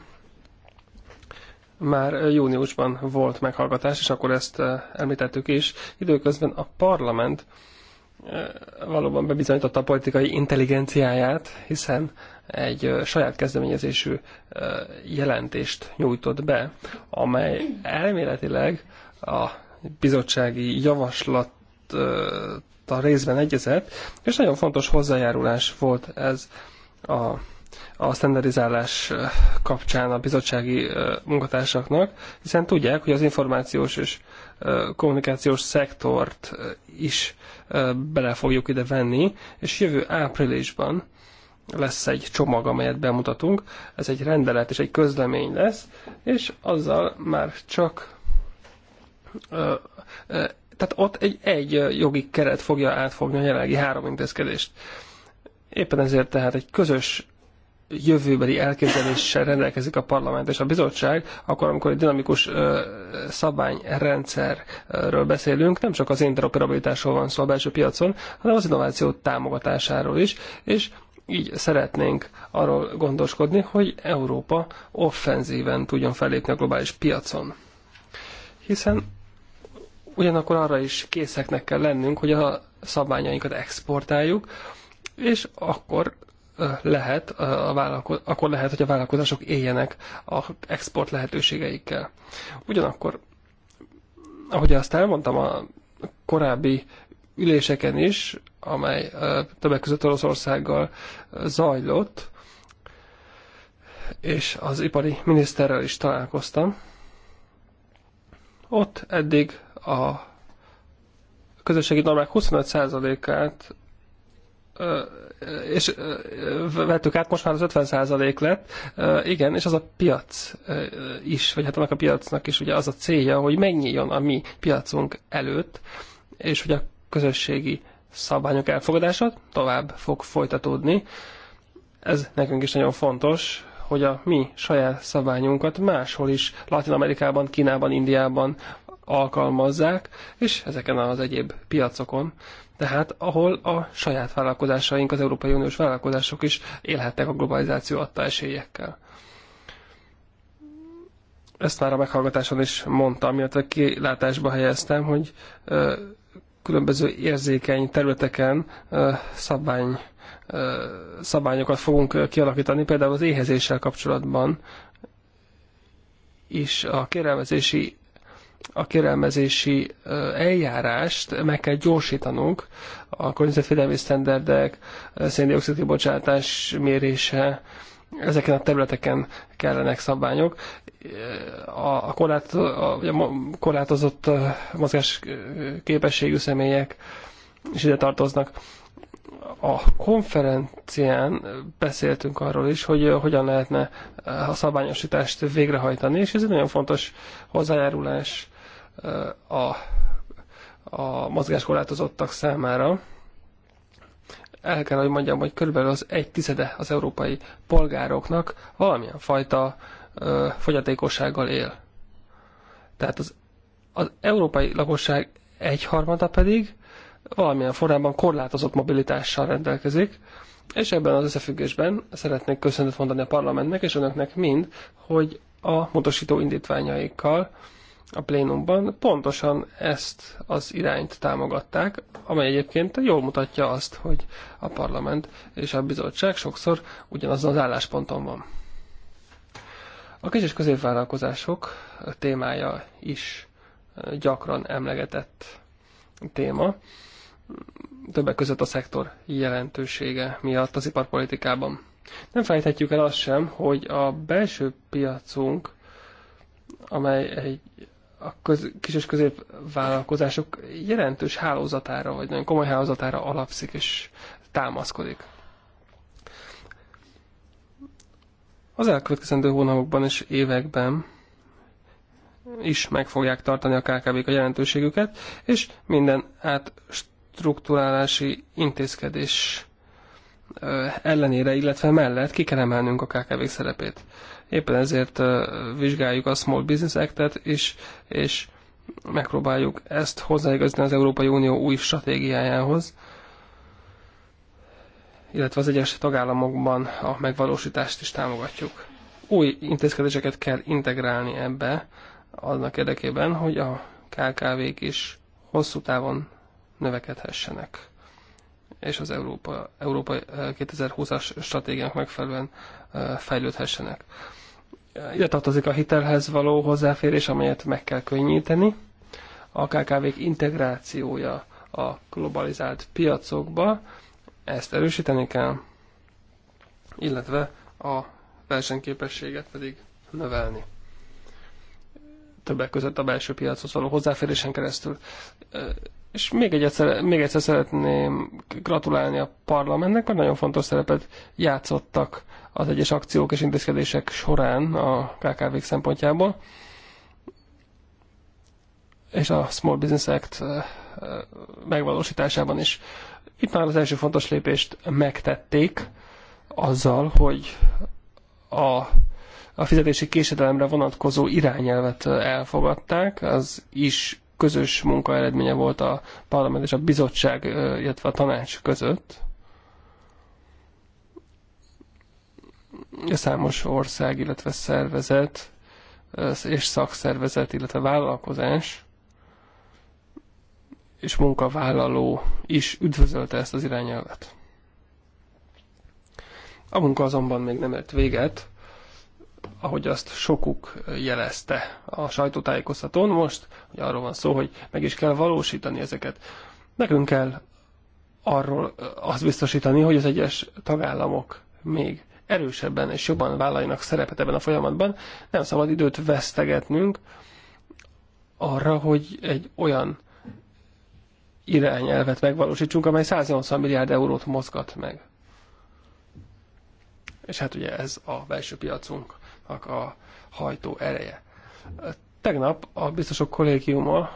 már júniusban volt meghallgatás, és akkor ezt említettük is. Időközben a parlament valóban bebizonyította a politikai intelligenciáját, hiszen egy saját kezdeményezésű jelentést nyújtott be, amely elméletileg a bizottsági javaslat a részben egyezett, és nagyon fontos hozzájárulás volt ez a, a standardizálás kapcsán a bizottsági munkatársaknak, hiszen tudják, hogy az információs és kommunikációs szektort is bele fogjuk ide venni, és jövő áprilisban lesz egy csomag, amelyet bemutatunk. Ez egy rendelet és egy közlemény lesz, és azzal már csak tehát ott egy, egy jogi keret fogja átfogni a jelenlegi három intézkedést. Éppen ezért tehát egy közös jövőbeli elképzeléssel rendelkezik a parlament és a bizottság, akkor amikor egy dinamikus szabályrendszerről beszélünk, nem csak az interoperabilitásról van szó a belső piacon, hanem az innováció támogatásáról is, és így szeretnénk arról gondoskodni, hogy Európa offenzíven tudjon fellépni a globális piacon. Hiszen ugyanakkor arra is készeknek kell lennünk, hogy a szabványainkat exportáljuk, és akkor lehet, a akkor lehet, hogy a vállalkozások éljenek az export lehetőségeikkel. Ugyanakkor, ahogy azt elmondtam a korábbi üléseken is, amely többek között Oroszországgal zajlott, és az ipari miniszterrel is találkoztam. Ott eddig a közösségi normák 25%-át és vettük át, most már az 50% lett, igen, és az a piac is, vagy hát annak a piacnak is ugye az a célja, hogy megnyíljon a mi piacunk előtt, és hogy a közösségi szabványok elfogadása tovább fog folytatódni. Ez nekünk is nagyon fontos, hogy a mi saját szabványunkat máshol is, Latin-Amerikában, Kínában, Indiában alkalmazzák, és ezeken az egyéb piacokon tehát ahol a saját vállalkozásaink, az Európai Uniós vállalkozások is élhettek a globalizáció adta esélyekkel. Ezt már a meghallgatáson is mondtam, illetve kilátásba helyeztem, hogy különböző érzékeny területeken szabvány, szabályokat fogunk kialakítani, például az éhezéssel kapcsolatban is a kérelmezési a kérelmezési eljárást meg kell gyorsítanunk, a környezetvédelmi sztenderdek, széndiokszid kibocsátás mérése, ezeken a területeken kellenek szabványok. A, korlát, a, a korlátozott mozgás képességű személyek is ide tartoznak. A konferencián beszéltünk arról is, hogy hogyan lehetne a szabványosítást végrehajtani, és ez egy nagyon fontos hozzájárulás a, a mozgáskorlátozottak számára. El kell, hogy mondjam, hogy körülbelül az egy tizede az európai polgároknak valamilyen fajta ö, fogyatékossággal él. Tehát az, az európai lakosság egyharmada pedig valamilyen formában korlátozott mobilitással rendelkezik, és ebben az összefüggésben szeretnék köszönetet mondani a parlamentnek és önöknek mind, hogy a módosító indítványaikkal a plénumban pontosan ezt az irányt támogatták, amely egyébként jól mutatja azt, hogy a parlament és a bizottság sokszor ugyanazon az állásponton van. A kis- és középvállalkozások témája is gyakran emlegetett téma, többek között a szektor jelentősége miatt az iparpolitikában. Nem felejthetjük el azt sem, hogy a belső piacunk, amely egy a köz, kis és középvállalkozások jelentős hálózatára, vagy nagyon komoly hálózatára alapszik és támaszkodik. Az elkövetkezendő hónapokban és években is meg fogják tartani a KKV-k a jelentőségüket, és minden átstruktúrálási intézkedés ellenére, illetve mellett ki kell emelnünk a KKV szerepét. Éppen ezért vizsgáljuk a Small Business Act-et is, és megpróbáljuk ezt hozzáigazni az Európai Unió új stratégiájához, illetve az egyes tagállamokban a megvalósítást is támogatjuk. Új intézkedéseket kell integrálni ebbe, annak érdekében, hogy a KKV-k is hosszú távon növekedhessenek és az Európa, Európa 2020-as stratégiának megfelelően fejlődhessenek. Ide tartozik a hitelhez való hozzáférés, amelyet meg kell könnyíteni, a KKV-k integrációja a globalizált piacokba, ezt erősíteni kell, illetve a versenyképességet pedig növelni többek között a belső piachoz való hozzáférésen keresztül. És még, egy egyszer, még egyszer szeretném gratulálni a parlamentnek, mert nagyon fontos szerepet játszottak az egyes akciók és intézkedések során a kkv szempontjából. És a Small Business Act eh, eh, megvalósításában is. Itt már az első fontos lépést megtették azzal, hogy a, a fizetési késedelemre vonatkozó irányelvet eh, elfogadták, az is közös munka eredménye volt a parlament és a bizottság, illetve a tanács között. Számos ország, illetve szervezet és szakszervezet, illetve vállalkozás és munkavállaló is üdvözölte ezt az irányelvet. A munka azonban még nem ért véget, ahogy azt sokuk jelezte a sajtótájékoztatón most, hogy arról van szó, hogy meg is kell valósítani ezeket. Nekünk kell arról azt biztosítani, hogy az egyes tagállamok még erősebben és jobban vállaljanak szerepet ebben a folyamatban. Nem szabad időt vesztegetnünk arra, hogy egy olyan irányelvet megvalósítsunk, amely 180 milliárd eurót mozgat meg. És hát ugye ez a belső piacunk folyamatnak a hajtó ereje. Tegnap a biztosok kollégiuma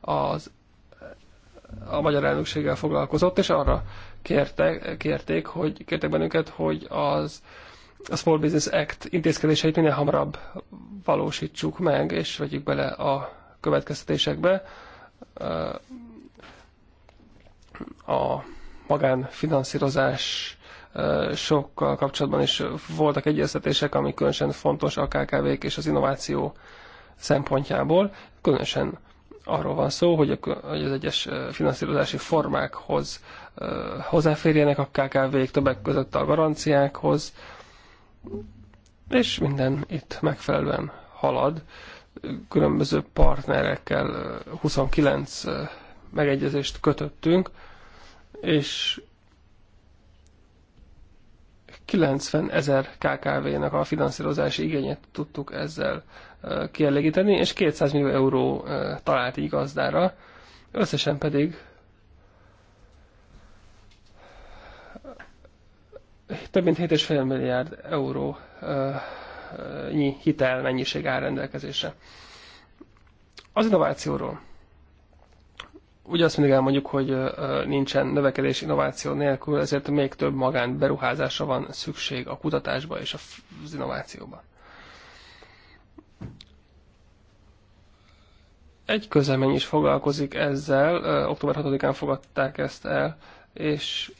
az a magyar elnökséggel foglalkozott, és arra kértek, kérték, hogy, kértek bennünket, hogy az a Small Business Act intézkedéseit minél hamarabb valósítsuk meg, és vegyük bele a következtetésekbe a magánfinanszírozás sokkal kapcsolatban is voltak egyeztetések, ami különösen fontos a KKV-k és az innováció szempontjából. Különösen arról van szó, hogy, a, hogy az egyes finanszírozási formákhoz hozzáférjenek a KKV-k, többek között a garanciákhoz, és minden itt megfelelően halad. Különböző partnerekkel 29 megegyezést kötöttünk, és 90 ezer KKV-nak a finanszírozási igényet tudtuk ezzel kielégíteni, és 200 millió euró talált így gazdára, összesen pedig több mint 7,5 milliárd euró nyi hitel mennyiség áll rendelkezésre. Az innovációról ugye azt mindig elmondjuk, hogy nincsen növekedés innováció nélkül, ezért még több magán beruházásra van szükség a kutatásba és az innovációba. Egy közlemény is foglalkozik ezzel, október 6-án fogadták ezt el, és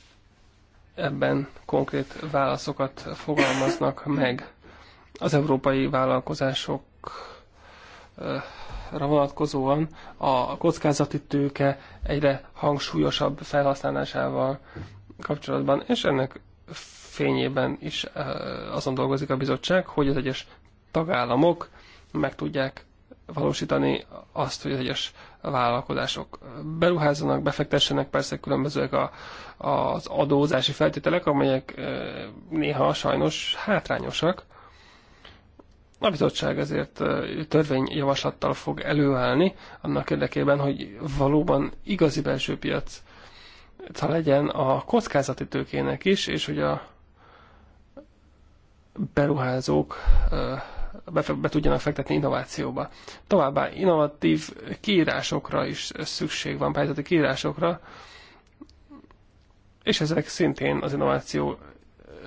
ebben konkrét válaszokat fogalmaznak meg az európai vállalkozások piacra vonatkozóan a kockázati tőke egyre hangsúlyosabb felhasználásával kapcsolatban, és ennek fényében is azon dolgozik a bizottság, hogy az egyes tagállamok meg tudják valósítani azt, hogy az egyes vállalkozások beruházzanak, befektessenek, persze különbözőek a, az adózási feltételek, amelyek néha sajnos hátrányosak, a bizottság ezért törvényjavaslattal fog előállni annak érdekében, hogy valóban igazi belső piac ha legyen a kockázati tőkének is, és hogy a beruházók be, tudjanak fektetni innovációba. Továbbá innovatív kiírásokra is szükség van, pályázati kiírásokra, és ezek szintén az innovációt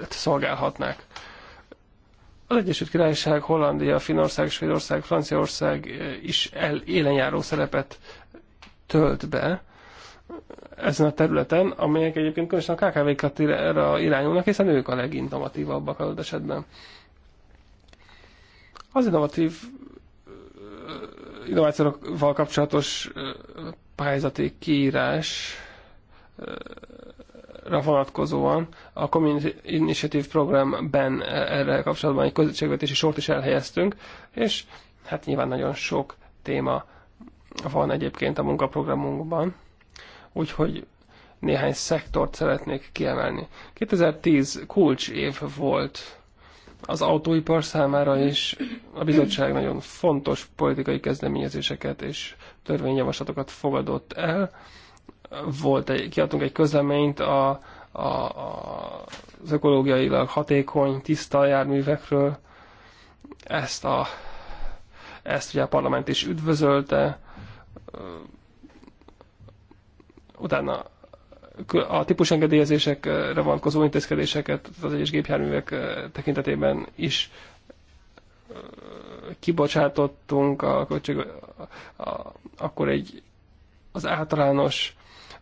szolgálhatnák. Az Egyesült Királyság, Hollandia, Finnország, Svédország, Franciaország eh, is el, élenjáró szerepet tölt be ezen a területen, amelyek egyébként különösen a KKV-kra irányulnak, hiszen ők a leginnovatívabbak adott esetben. Az innovatív eh, innovációval kapcsolatos eh, pályázati kiírás ra vonatkozóan a Community Initiative programben e, erre kapcsolatban egy közösségvetési sort is elhelyeztünk, és hát nyilván nagyon sok téma van egyébként a munkaprogramunkban, úgyhogy néhány szektort szeretnék kiemelni. 2010 kulcs év volt az autóipar számára, és a bizottság nagyon fontos politikai kezdeményezéseket és törvényjavaslatokat fogadott el volt egy, kiadtunk egy közleményt a, a, a, az ökológiailag hatékony, tiszta járművekről. Ezt, a, ezt ugye a parlament is üdvözölte. Utána a típusengedélyezésekre vonatkozó intézkedéseket az egyes gépjárművek tekintetében is kibocsátottunk, a költség, a, a, akkor egy az általános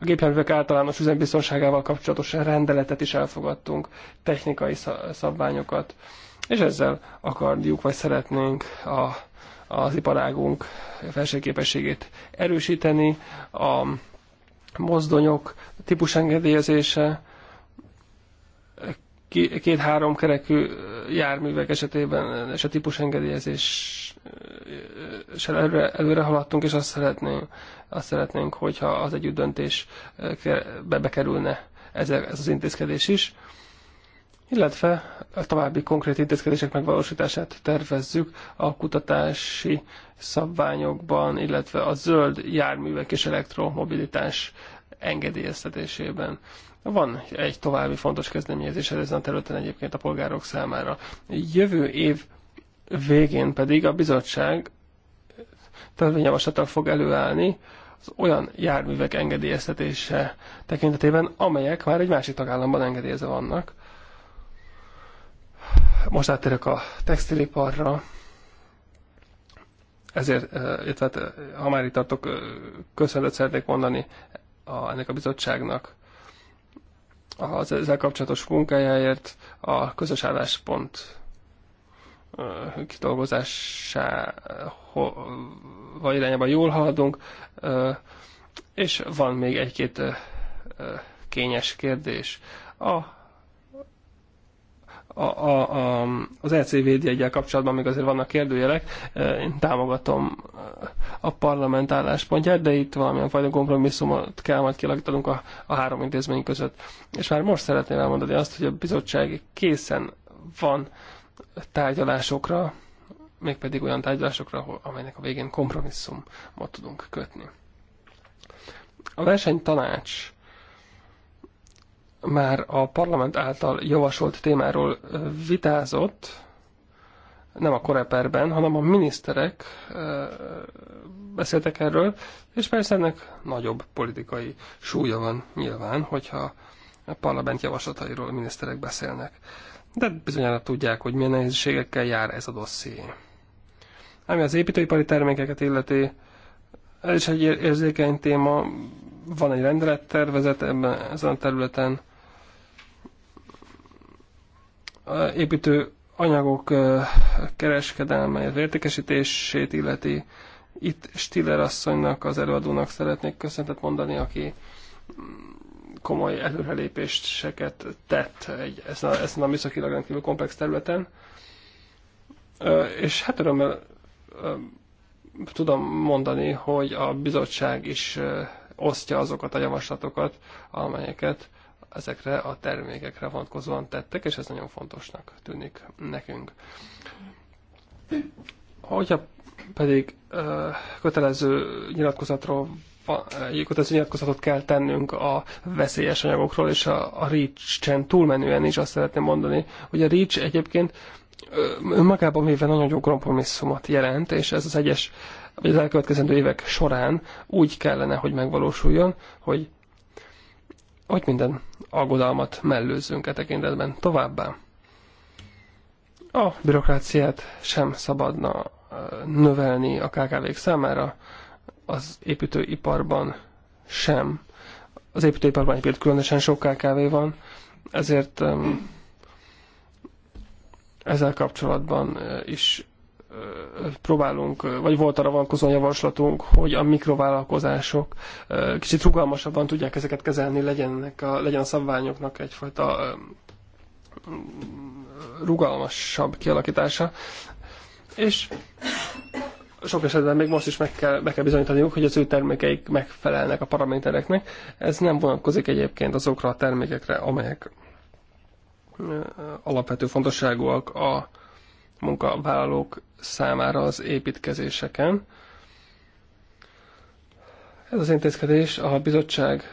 a gépjárművek általános üzembiztonságával kapcsolatos rendeletet is elfogadtunk, technikai szabványokat, és ezzel akarjuk, vagy szeretnénk a, az iparágunk versenyképességét erősíteni, a mozdonyok típusengedélyezése, két-három kerekű járművek esetében és a típusengedélyezéssel előre, előre haladtunk, és azt szeretném, azt szeretnénk, hogyha az együtt döntés bekerülne ez, ez az intézkedés is, illetve a további konkrét intézkedések megvalósítását tervezzük a kutatási szabványokban, illetve a zöld járművek és elektromobilitás engedélyeztetésében. Van egy további fontos kezdeményezés ezen a területen egyébként a polgárok számára. Jövő év végén pedig a bizottság törvényjavaslattal fog előállni az olyan járművek engedélyeztetése tekintetében, amelyek már egy másik tagállamban engedélyezve vannak. Most áttérek a textiliparra, ezért, illetve hát, ha már itt tartok, köszönetet szeretnék mondani a, ennek a bizottságnak az ezzel kapcsolatos munkájáért, a közös álláspont kitolgozásához vagy irányában jól haladunk, és van még egy-két kényes kérdés. A, a, a, a, az ECVD egyel kapcsolatban még azért vannak kérdőjelek. Én támogatom a parlament álláspontját, de itt valamilyen fajta kompromisszumot kell majd kialakítanunk a, a három intézmény között. És már most szeretném elmondani azt, hogy a bizottság készen van tárgyalásokra, mégpedig olyan tárgyalásokra, amelynek a végén kompromisszumot tudunk kötni. A versenytanács már a parlament által javasolt témáról vitázott, nem a koreperben, hanem a miniszterek beszéltek erről, és persze ennek nagyobb politikai súlya van nyilván, hogyha a parlament javaslatairól a miniszterek beszélnek. De bizonyára tudják, hogy milyen nehézségekkel jár ez a dosszié. Ami az építőipari termékeket illeti, ez is egy érzékeny téma, van egy rendelettervezet ebben ezen a területen. A építő anyagok kereskedelme, az értékesítését illeti. Itt Stiller asszonynak, az előadónak szeretnék köszöntet mondani, aki komoly előrelépéseket tett egy, ezen, a, ezen a műszakilag rendkívül komplex területen. És hát örömmel tudom mondani, hogy a bizottság is osztja azokat a javaslatokat, amelyeket ezekre a termékekre vonatkozóan tettek, és ez nagyon fontosnak tűnik nekünk. Hogyha pedig kötelező nyilatkozatról kötelező nyilatkozatot kell tennünk a veszélyes anyagokról, és a, a REACH-en túlmenően is azt szeretném mondani, hogy a REACH egyébként magában véve nagyon jó kompromisszumot jelent, és ez az egyes, vagy az elkövetkezendő évek során úgy kellene, hogy megvalósuljon, hogy, hogy minden aggodalmat mellőzzünk e tekintetben továbbá. A bürokráciát sem szabadna növelni a KKV-k számára, az építőiparban sem. Az építőiparban egyébként különösen sok KKV van, ezért um, ezzel kapcsolatban is próbálunk, vagy volt arra vonatkozó javaslatunk, hogy a mikrovállalkozások kicsit rugalmasabban tudják ezeket kezelni, legyenek a, legyen a szabványoknak egyfajta rugalmasabb kialakítása. És sok esetben még most is meg kell, meg kell bizonyítaniuk, hogy az ő termékeik megfelelnek a paramétereknek. Ez nem vonatkozik egyébként azokra a termékekre, amelyek alapvető fontosságúak a munkavállalók számára az építkezéseken. Ez az intézkedés a bizottság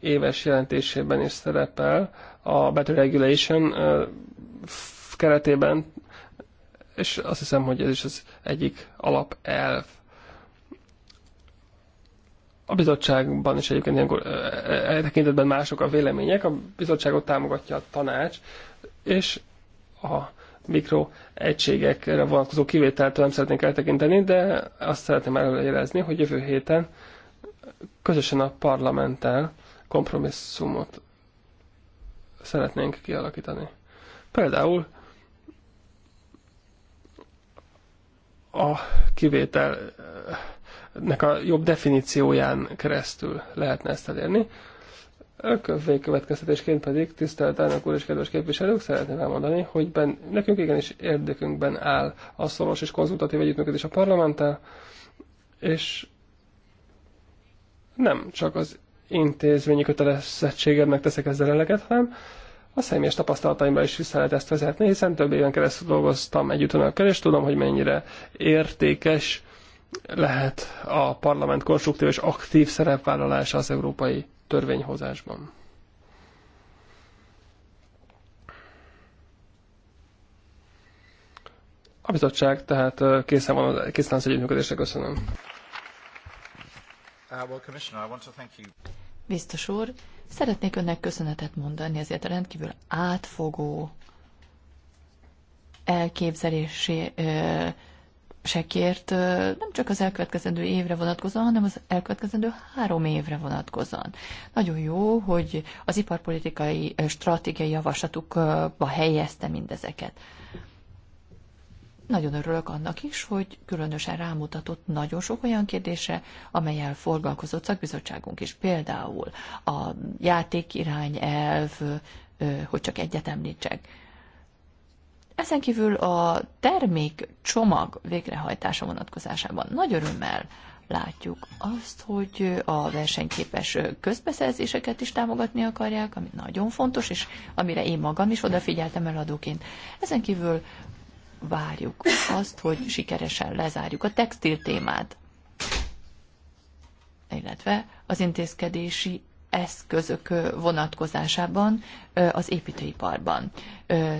éves jelentésében is szerepel, a Better Regulation keretében, és azt hiszem, hogy ez is az egyik alapelv. A bizottságban is egyébként ilyenkor e tekintetben mások a vélemények, a bizottságot támogatja a tanács, és a mikro egységekre vonatkozó kivételtől nem szeretnénk eltekinteni, de azt szeretném előjelezni, hogy jövő héten közösen a parlamenttel kompromisszumot szeretnénk kialakítani. Például a kivétel nek a jobb definícióján keresztül lehetne ezt elérni. következtetésként pedig, tisztelt elnök úr és kedves képviselők, szeretném elmondani, hogy ben, nekünk igenis érdekünkben áll a szoros és konzultatív együttműködés a parlamenttel, és nem csak az intézményi kötelezettségemnek teszek ezzel eleget, hanem a személyes tapasztalataimra is vissza lehet ezt vezetni, hiszen több éven keresztül dolgoztam együtt önökkel, és tudom, hogy mennyire értékes lehet a parlament konstruktív és aktív szerepvállalása az európai törvényhozásban. A bizottság tehát készen van, készen az együttműködésre. Köszönöm. Uh, Biztos úr, szeretnék önnek köszönetet mondani ezért a rendkívül átfogó elképzelésé sekért nem csak az elkövetkezendő évre vonatkozóan, hanem az elkövetkezendő három évre vonatkozóan. Nagyon jó, hogy az iparpolitikai stratégiai javaslatukba helyezte mindezeket. Nagyon örülök annak is, hogy különösen rámutatott nagyon sok olyan kérdésre, amelyel foglalkozott szakbizottságunk is. Például a játékirány elv, hogy csak egyet említsek ezen kívül a termék csomag végrehajtása vonatkozásában nagy örömmel látjuk azt, hogy a versenyképes közbeszerzéseket is támogatni akarják, ami nagyon fontos, és amire én magam is odafigyeltem eladóként. Ezen kívül várjuk azt, hogy sikeresen lezárjuk a textil témát, illetve az intézkedési eszközök vonatkozásában az építőiparban.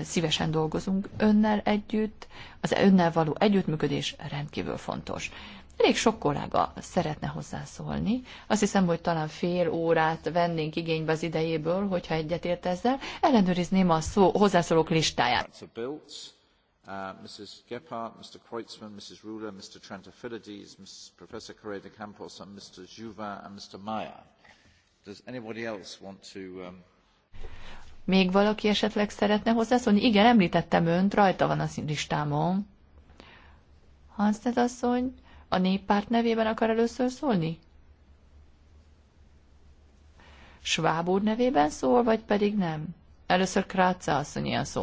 Szívesen dolgozunk önnel együtt, az önnel való együttműködés rendkívül fontos. Elég sok kollega szeretne hozzászólni. Azt hiszem, hogy talán fél órát vennénk igénybe az idejéből, hogyha egyetért ezzel. Ellenőrizném a szó, hozzászólók listáját. Uh, Mrs. Gephardt, Mr. Kreutzmann, Mrs. Ruler, Mr. Trantafilides, Mrs. Professor Correa de Campos, and Mr. and Mr. Meyer. Um, még valaki esetleg szeretne hozzászólni? Igen, említettem önt, rajta van a listámon. Hanszted asszony, a néppárt nevében akar először szólni? Schwab úr nevében szól, vagy pedig nem? Először Kráca asszony ilyen szó.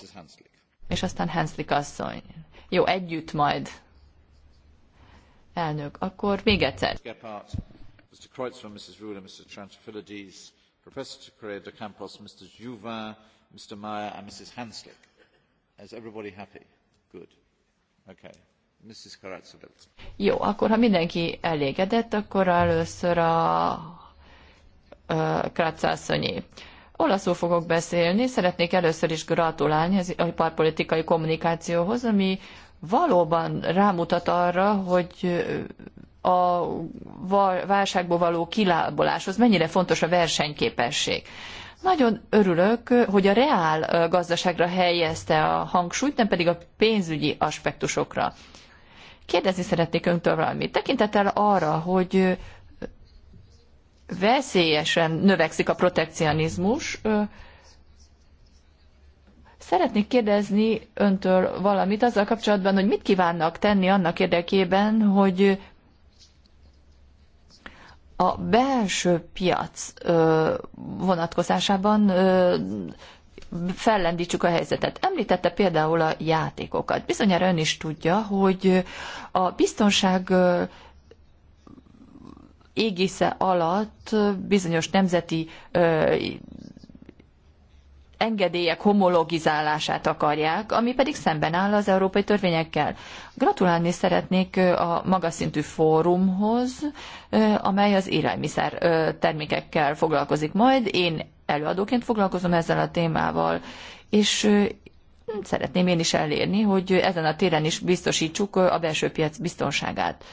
És aztán Henslik asszony. Jó, együtt majd. Elnök, akkor még egyszer. Mr. Kreutzmann, Mrs. Ruler, Mr. Trantafilides, Professor Correa de Campos, Mr. Juvin, Mr. Meyer, and Mrs. Hanslick. Is everybody happy? Good. Okay. Mrs. Karatzabilt. Jó, akkor ha mindenki elégedett, akkor először a Kratzászonyi. Olaszul fogok beszélni, szeretnék először is gratulálni az iparpolitikai kommunikációhoz, ami valóban rámutat arra, hogy a válságból való kilábaláshoz mennyire fontos a versenyképesség. Nagyon örülök, hogy a reál gazdaságra helyezte a hangsúlyt, nem pedig a pénzügyi aspektusokra. Kérdezni szeretnék öntől valamit. Tekintettel arra, hogy veszélyesen növekszik a protekcionizmus, Szeretnék kérdezni öntől valamit azzal kapcsolatban, hogy mit kívánnak tenni annak érdekében, hogy a belső piac vonatkozásában fellendítsük a helyzetet. Említette például a játékokat. Bizonyára ön is tudja, hogy a biztonság égisze alatt bizonyos nemzeti engedélyek homologizálását akarják, ami pedig szemben áll az európai törvényekkel. Gratulálni szeretnék a magas szintű fórumhoz, amely az élelmiszer termékekkel foglalkozik majd. Én előadóként foglalkozom ezzel a témával, és szeretném én is elérni, hogy ezen a téren is biztosítsuk a belső piac biztonságát.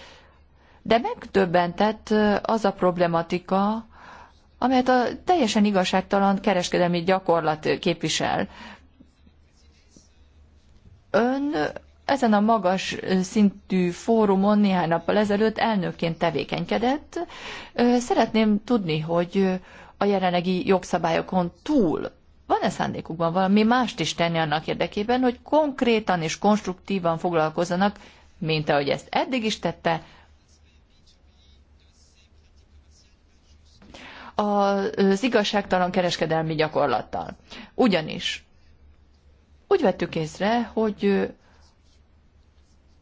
De megdöbbentett az a problematika, amelyet a teljesen igazságtalan kereskedelmi gyakorlat képvisel. Ön ezen a magas szintű fórumon néhány nappal ezelőtt elnökként tevékenykedett. Szeretném tudni, hogy a jelenlegi jogszabályokon túl van-e szándékukban valami mást is tenni annak érdekében, hogy konkrétan és konstruktívan foglalkozzanak, mint ahogy ezt eddig is tette, az igazságtalan kereskedelmi gyakorlattal. Ugyanis úgy vettük észre, hogy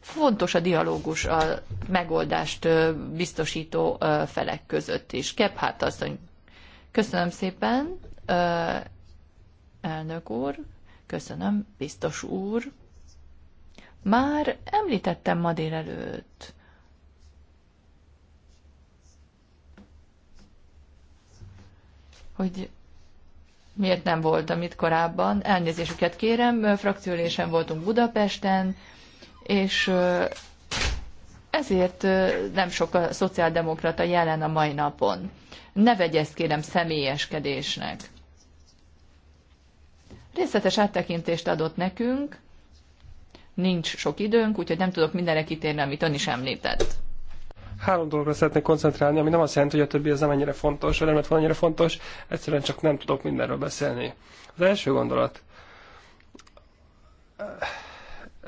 fontos a dialógus a megoldást biztosító felek között is. Kephát asszony, köszönöm szépen, elnök úr, köszönöm, biztos úr. Már említettem ma délelőtt, hogy miért nem voltam itt korábban. Elnézésüket kérem, frakciólésen voltunk Budapesten, és ezért nem sok a szociáldemokrata jelen a mai napon. Ne vegye ezt kérem személyeskedésnek. Részletes áttekintést adott nekünk, nincs sok időnk, úgyhogy nem tudok mindenre kitérni, amit ön is említett. Három dologra szeretnék koncentrálni, ami nem azt jelenti, hogy a többi az nem annyira fontos, vagy nem lett volna annyira fontos, egyszerűen csak nem tudok mindenről beszélni. Az első gondolat,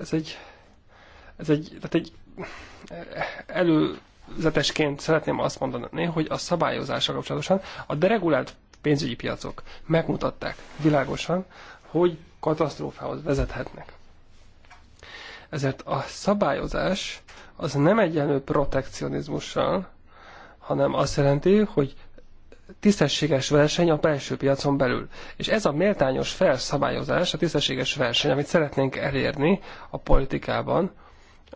ez egy, ez egy, tehát egy előzetesként szeretném azt mondani, hogy a szabályozással kapcsolatosan a deregulált pénzügyi piacok megmutatták világosan, hogy katasztrófához vezethetnek. Ezért a szabályozás az nem egyenlő protekcionizmussal, hanem azt jelenti, hogy tisztességes verseny a belső piacon belül. És ez a méltányos felszabályozás, a tisztességes verseny, amit szeretnénk elérni a politikában,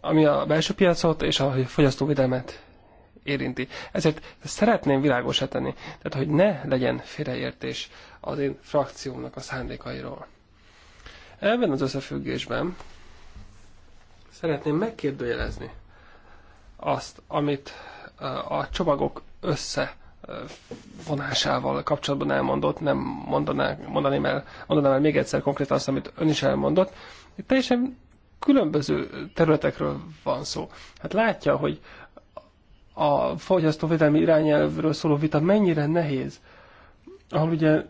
ami a belső piacot és a fogyasztóvédelmet érinti. Ezért szeretném világosítani, tenni, tehát hogy ne legyen félreértés az én frakciómnak a szándékairól. Ebben az összefüggésben szeretném megkérdőjelezni azt, amit eh, a csomagok összevonásával kapcsolatban elmondott, nem mondaná, mondanám, el, mondanám el még egyszer konkrétan azt, amit ön is elmondott. Itt teljesen különböző területekről van szó. Hát látja, hogy a fogyasztóvédelmi irányelvről szóló vita mennyire nehéz, ahol ugye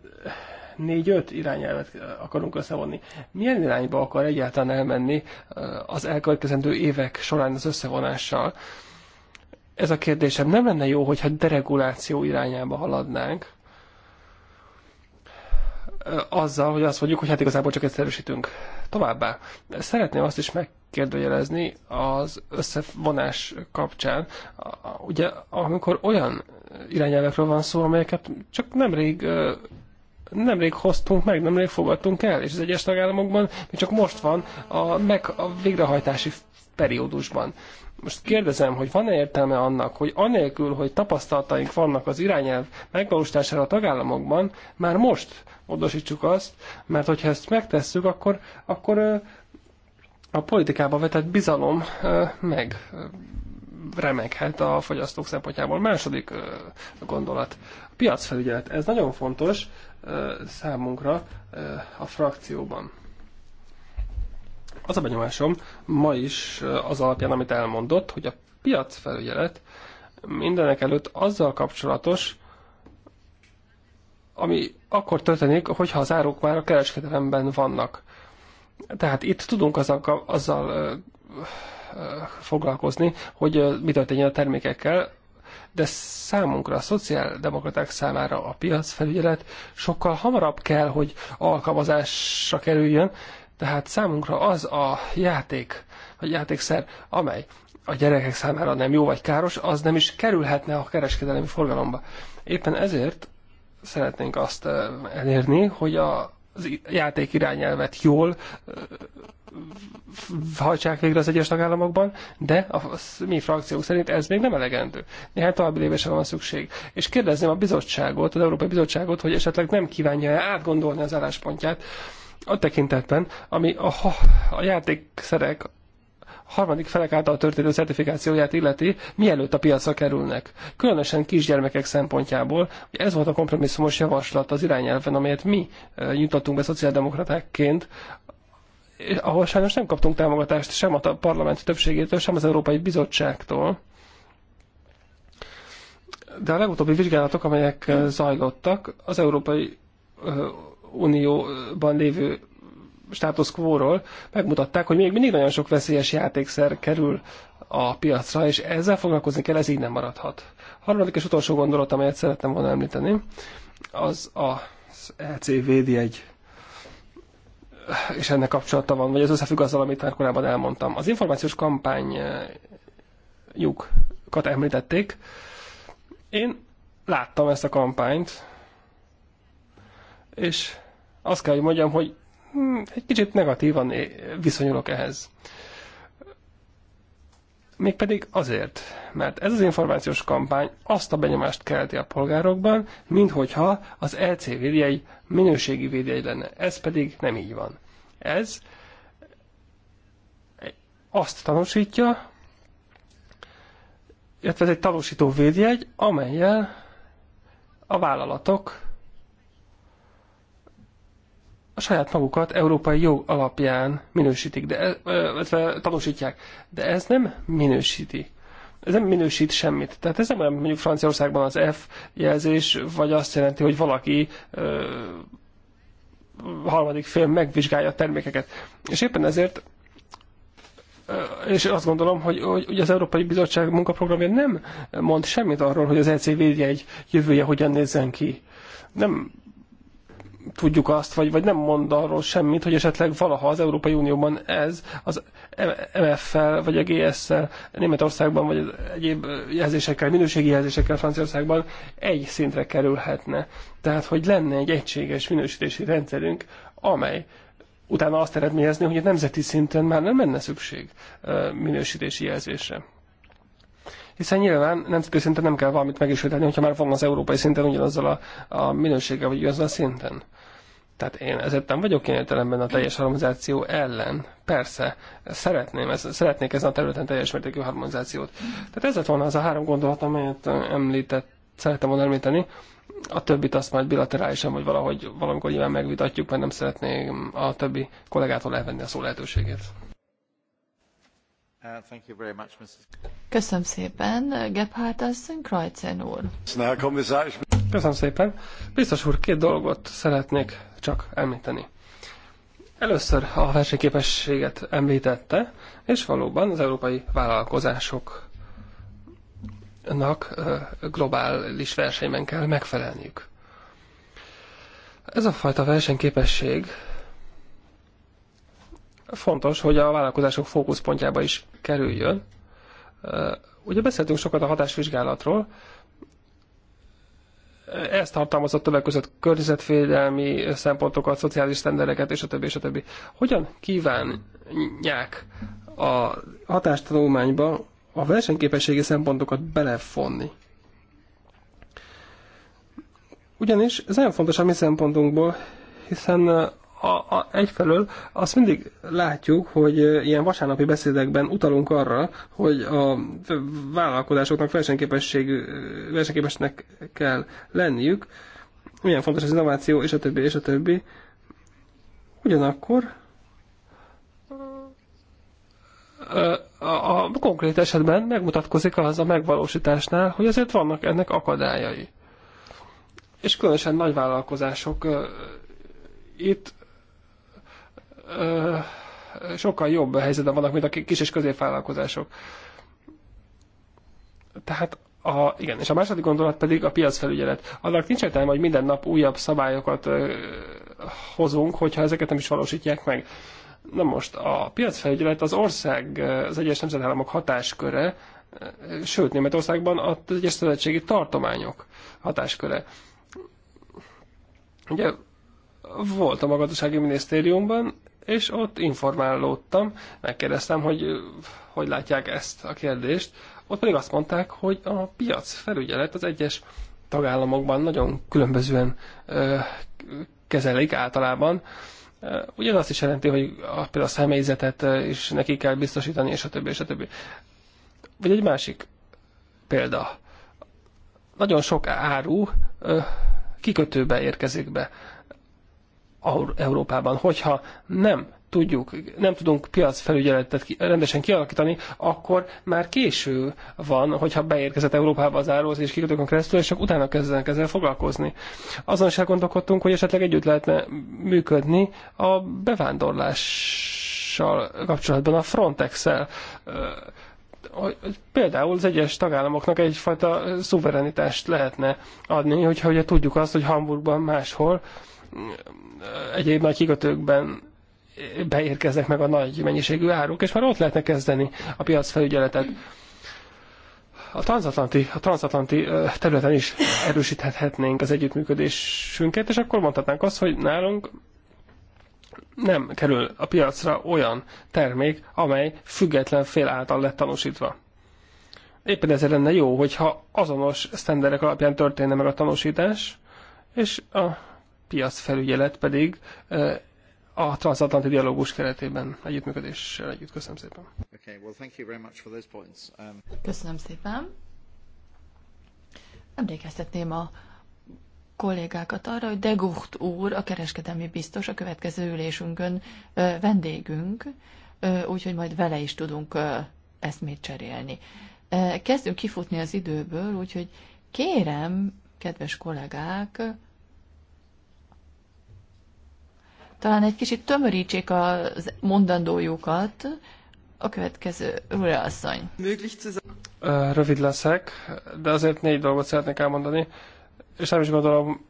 4-5 irányelvet akarunk összevonni. Milyen irányba akar egyáltalán elmenni eh, az elkövetkezendő évek során az összevonással? Ez a kérdésem nem lenne jó, hogyha dereguláció irányába haladnánk, eh, azzal, hogy azt mondjuk, hogy hát igazából csak egyszerűsítünk. Továbbá, szeretném azt is megkérdőjelezni az összevonás kapcsán, ugye amikor olyan irányelvekről van szó, amelyeket csak nemrég eh, nemrég hoztunk meg, nemrég fogadtunk el, és az egyes tagállamokban még csak most van a, meg a végrehajtási periódusban. Most kérdezem, hogy van-e értelme annak, hogy anélkül, hogy tapasztalataink vannak az irányelv megvalósítására a tagállamokban, már most módosítsuk azt, mert hogyha ezt megtesszük, akkor, akkor a politikába vetett bizalom meg remeghet a fogyasztók szempontjából. Második gondolat. A piacfelügyelet. Ez nagyon fontos számunkra a frakcióban. Az a benyomásom ma is az alapján, amit elmondott, hogy a piacfelügyelet mindenek előtt azzal kapcsolatos, ami akkor történik, hogyha az árok már a kereskedelemben vannak. Tehát itt tudunk azzal, azzal foglalkozni, hogy mi történjen a termékekkel, de számunkra, a szociáldemokraták számára a piacfelügyelet sokkal hamarabb kell, hogy alkalmazásra kerüljön, tehát számunkra az a játék, a játékszer, amely a gyerekek számára nem jó vagy káros, az nem is kerülhetne a kereskedelmi forgalomba. Éppen ezért szeretnénk azt elérni, hogy a az játék irányelvet jól hajtsák végre az egyes tagállamokban, de a, mi frakciók szerint ez még nem elegendő. Néhány további lépésre van szükség. És kérdezném a bizottságot, az Európai Bizottságot, hogy esetleg nem kívánja átgondolni az álláspontját a tekintetben, ami a, a játékszerek harmadik felek által történő certifikációját illeti, mielőtt a piacra kerülnek. Különösen kisgyermekek szempontjából, hogy ez volt a kompromisszumos javaslat az irányelven, amelyet mi nyújtottunk be szociáldemokratákként, ahol sajnos nem kaptunk támogatást sem a parlament többségétől, sem az Európai Bizottságtól. De a legutóbbi vizsgálatok, amelyek zajlottak, az Európai Unióban lévő status quo-ról megmutatták, hogy még mindig nagyon sok veszélyes játékszer kerül a piacra, és ezzel foglalkozni kell, ez így nem maradhat. Harmadik és utolsó gondolat, amelyet szerettem volna említeni, az a ecvd egy és ennek kapcsolata van, vagy ez összefügg azzal, amit már korábban elmondtam. Az információs kampányjukat említették. Én láttam ezt a kampányt, és azt kell, hogy mondjam, hogy Hmm, egy kicsit negatívan viszonyulok ehhez. Mégpedig azért, mert ez az információs kampány azt a benyomást kelti a polgárokban, minthogyha az LC e védjegy minőségi védjegy lenne. Ez pedig nem így van. Ez azt tanúsítja, illetve ez egy tanúsító védjegy, amelyel a vállalatok a saját magukat európai jog alapján minősítik, de, illetve tanúsítják. De ez nem minősíti. Ez nem minősít semmit. Tehát ez nem olyan mondjuk Franciaországban az F jelzés, vagy azt jelenti, hogy valaki ö, harmadik fél megvizsgálja a termékeket. És éppen ezért és azt gondolom, hogy, hogy az Európai Bizottság munkaprogramja nem mond semmit arról, hogy az EC egy jövője hogyan nézzen ki. Nem tudjuk azt, vagy, vagy nem mond arról semmit, hogy esetleg valaha az Európai Unióban ez az e- e MF-fel, vagy a GS-szel Németországban, vagy az egyéb jelzésekkel, minőségi jelzésekkel Franciaországban egy szintre kerülhetne. Tehát, hogy lenne egy egységes minősítési rendszerünk, amely utána azt eredményezni, hogy a nemzeti szinten már nem lenne szükség minősítési jelzésre hiszen nyilván nem szinten nem kell valamit megismételni, hogyha már van az európai szinten ugyanazzal a, a minőséggel, vagy ugyanazzal a szinten. Tehát én ezért nem vagyok én értelemben a teljes harmonizáció ellen. Persze, szeretném, ez, szeretnék ezen a területen teljes mértékű harmonizációt. Tehát ez lett volna az a három gondolat, amelyet említett, szerettem volna említeni. A többit azt majd bilaterálisan, vagy valahogy valamikor nyilván megvitatjuk, mert nem szeretnék a többi kollégától elvenni a szó lehetőségét. Uh, Köszönöm szépen, Gebhardt asszony, Krajcen úr. Köszönöm szépen. Biztos úr, két dolgot szeretnék csak említeni. Először a versenyképességet említette, és valóban az európai vállalkozásoknak globális versenyben kell megfelelniük. Ez a fajta versenyképesség fontos, hogy a vállalkozások fókuszpontjába is kerüljön. Ugye beszéltünk sokat a hatásvizsgálatról, ez tartalmazott többek között környezetvédelmi szempontokat, szociális sztendereket, és a többi, és a többi. Hogyan kívánják a hatástanulmányba a versenyképességi szempontokat belefonni? Ugyanis ez nagyon fontos a mi szempontunkból, hiszen a, a, egyfelől azt mindig látjuk, hogy ilyen vasárnapi beszédekben utalunk arra, hogy a vállalkozásoknak versenyképesnek kell lenniük, milyen fontos az innováció, és a többi, és a többi. Ugyanakkor a, a konkrét esetben megmutatkozik az a megvalósításnál, hogy azért vannak ennek akadályai. És különösen nagy vállalkozások itt sokkal jobb helyzetben vannak, mint a kis és középvállalkozások. Tehát a, igen, és a második gondolat pedig a piacfelügyelet. Annak nincs értelme, hogy minden nap újabb szabályokat ö, hozunk, hogyha ezeket nem is valósítják meg. Na most, a piacfelügyelet az ország, az egyes nemzetállamok hatásköre, sőt, Németországban az egyes szövetségi tartományok hatásköre. Ugye volt a magatossági minisztériumban, és ott informálódtam, megkérdeztem, hogy hogy látják ezt a kérdést. Ott pedig azt mondták, hogy a piac felügyelet az egyes tagállamokban nagyon különbözően ö, kezelik általában. Ugye azt is jelenti, hogy a, például a személyzetet is neki kell biztosítani, és a többi, és a többi. Vagy egy másik példa. Nagyon sok áru ö, kikötőbe érkezik be Európában. Hogyha nem tudjuk, nem tudunk piacfelügyeletet rendesen kialakítani, akkor már késő van, hogyha beérkezett Európába az áruhoz és kikötőkön keresztül, és csak utána kezdenek ezzel foglalkozni. Azon is elgondolkodtunk, hogy esetleg együtt lehetne működni a bevándorlással kapcsolatban, a Frontex-el például az egyes tagállamoknak egyfajta szuverenitást lehetne adni, hogyha ugye tudjuk azt, hogy Hamburgban máshol egyéb nagy kikötőkben beérkeznek meg a nagy mennyiségű áruk, és már ott lehetne kezdeni a piac felügyeletet. A transatlanti, a transatlanti területen is erősíthetnénk az együttműködésünket, és akkor mondhatnánk azt, hogy nálunk nem kerül a piacra olyan termék, amely független fél által lett tanúsítva. Éppen ezért lenne jó, hogyha azonos sztenderek alapján történne meg a tanúsítás, és a piacfelügyelet pedig a transatlanti dialógus keretében együttműködéssel együtt. Köszönöm szépen. Okay, well, thank you very much for those Um... Köszönöm szépen. Emlékeztetném a kollégákat arra, hogy Degucht úr, a kereskedelmi biztos, a következő ülésünkön vendégünk, úgyhogy majd vele is tudunk eszmét cserélni. Kezdünk kifutni az időből, úgyhogy kérem, kedves kollégák, talán egy kicsit tömörítsék a mondandójukat. A következő, Rúra asszony. Rövid leszek, de azért négy dolgot szeretnék elmondani, és nem is gondolom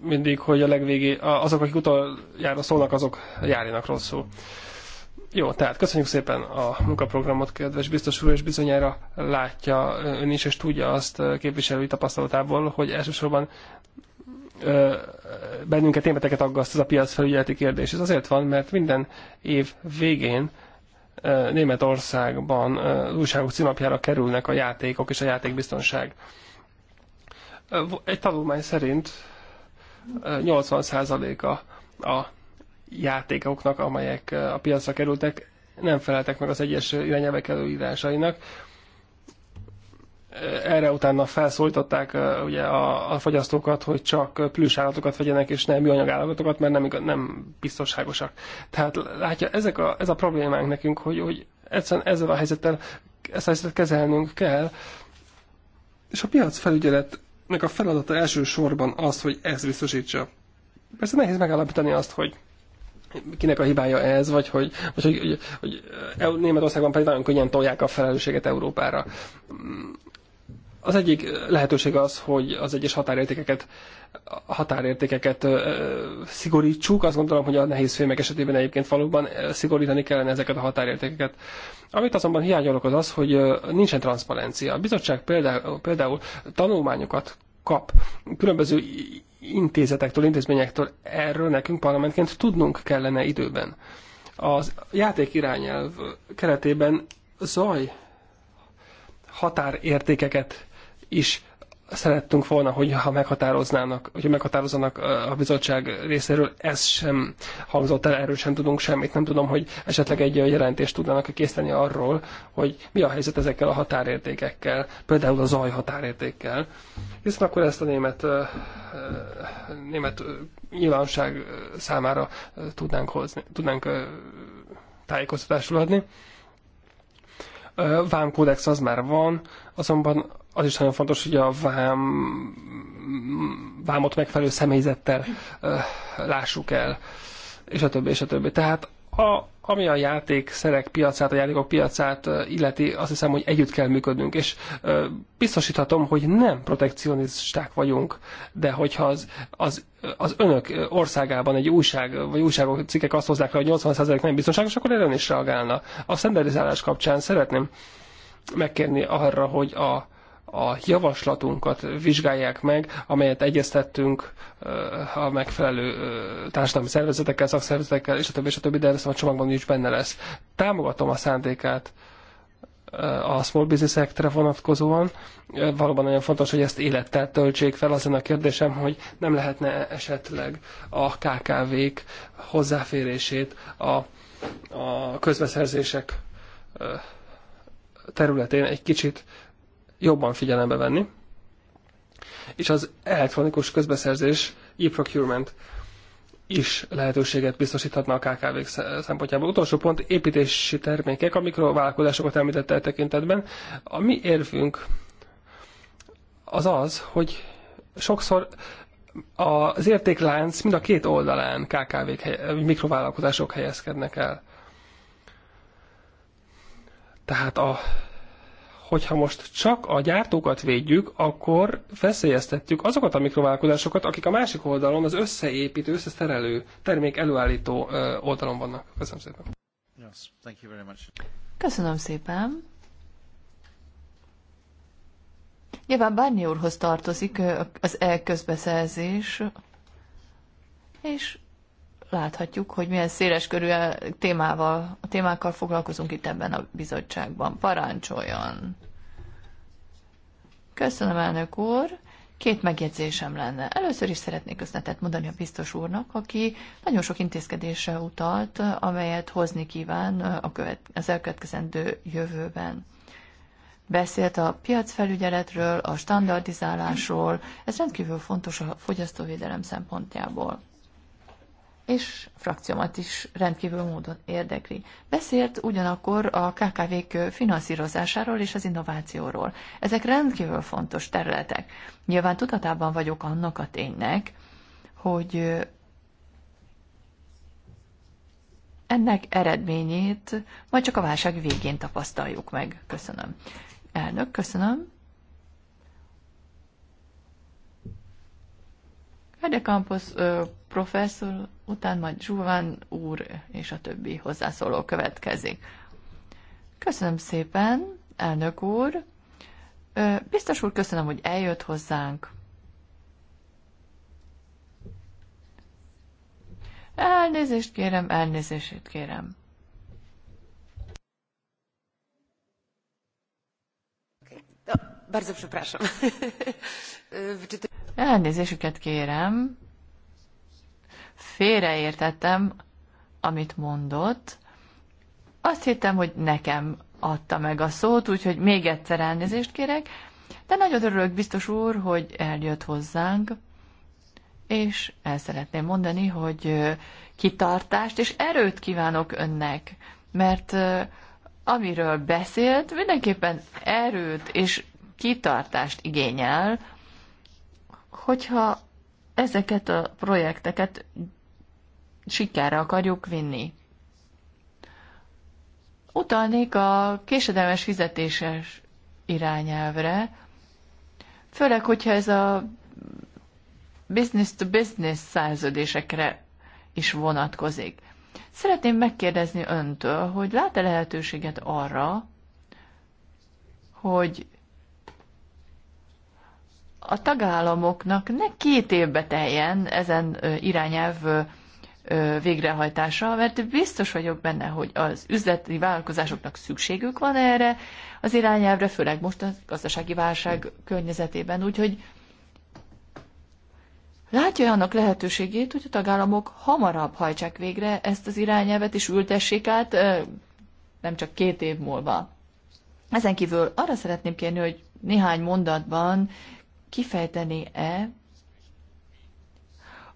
mindig, hogy a legvégé, azok, akik utoljára szólnak, azok járjanak rosszul. Jó, tehát köszönjük szépen a munkaprogramot, kedves biztos úr, és bizonyára látja ön is, és tudja azt képviselői tapasztalatából, hogy elsősorban bennünket, németeket aggaszt ez a felügyeleti kérdés. Ez azért van, mert minden év végén Németországban az újságok címapjára kerülnek a játékok és a játékbiztonság. Egy tanulmány szerint 80%-a a játékoknak, amelyek a piacra kerültek, nem feleltek meg az egyes irányelvek előírásainak erre utána felszólították ugye a, a fogyasztókat, hogy csak állatokat vegyenek, és nem állatokat, mert nem, nem biztonságosak. Tehát látja, ezek a, ez a problémánk nekünk, hogy, hogy egyszerűen ezzel a helyzettel ezt a helyzetet kezelnünk kell, és a piac felügyeletnek a feladata elsősorban az, hogy ez biztosítsa. Persze nehéz megállapítani azt, hogy kinek a hibája ez, vagy hogy, vagy hogy, hogy, hogy Németországban pedig nagyon könnyen tolják a felelősséget Európára. Az egyik lehetőség az, hogy az egyes határértékeket, határértékeket szigorítsuk. Azt gondolom, hogy a nehéz fémek esetében egyébként valóban szigorítani kellene ezeket a határértékeket. Amit azonban hiányolok az az, hogy nincsen transzparencia. A bizottság például, például tanulmányokat kap különböző intézetektől, intézményektől. Erről nekünk parlamentként tudnunk kellene időben. Az játékirányelv keretében zaj határértékeket is szerettünk volna, hogyha meghatároznának, hogyha meghatározanak a bizottság részéről, ez sem hangzott el, erről sem tudunk semmit. Nem tudom, hogy esetleg egy jelentést tudnának készíteni arról, hogy mi a helyzet ezekkel a határértékekkel, például a zaj határértékkel. Hiszen akkor ezt a német, német nyilvánosság számára tudnánk, hozni, tudnánk tájékoztatásul adni. Vámkódex az már van, azonban az is nagyon fontos, hogy a vám, vámot megfelelő személyzettel lássuk el, és a többi, és a többi. Tehát a, ami a szerek piacát, a játékok piacát illeti, azt hiszem, hogy együtt kell működnünk, és biztosíthatom, hogy nem protekcionisták vagyunk, de hogyha az, az, az önök országában egy újság, vagy újságok, cikkek azt hozzák hogy 80% nem biztonságos, akkor erre is reagálna. A szenderizálás kapcsán szeretném megkérni arra, hogy a, a javaslatunkat vizsgálják meg, amelyet egyeztettünk a megfelelő társadalmi szervezetekkel, szakszervezetekkel, és a többi, és a többi, de ez a csomagban is benne lesz. Támogatom a szándékát a small business sektre vonatkozóan. Valóban nagyon fontos, hogy ezt élettel töltsék fel. Azon a kérdésem, hogy nem lehetne esetleg a KKV-k hozzáférését a, a közbeszerzések területén egy kicsit jobban figyelembe venni, és az elektronikus közbeszerzés, e-procurement is lehetőséget biztosíthatna a kkv szempontjából. Utolsó pont, építési termékek, a mikrovállalkozásokat említette tekintetben. A mi érvünk az az, hogy sokszor az értéklánc mind a két oldalán KKV-k, mikrovállalkozások helyezkednek el. Tehát a hogyha most csak a gyártókat védjük, akkor veszélyeztetjük azokat a mikrovállalkozásokat, akik a másik oldalon az összeépítő, összeszerelő termék előállító oldalon vannak. Köszönöm szépen. Yes, thank you very much. Köszönöm szépen. Nyilván Bárnyi úrhoz tartozik az e-közbeszerzés, és láthatjuk, hogy milyen széles körű eh, témával, a témákkal foglalkozunk itt ebben a bizottságban. Parancsoljon! Köszönöm, elnök úr! Két megjegyzésem lenne. Először is szeretnék köszönetet mondani a biztos úrnak, aki nagyon sok intézkedésre utalt, amelyet hozni kíván eh, a követ, az elkövetkezendő jövőben. Beszélt a piacfelügyeletről, a standardizálásról, ez rendkívül fontos a fogyasztóvédelem szempontjából és frakciómat is rendkívül módon érdekli. Beszélt ugyanakkor a KKV-k finanszírozásáról és az innovációról. Ezek rendkívül fontos területek. Nyilván tudatában vagyok annak a ténynek, hogy ennek eredményét majd csak a válság végén tapasztaljuk meg. Köszönöm. Elnök, köszönöm. Vede hát Campos professzor, után majd Zsuván úr és a többi hozzászóló következik. Köszönöm szépen, elnök úr. Biztos úr, köszönöm, hogy eljött hozzánk. Elnézést kérem, elnézését kérem. Bardzo przepraszam. <laughs> Elnézésüket kérem, félreértettem, amit mondott. Azt hittem, hogy nekem adta meg a szót, úgyhogy még egyszer elnézést kérek, de nagyon örülök, biztos úr, hogy eljött hozzánk, és el szeretném mondani, hogy kitartást és erőt kívánok önnek, mert amiről beszélt, mindenképpen erőt és kitartást igényel, hogyha ezeket a projekteket sikerre akarjuk vinni. Utalnék a késedelmes fizetéses irányelvre, főleg, hogyha ez a business-to-business szerződésekre is vonatkozik. Szeretném megkérdezni öntől, hogy lát-e lehetőséget arra, hogy a tagállamoknak ne két évbe teljen ezen irányelv végrehajtása, mert biztos vagyok benne, hogy az üzleti vállalkozásoknak szükségük van erre az irányelvre, főleg most a gazdasági válság környezetében, úgyhogy látja annak lehetőségét, hogy a tagállamok hamarabb hajtsák végre ezt az irányelvet, és ültessék át, nem csak két év múlva. Ezen kívül arra szeretném kérni, hogy néhány mondatban kifejteni-e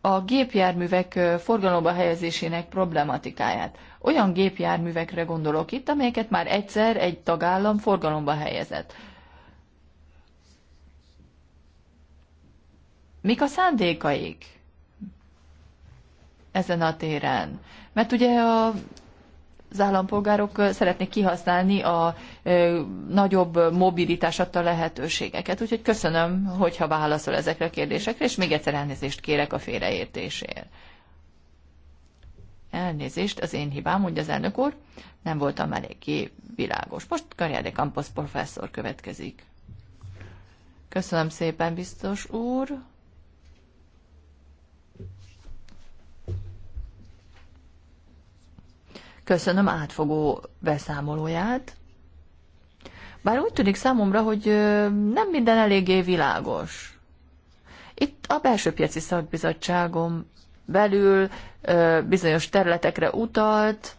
a gépjárművek forgalomba helyezésének problematikáját. Olyan gépjárművekre gondolok itt, amelyeket már egyszer egy tagállam forgalomba helyezett. Mik a szándékaik ezen a téren? Mert ugye a az állampolgárok szeretnék kihasználni a nagyobb mobilitás adta lehetőségeket. Úgyhogy köszönöm, hogyha válaszol ezekre a kérdésekre, és még egyszer elnézést kérek a félreértésért. Elnézést, az én hibám, mondja az elnök úr, nem voltam eléggé világos. Most Karjáde Campos professzor következik. Köszönöm szépen, biztos úr. Köszönöm átfogó beszámolóját. Bár úgy tűnik számomra, hogy nem minden eléggé világos. Itt a belső piaci szakbizottságom belül bizonyos területekre utalt,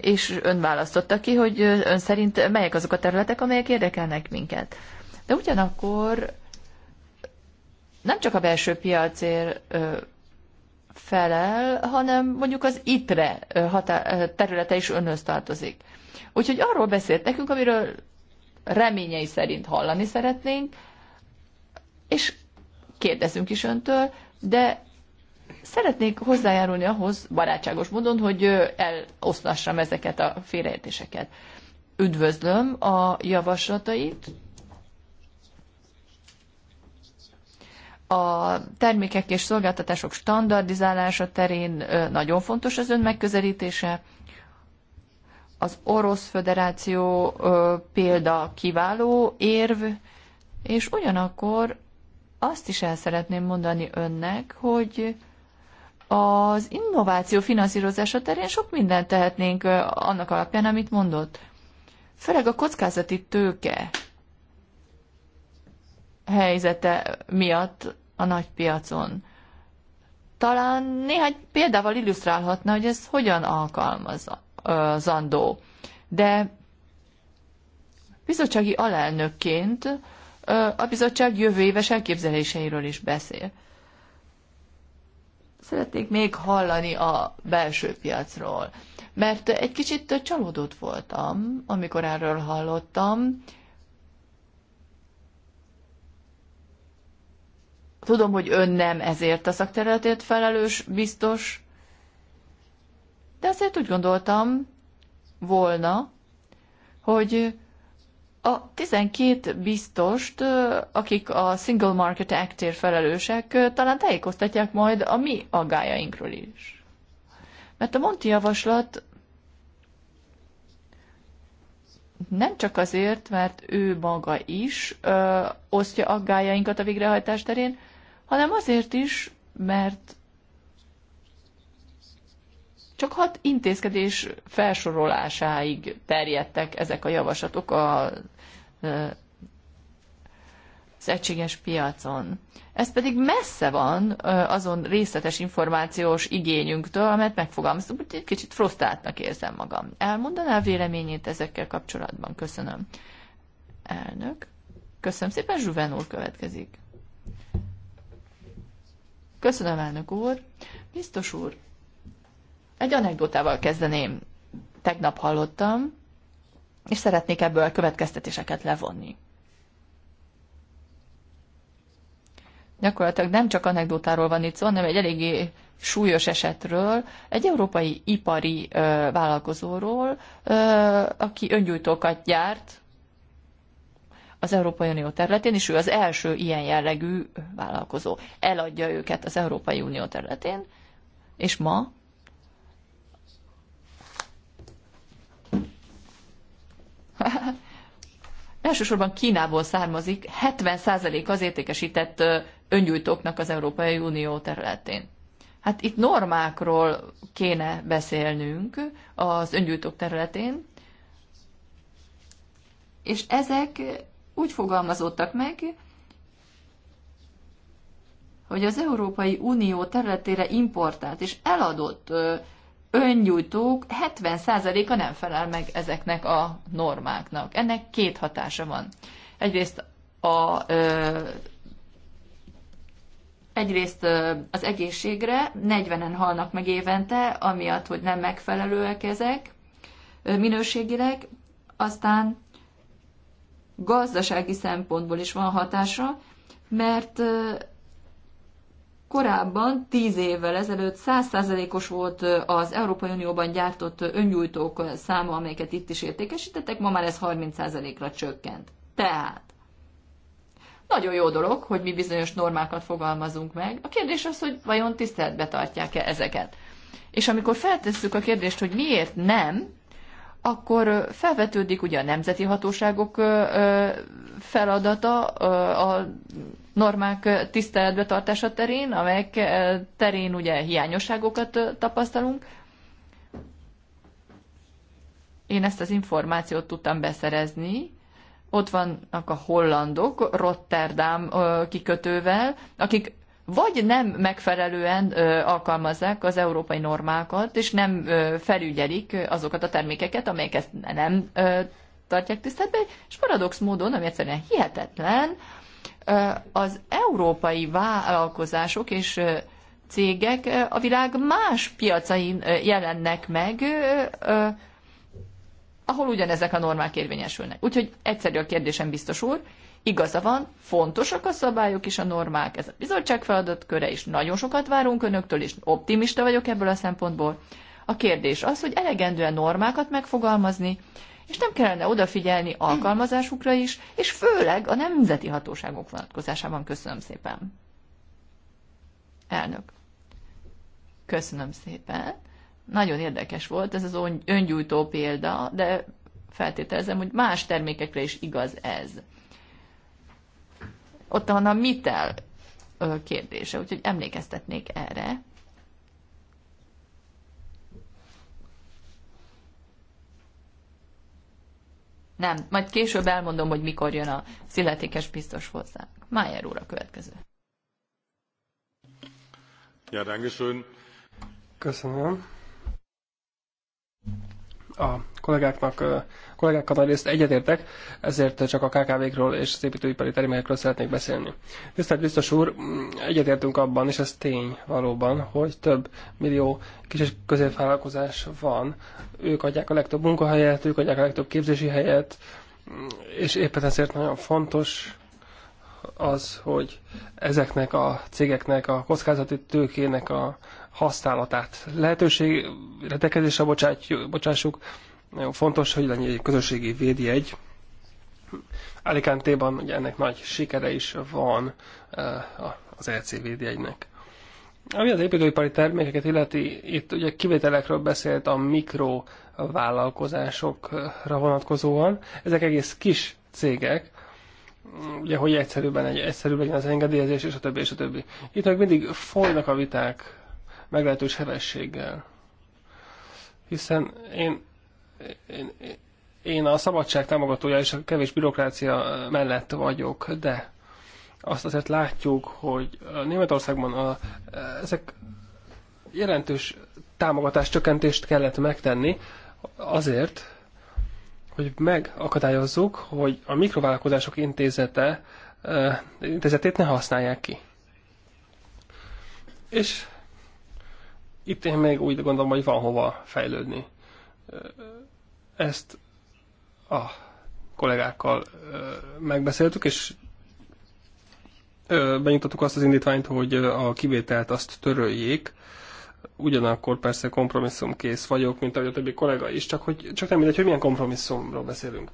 és ön választotta ki, hogy ön szerint melyek azok a területek, amelyek érdekelnek minket. De ugyanakkor nem csak a belső piacért felel, hanem mondjuk az ITRE hatá- területe is önhöz tartozik. Úgyhogy arról beszélt nekünk, amiről reményei szerint hallani szeretnénk, és kérdezünk is öntől, de szeretnék hozzájárulni ahhoz barátságos módon, hogy elosztassam ezeket a félreértéseket. Üdvözlöm a javaslatait, a termékek és szolgáltatások standardizálása terén nagyon fontos az ön megközelítése. Az Orosz Föderáció példa kiváló érv, és ugyanakkor azt is el szeretném mondani önnek, hogy az innováció finanszírozása terén sok mindent tehetnénk annak alapján, amit mondott. Főleg a kockázati tőke helyzete miatt a nagy piacon. Talán néhány példával illusztrálhatna, hogy ez hogyan alkalmazandó. De bizottsági alelnökként a bizottság jövő éves elképzeléseiről is beszél. Szeretnék még hallani a belső piacról, mert egy kicsit csalódott voltam, amikor erről hallottam, Tudom, hogy ön nem ezért a szakterületért felelős, biztos, de azért úgy gondoltam volna, hogy a 12 biztost, akik a Single Market act felelősek, talán tájékoztatják majd a mi aggájainkról is. Mert a Monti javaslat nem csak azért, mert ő maga is ö, osztja aggájainkat a végrehajtás terén, hanem azért is, mert csak hat intézkedés felsorolásáig terjedtek ezek a javaslatok a, az egységes piacon. Ez pedig messze van azon részletes információs igényünktől, amelyet megfogalmaztuk, hogy egy kicsit frusztráltnak érzem magam. Elmondaná véleményét ezekkel kapcsolatban? Köszönöm. Elnök. Köszönöm szépen, Zsuven úr következik. Köszönöm, elnök úr. Biztos úr, egy anekdotával kezdeném. Tegnap hallottam, és szeretnék ebből következtetéseket levonni. Gyakorlatilag nem csak anekdotáról van itt szó, hanem egy eléggé súlyos esetről, egy európai ipari ö, vállalkozóról, ö, aki öngyújtókat gyárt, az Európai Unió területén, és ő az első ilyen jellegű vállalkozó. Eladja őket az Európai Unió területén, és ma <laughs> elsősorban Kínából származik 70% az értékesített öngyújtóknak az Európai Unió területén. Hát itt normákról kéne beszélnünk az öngyújtók területén, és ezek úgy fogalmazottak meg, hogy az Európai Unió területére importált és eladott öngyújtók 70%-a nem felel meg ezeknek a normáknak. Ennek két hatása van. Egyrészt a ö, egyrészt az egészségre, 40-en halnak meg évente, amiatt, hogy nem megfelelőek ezek minőségileg, aztán gazdasági szempontból is van hatása, mert korábban, tíz évvel ezelőtt százszázalékos volt az Európai Unióban gyártott öngyújtók száma, amelyeket itt is értékesítettek, ma már ez 30%-ra csökkent. Tehát nagyon jó dolog, hogy mi bizonyos normákat fogalmazunk meg. A kérdés az, hogy vajon tiszteletbe tartják-e ezeket. És amikor feltesszük a kérdést, hogy miért nem, akkor felvetődik ugye a nemzeti hatóságok feladata a normák tiszteletbe tartása terén, amelyek terén ugye hiányosságokat tapasztalunk. Én ezt az információt tudtam beszerezni. Ott vannak a hollandok Rotterdam kikötővel, akik vagy nem megfelelően alkalmazzák az európai normákat, és nem felügyelik azokat a termékeket, amelyeket nem tartják tiszteletben, és paradox módon, ami egyszerűen hihetetlen, az európai vállalkozások és cégek a világ más piacain jelennek meg, ahol ugyanezek a normák érvényesülnek. Úgyhogy egyszerű a kérdésem, biztos úr, Igaza van, fontosak a szabályok és a normák, ez a bizottság feladatköre, és nagyon sokat várunk önöktől, és optimista vagyok ebből a szempontból. A kérdés az, hogy elegendően normákat megfogalmazni, és nem kellene odafigyelni alkalmazásukra is, és főleg a nemzeti hatóságok vonatkozásában. Köszönöm szépen. Elnök. Köszönöm szépen. Nagyon érdekes volt ez az öngyújtó példa, de feltételezem, hogy más termékekre is igaz ez. Ott van a mitel kérdése, úgyhogy emlékeztetnék erre. Nem, majd később elmondom, hogy mikor jön a illetékes biztos hozzá. Májer úr a következő. Ja, Dankeschön. Köszönöm a kollégáknak, a kollégákkal nagy részt egyetértek, ezért csak a KKV-król és az építőipari termékekről szeretnék beszélni. Tisztelt biztos úr, mm, egyetértünk abban, és ez tény valóban, hogy több millió kis és középvállalkozás van. Ők adják a legtöbb munkahelyet, ők adják a legtöbb képzési helyet, mm, és éppen ezért nagyon fontos, az, hogy ezeknek a cégeknek, a kockázati tőkének a használatát lehetőség rendelkezésre bocsássuk. Nagyon fontos, hogy legyen egy közösségi védjegy. Alicante-ban ugye ennek nagy sikere is van eh, az LC e védjegynek. Ami az építőipari termékeket illeti, itt ugye kivételekről beszélt a mikrovállalkozásokra vonatkozóan. Ezek egész kis cégek, ugye, hogy egyszerűbben egy, egyszerűbb legyen az engedélyezés, és a többi, és a többi. Itt meg mindig folynak a viták meglehető sebességgel. Hiszen én, én, én a szabadság támogatója és a kevés bürokrácia mellett vagyok, de azt azért látjuk, hogy Németországban a, ezek jelentős támogatás csökkentést kellett megtenni azért, hogy megakadályozzuk, hogy a mikrovállalkozások intézete, eh, intézetét ne használják ki. És itt én még úgy gondolom, hogy van hova fejlődni. Ezt a kollégákkal megbeszéltük, és benyújtottuk azt az indítványt, hogy a kivételt azt töröljék, ugyanakkor persze kompromisszumkész vagyok, mint ahogy a többi kollega is, csak, hogy, csak nem mindegy, hogy milyen kompromisszumról beszélünk.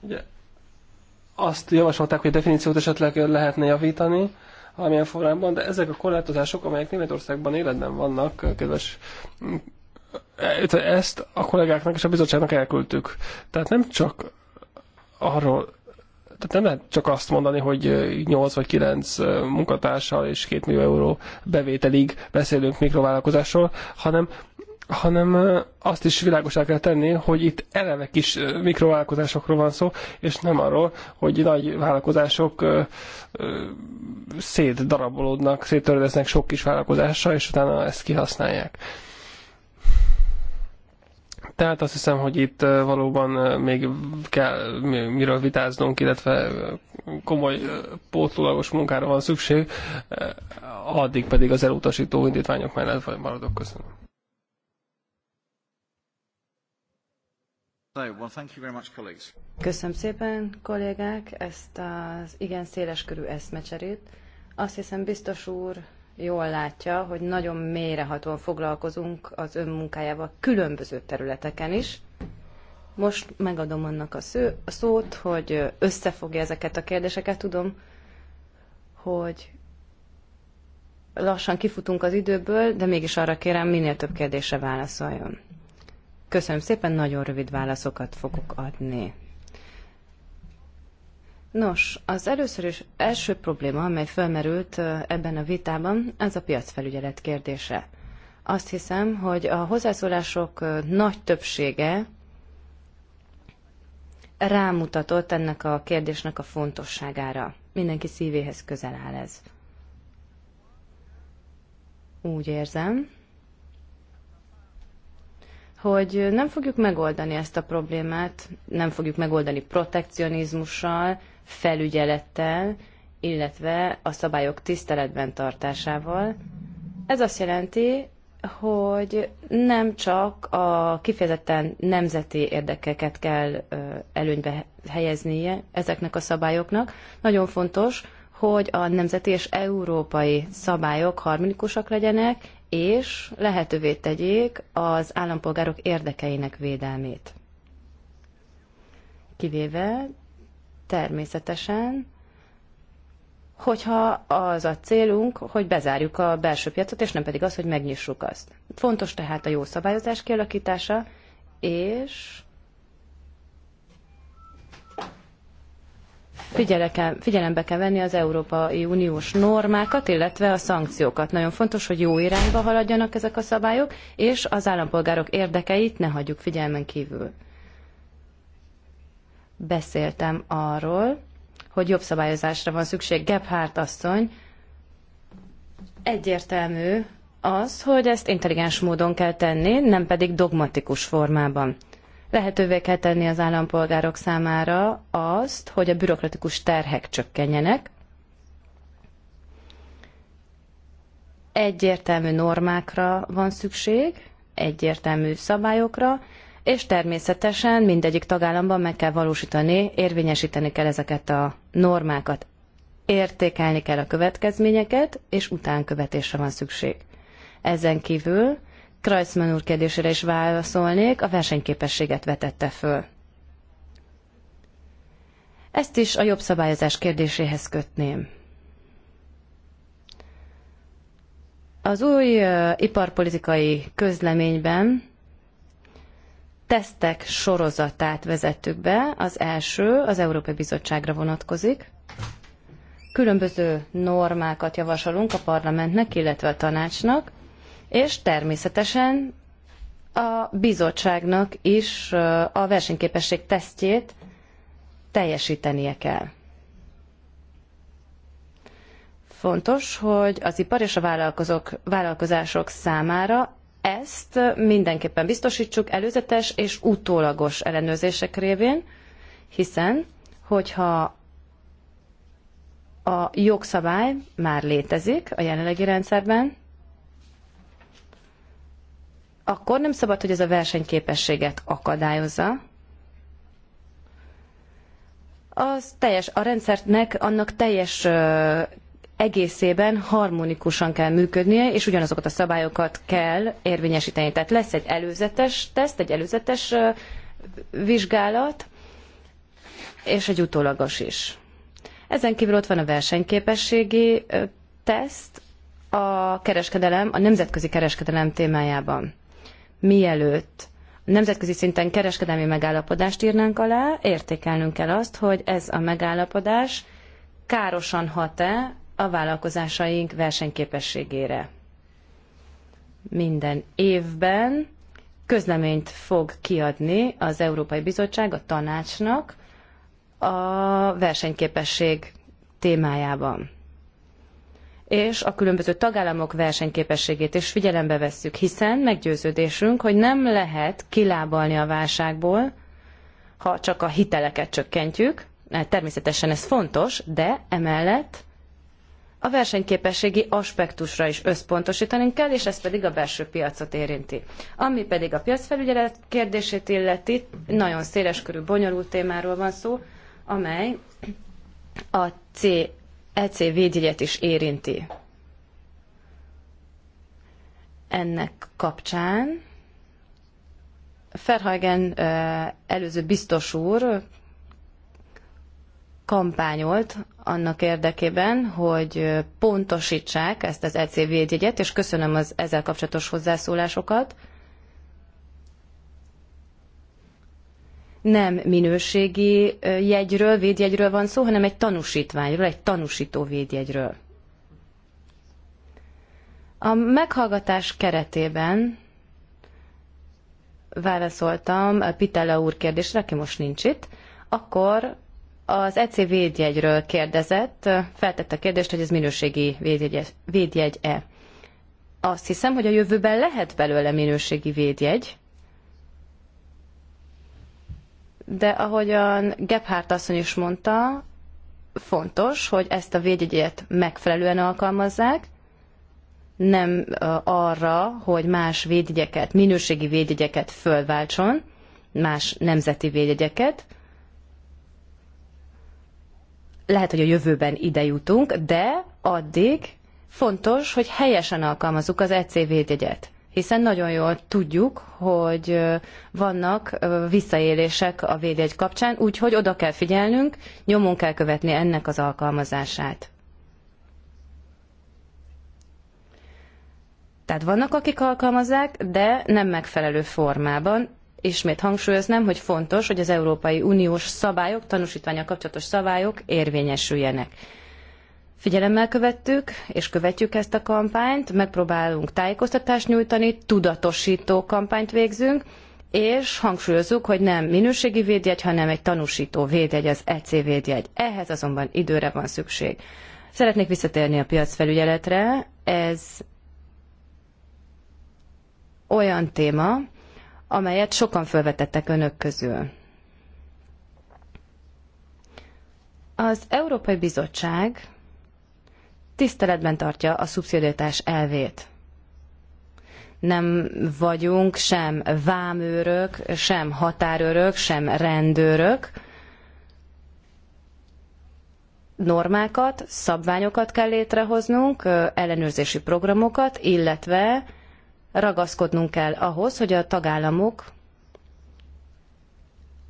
Ugye azt javasolták, hogy a definíciót esetleg lehetne javítani, valamilyen formában, de ezek a korlátozások, amelyek Németországban életben vannak, kedves ezt a kollégáknak és a bizottságnak elküldtük. Tehát nem csak arról tehát nem lehet csak azt mondani, hogy 8 vagy 9 munkatársal és 2 millió euró bevételig beszélünk mikrovállalkozásról, hanem hanem azt is világosá kell tenni, hogy itt eleve kis mikrovállalkozásokról van szó, és nem arról, hogy nagy vállalkozások szétdarabolódnak, széttörődeznek sok kis vállalkozásra, és utána ezt kihasználják. Tehát azt hiszem, hogy itt valóban még kell miről vitáznunk, illetve komoly pótlólagos munkára van szükség, addig pedig az elutasító indítványok mellett maradok. Köszönöm. Köszönöm szépen, kollégák, ezt az igen széleskörű eszmecserét. Azt hiszem, biztos úr jól látja, hogy nagyon mélyrehatóan foglalkozunk az ön munkájával különböző területeken is. Most megadom annak a, sző, a szót, hogy összefogja ezeket a kérdéseket. Tudom, hogy lassan kifutunk az időből, de mégis arra kérem, minél több kérdésre válaszoljon. Köszönöm szépen, nagyon rövid válaszokat fogok adni. Nos, az először is első probléma, amely felmerült ebben a vitában, ez a piacfelügyelet kérdése. Azt hiszem, hogy a hozzászólások nagy többsége rámutatott ennek a kérdésnek a fontosságára. Mindenki szívéhez közel áll ez. Úgy érzem, hogy nem fogjuk megoldani ezt a problémát, nem fogjuk megoldani protekcionizmussal, felügyelettel, illetve a szabályok tiszteletben tartásával. Ez azt jelenti, hogy nem csak a kifejezetten nemzeti érdekeket kell előnybe helyeznie ezeknek a szabályoknak. Nagyon fontos, hogy a nemzeti és európai szabályok harmonikusak legyenek, és lehetővé tegyék az állampolgárok érdekeinek védelmét. Kivéve természetesen, hogyha az a célunk, hogy bezárjuk a belső piacot, és nem pedig az, hogy megnyissuk azt. Fontos tehát a jó szabályozás kialakítása, és figyelembe kell venni az Európai Uniós normákat, illetve a szankciókat. Nagyon fontos, hogy jó irányba haladjanak ezek a szabályok, és az állampolgárok érdekeit ne hagyjuk figyelmen kívül. Beszéltem arról, hogy jobb szabályozásra van szükség. Gebhardt asszony egyértelmű az, hogy ezt intelligens módon kell tenni, nem pedig dogmatikus formában. Lehetővé kell tenni az állampolgárok számára azt, hogy a bürokratikus terhek csökkenjenek, egyértelmű normákra van szükség, egyértelmű szabályokra, és természetesen mindegyik tagállamban meg kell valósítani, érvényesíteni kell ezeket a normákat. Értékelni kell a következményeket, és utánkövetésre van szükség. Ezen kívül Kreuzmann úr kérdésére is válaszolnék, a versenyképességet vetette föl. Ezt is a jobb szabályozás kérdéséhez kötném. Az új iparpolitikai közleményben tesztek sorozatát vezettük be. Az első az Európai Bizottságra vonatkozik. Különböző normákat javasolunk a parlamentnek, illetve a tanácsnak, és természetesen a bizottságnak is a versenyképesség tesztjét teljesítenie kell. Fontos, hogy az ipar és a vállalkozók, vállalkozások számára ezt mindenképpen biztosítsuk előzetes és utólagos ellenőrzések révén, hiszen, hogyha a jogszabály már létezik a jelenlegi rendszerben, akkor nem szabad, hogy ez a versenyképességet akadályozza. Az teljes, a rendszernek annak teljes egészében harmonikusan kell működnie, és ugyanazokat a szabályokat kell érvényesíteni. Tehát lesz egy előzetes teszt, egy előzetes vizsgálat, és egy utólagos is. Ezen kívül ott van a versenyképességi teszt a kereskedelem, a nemzetközi kereskedelem témájában mielőtt nemzetközi szinten kereskedelmi megállapodást írnánk alá, értékelnünk kell azt, hogy ez a megállapodás károsan hat-e a vállalkozásaink versenyképességére. Minden évben közleményt fog kiadni az Európai Bizottság a tanácsnak a versenyképesség témájában és a különböző tagállamok versenyképességét is figyelembe vesszük, hiszen meggyőződésünk, hogy nem lehet kilábalni a válságból, ha csak a hiteleket csökkentjük. Hát természetesen ez fontos, de emellett a versenyképességi aspektusra is összpontosítani kell, és ez pedig a belső piacot érinti. Ami pedig a piacfelügyelet kérdését illeti, nagyon széleskörű, bonyolult témáról van szó, amely a C EC védjegyet is érinti. Ennek kapcsán Ferhagen előző biztos úr kampányolt annak érdekében, hogy pontosítsák ezt az EC védjegyet, és köszönöm az ezzel kapcsolatos hozzászólásokat. nem minőségi jegyről, védjegyről van szó, hanem egy tanúsítványról, egy tanúsító védjegyről. A meghallgatás keretében válaszoltam Pitella úr kérdésre, aki most nincs itt, akkor az EC védjegyről kérdezett, feltette a kérdést, hogy ez minőségi védjegy-e. Azt hiszem, hogy a jövőben lehet belőle minőségi védjegy, de ahogyan Gebhardt asszony is mondta, fontos, hogy ezt a védjegyet megfelelően alkalmazzák, nem arra, hogy más védjegyeket, minőségi védjegyeket fölváltson, más nemzeti védjegyeket. Lehet, hogy a jövőben ide jutunk, de addig fontos, hogy helyesen alkalmazzuk az EC védjegyet hiszen nagyon jól tudjuk, hogy vannak visszaélések a védjegy kapcsán, úgyhogy oda kell figyelnünk, nyomon kell követni ennek az alkalmazását. Tehát vannak, akik alkalmazzák, de nem megfelelő formában. Ismét hangsúlyoznám, hogy fontos, hogy az Európai Uniós szabályok, tanúsítványa kapcsolatos szabályok érvényesüljenek. Figyelemmel követtük, és követjük ezt a kampányt, megpróbálunk tájékoztatást nyújtani, tudatosító kampányt végzünk, és hangsúlyozzuk, hogy nem minőségi védjegy, hanem egy tanúsító védjegy, az EC védjegy. Ehhez azonban időre van szükség. Szeretnék visszatérni a piacfelügyeletre. Ez olyan téma, amelyet sokan felvetettek önök közül. Az Európai Bizottság tiszteletben tartja a szubszidiatás elvét. Nem vagyunk sem vámőrök, sem határőrök, sem rendőrök. Normákat, szabványokat kell létrehoznunk, ellenőrzési programokat, illetve ragaszkodnunk kell ahhoz, hogy a tagállamok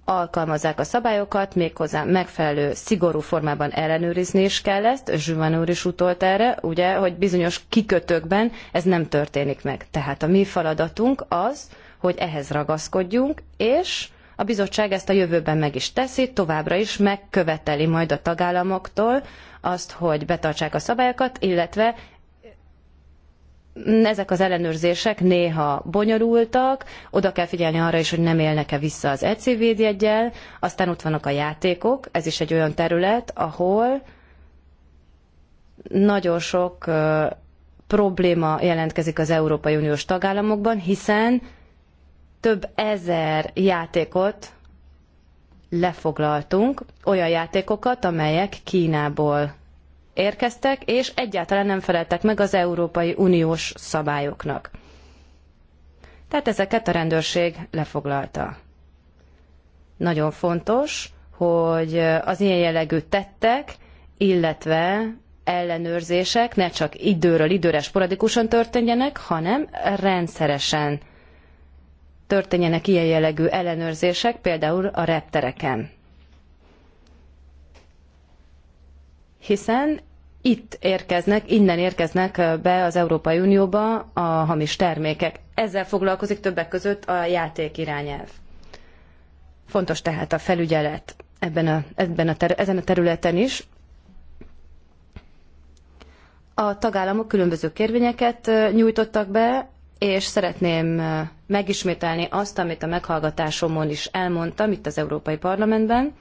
alkalmazzák a szabályokat, méghozzá megfelelő, szigorú formában ellenőrizni is kell ezt, Zsüvan úr is utolt erre, ugye, hogy bizonyos kikötőkben ez nem történik meg. Tehát a mi feladatunk az, hogy ehhez ragaszkodjunk, és a bizottság ezt a jövőben meg is teszi, továbbra is megköveteli majd a tagállamoktól azt, hogy betartsák a szabályokat, illetve ezek az ellenőrzések néha bonyolultak, oda kell figyelni arra is, hogy nem élnek-e vissza az ECV jegyel, aztán ott vannak a játékok, ez is egy olyan terület, ahol nagyon sok ö, probléma jelentkezik az Európai Uniós tagállamokban, hiszen több ezer játékot lefoglaltunk, olyan játékokat, amelyek Kínából érkeztek, és egyáltalán nem feleltek meg az Európai Uniós szabályoknak. Tehát ezeket a rendőrség lefoglalta. Nagyon fontos, hogy az ilyen jellegű tettek, illetve ellenőrzések ne csak időről időre sporadikusan történjenek, hanem rendszeresen történjenek ilyen jellegű ellenőrzések, például a reptereken. hiszen itt érkeznek, innen érkeznek be az Európai Unióba a hamis termékek. Ezzel foglalkozik többek között a játék irányelv. Fontos tehát a felügyelet ebben a, ebben a ter, ezen a területen is. A tagállamok különböző kérvényeket nyújtottak be, és szeretném megismételni azt, amit a meghallgatásomon is elmondtam itt az Európai Parlamentben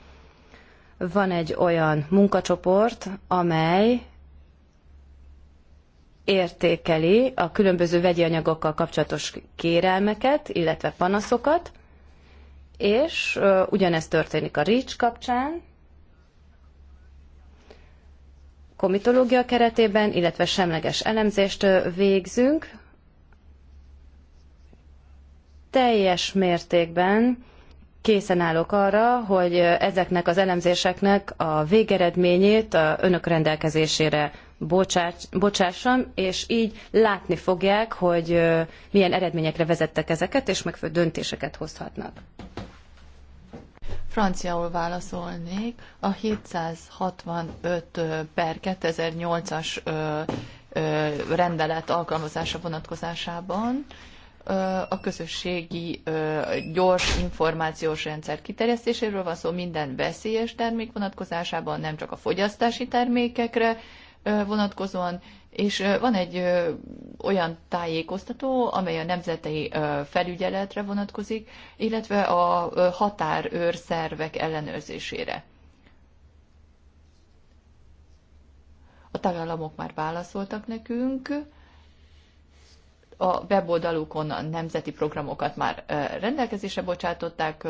van egy olyan munkacsoport, amely értékeli a különböző vegyi anyagokkal kapcsolatos kérelmeket, illetve panaszokat, és ugyanezt történik a RICS kapcsán, komitológia keretében, illetve semleges elemzést végzünk. Teljes mértékben készen állok arra, hogy ezeknek az elemzéseknek a végeredményét a önök rendelkezésére bocsássam, és így látni fogják, hogy milyen eredményekre vezettek ezeket, és megfelelő döntéseket hozhatnak. Franciául válaszolnék. A 765 per 2008-as rendelet alkalmazása vonatkozásában a közösségi gyors információs rendszer kiterjesztéséről van szó minden veszélyes termék vonatkozásában, nem csak a fogyasztási termékekre vonatkozóan, és van egy olyan tájékoztató, amely a nemzeti felügyeletre vonatkozik, illetve a határőrszervek ellenőrzésére. A tagállamok már válaszoltak nekünk, a weboldalukon a nemzeti programokat már rendelkezésre bocsátották,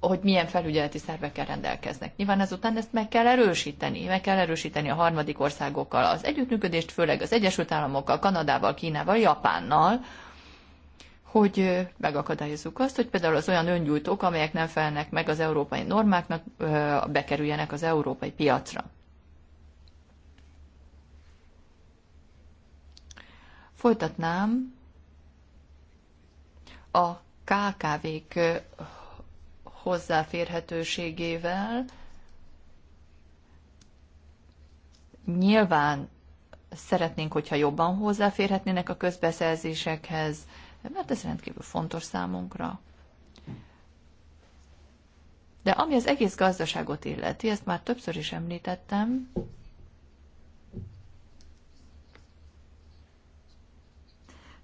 hogy milyen felügyeleti szervekkel rendelkeznek. Nyilván ezután ezt meg kell erősíteni, meg kell erősíteni a harmadik országokkal az együttműködést, főleg az Egyesült Államokkal, Kanadával, Kínával, Japánnal, hogy megakadályozzuk azt, hogy például az olyan öngyújtók, amelyek nem felnek meg az európai normáknak, bekerüljenek az európai piacra. Folytatnám a KKV-k hozzáférhetőségével. Nyilván szeretnénk, hogyha jobban hozzáférhetnének a közbeszerzésekhez, mert ez rendkívül fontos számunkra. De ami az egész gazdaságot illeti, ezt már többször is említettem,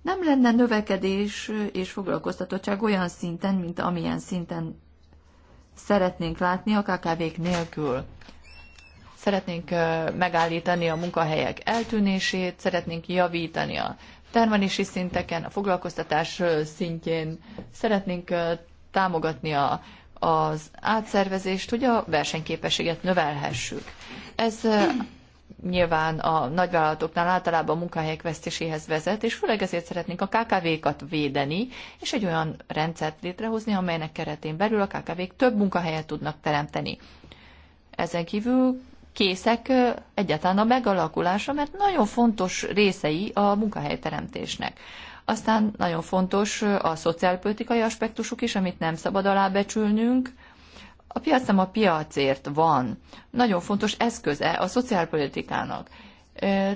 nem lenne növekedés és foglalkoztatottság olyan szinten, mint amilyen szinten szeretnénk látni a KKV-k nélkül. Szeretnénk megállítani a munkahelyek eltűnését, szeretnénk javítani a termelési szinteken, a foglalkoztatás szintjén, szeretnénk támogatni a, az átszervezést, hogy a versenyképességet növelhessük. Ez nyilván a nagyvállalatoknál általában a munkahelyek vesztéséhez vezet, és főleg ezért szeretnénk a KKV-kat védeni, és egy olyan rendszert létrehozni, amelynek keretén belül a KKV-k több munkahelyet tudnak teremteni. Ezen kívül készek egyáltalán a megalakulásra, mert nagyon fontos részei a munkahelyteremtésnek. Aztán nagyon fontos a szociálpolitikai aspektusuk is, amit nem szabad alábecsülnünk, a piac nem a piacért van. Nagyon fontos eszköze a szociálpolitikának.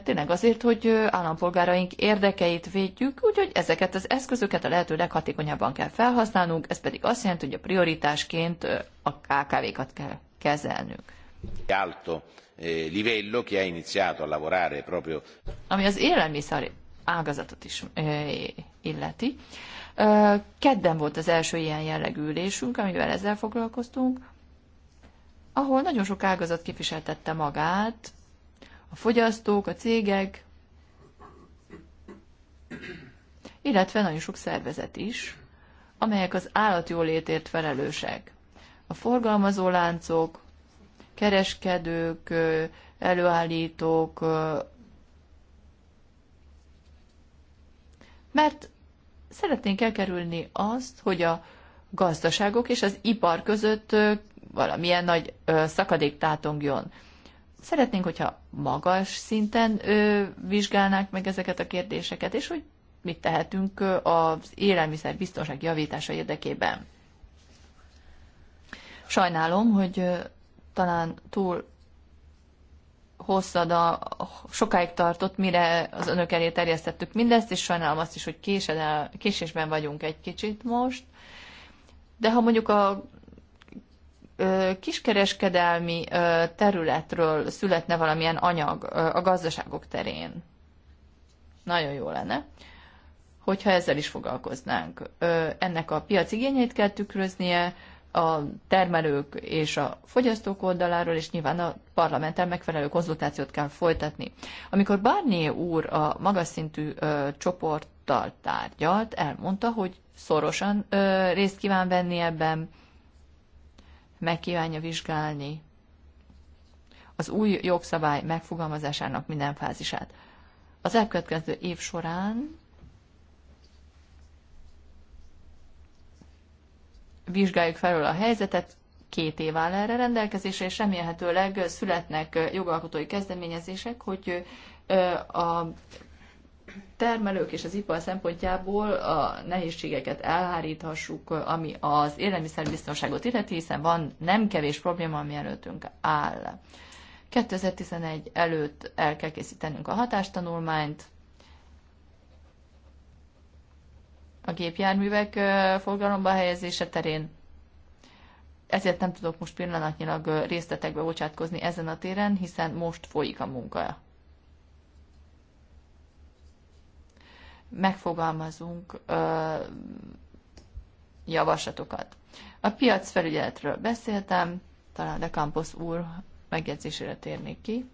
Tényleg azért, hogy állampolgáraink érdekeit védjük, úgyhogy ezeket az eszközöket a lehető leghatékonyabban kell felhasználnunk, ez pedig azt jelenti, hogy a prioritásként a KKV-kat kell kezelnünk. Alto eh, livello che ha iniziato a lavorare proprio. Ami az élelmiszer ágazatot is eh, illeti. Kedden volt az első ilyen jellegű ülésünk, amivel ezzel foglalkoztunk, ahol nagyon sok ágazat képviseltette magát, a fogyasztók, a cégek, illetve nagyon sok szervezet is, amelyek az állatjólétért felelősek. A forgalmazó láncok, kereskedők, előállítók, mert szeretnénk elkerülni azt, hogy a gazdaságok és az ipar között valamilyen nagy szakadék tátongjon. Szeretnénk, hogyha magas szinten vizsgálnák meg ezeket a kérdéseket, és hogy mit tehetünk az élelmiszer biztonság javítása érdekében. Sajnálom, hogy talán túl a sokáig tartott, mire az önök elé terjesztettük mindezt, és sajnálom azt is, hogy késed, késésben vagyunk egy kicsit most. De ha mondjuk a kiskereskedelmi területről születne valamilyen anyag a gazdaságok terén, nagyon jó lenne, hogyha ezzel is foglalkoznánk. Ennek a piac igényeit kell tükröznie, a termelők és a fogyasztók oldaláról, és nyilván a parlamenten megfelelő konzultációt kell folytatni. Amikor Barnier úr a magas szintű ö, csoporttal tárgyalt, elmondta, hogy szorosan ö, részt kíván venni ebben, megkívánja vizsgálni az új jogszabály megfogalmazásának minden fázisát. Az elkövetkező év során vizsgáljuk felül a helyzetet, két év áll erre rendelkezésre, és remélhetőleg születnek jogalkotói kezdeményezések, hogy a termelők és az ipar szempontjából a nehézségeket elháríthassuk, ami az élelmiszerbiztonságot illeti, hiszen van nem kevés probléma, ami előttünk áll. 2011 előtt el kell készítenünk a hatástanulmányt, a gépjárművek forgalomba helyezése terén. Ezért nem tudok most pillanatnyilag részletekbe bocsátkozni ezen a téren, hiszen most folyik a munka. Megfogalmazunk ö, javaslatokat. A piac felügyeletről beszéltem, talán de Campos úr megjegyzésére térnék ki.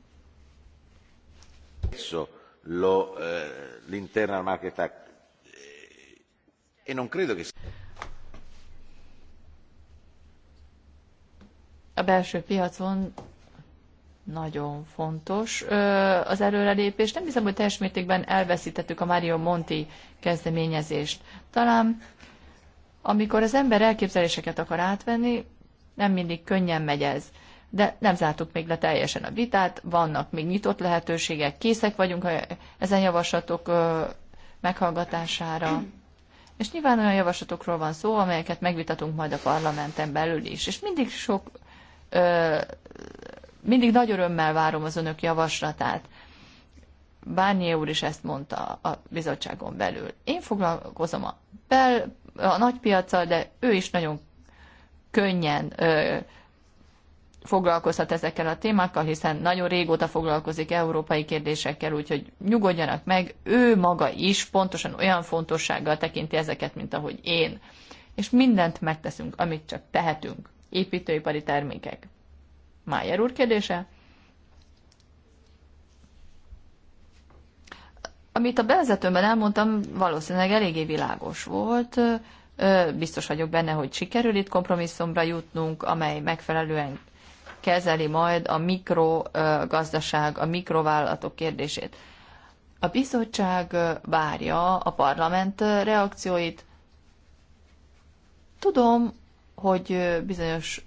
Lo, eh, l'Internal Market Act E non credo che... A belső piacon nagyon fontos az előrelépés. Nem hiszem, hogy teljes mértékben elveszítettük a Mario Monti kezdeményezést. Talán amikor az ember elképzeléseket akar átvenni, nem mindig könnyen megy ez. De nem zártuk még le teljesen a vitát, vannak még nyitott lehetőségek, készek vagyunk ezen javaslatok meghallgatására. És nyilván olyan javaslatokról van szó, amelyeket megvitatunk majd a parlamenten belül is. És mindig sok, ö, mindig nagy örömmel várom az önök javaslatát. Bárnyi úr is ezt mondta a bizottságon belül. Én foglalkozom a, bel, a nagy piacsal, de ő is nagyon könnyen ö, foglalkozhat ezekkel a témákkal, hiszen nagyon régóta foglalkozik európai kérdésekkel, úgyhogy nyugodjanak meg, ő maga is pontosan olyan fontossággal tekinti ezeket, mint ahogy én. És mindent megteszünk, amit csak tehetünk. Építőipari termékek. Májer úr kérdése? Amit a bevezetőben elmondtam, valószínűleg eléggé világos volt. Biztos vagyok benne, hogy sikerül itt kompromisszumra jutnunk, amely megfelelően kezeli majd a mikrogazdaság, a mikrovállalatok kérdését. A bizottság várja a parlament reakcióit. Tudom, hogy bizonyos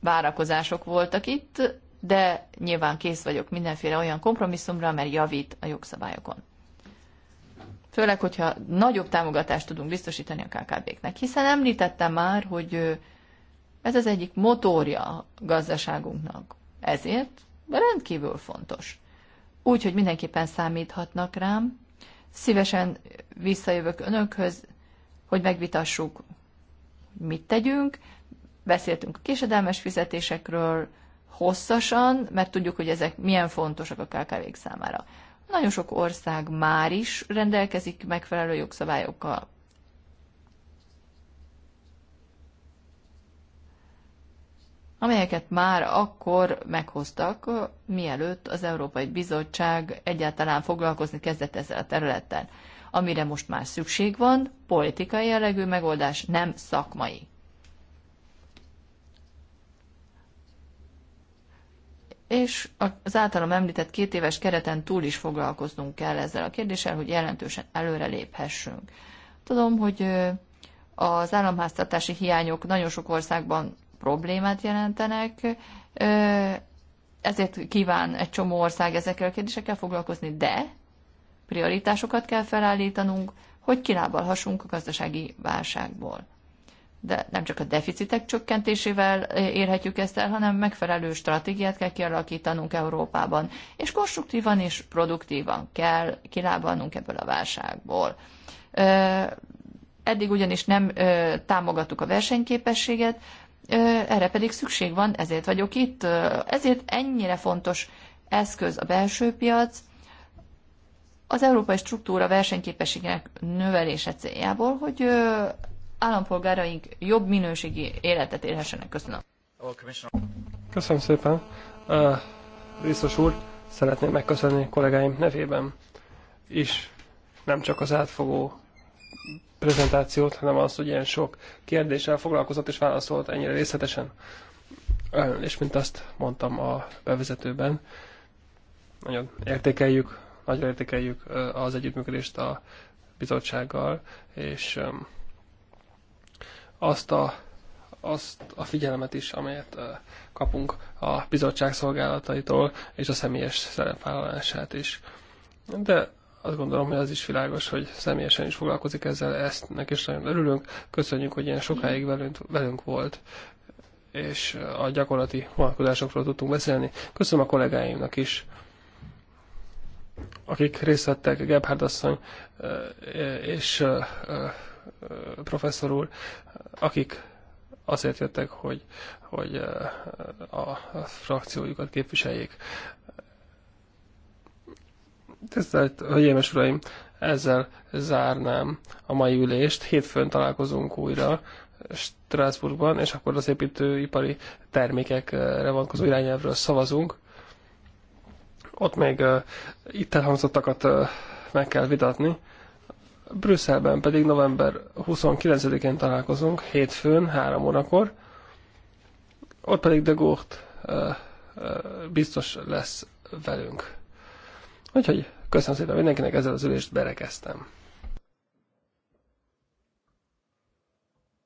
várakozások voltak itt, de nyilván kész vagyok mindenféle olyan kompromisszumra, mert javít a jogszabályokon. Főleg, hogyha nagyobb támogatást tudunk biztosítani a KKB-knek. Hiszen említettem már, hogy ez az egyik motorja a gazdaságunknak. Ezért rendkívül fontos. Úgy, hogy mindenképpen számíthatnak rám. Szívesen visszajövök önökhöz, hogy megvitassuk, mit tegyünk. Beszéltünk a késedelmes fizetésekről hosszasan, mert tudjuk, hogy ezek milyen fontosak a kkv számára. Nagyon sok ország már is rendelkezik megfelelő jogszabályokkal amelyeket már akkor meghoztak, mielőtt az Európai Bizottság egyáltalán foglalkozni kezdett ezzel a területtel. Amire most már szükség van, politikai jellegű megoldás, nem szakmai. és az általam említett két éves kereten túl is foglalkoznunk kell ezzel a kérdéssel, hogy jelentősen előreléphessünk. Tudom, hogy az államháztartási hiányok nagyon sok országban problémát jelentenek, ezért kíván egy csomó ország ezekkel a kérdésekkel foglalkozni, de prioritásokat kell felállítanunk, hogy kilábalhassunk a gazdasági válságból. De nem csak a deficitek csökkentésével érhetjük ezt el, hanem megfelelő stratégiát kell kialakítanunk Európában, és konstruktívan és produktívan kell kilábalnunk ebből a válságból. Eddig ugyanis nem támogattuk a versenyképességet, erre pedig szükség van, ezért vagyok itt, ezért ennyire fontos eszköz a belső piac, az európai struktúra versenyképességének növelése céljából, hogy állampolgáraink jobb minőségi életet élhessenek. Köszönöm. Köszönöm szépen. Biztos úr, szeretném megköszönni kollégáim nevében is, nem csak az átfogó prezentációt, hanem az, hogy ilyen sok kérdéssel foglalkozott és válaszolt ennyire részletesen. És mint azt mondtam a bevezetőben, nagyon értékeljük, nagyon értékeljük az együttműködést a bizottsággal, és azt a, azt a figyelemet is, amelyet kapunk a bizottság szolgálataitól, és a személyes szerepvállalását is. De azt gondolom, hogy az is világos, hogy személyesen is foglalkozik ezzel, ezt neki is nagyon örülünk. Köszönjük, hogy ilyen sokáig velünk, velünk volt, és a gyakorlati vonatkozásokról tudtunk beszélni. Köszönöm a kollégáimnak is, akik részt vettek, Gebhard asszony eh, és eh, eh, professzor úr, akik azért jöttek, hogy, hogy a frakciójukat képviseljék. Tisztelt Hölgyeim és Uraim, ezzel zárnám a mai ülést. Hétfőn találkozunk újra Strasbourgban, és akkor az építőipari termékekre vonatkozó irányelvről szavazunk. Ott még uh, itt elhangzottakat uh, meg kell vitatni. Brüsszelben pedig november 29-én találkozunk, hétfőn, 3 órakor. Ott pedig de Gort uh, uh, biztos lesz velünk. Úgyhogy köszönöm szépen mindenkinek, ezzel az ülést berekeztem.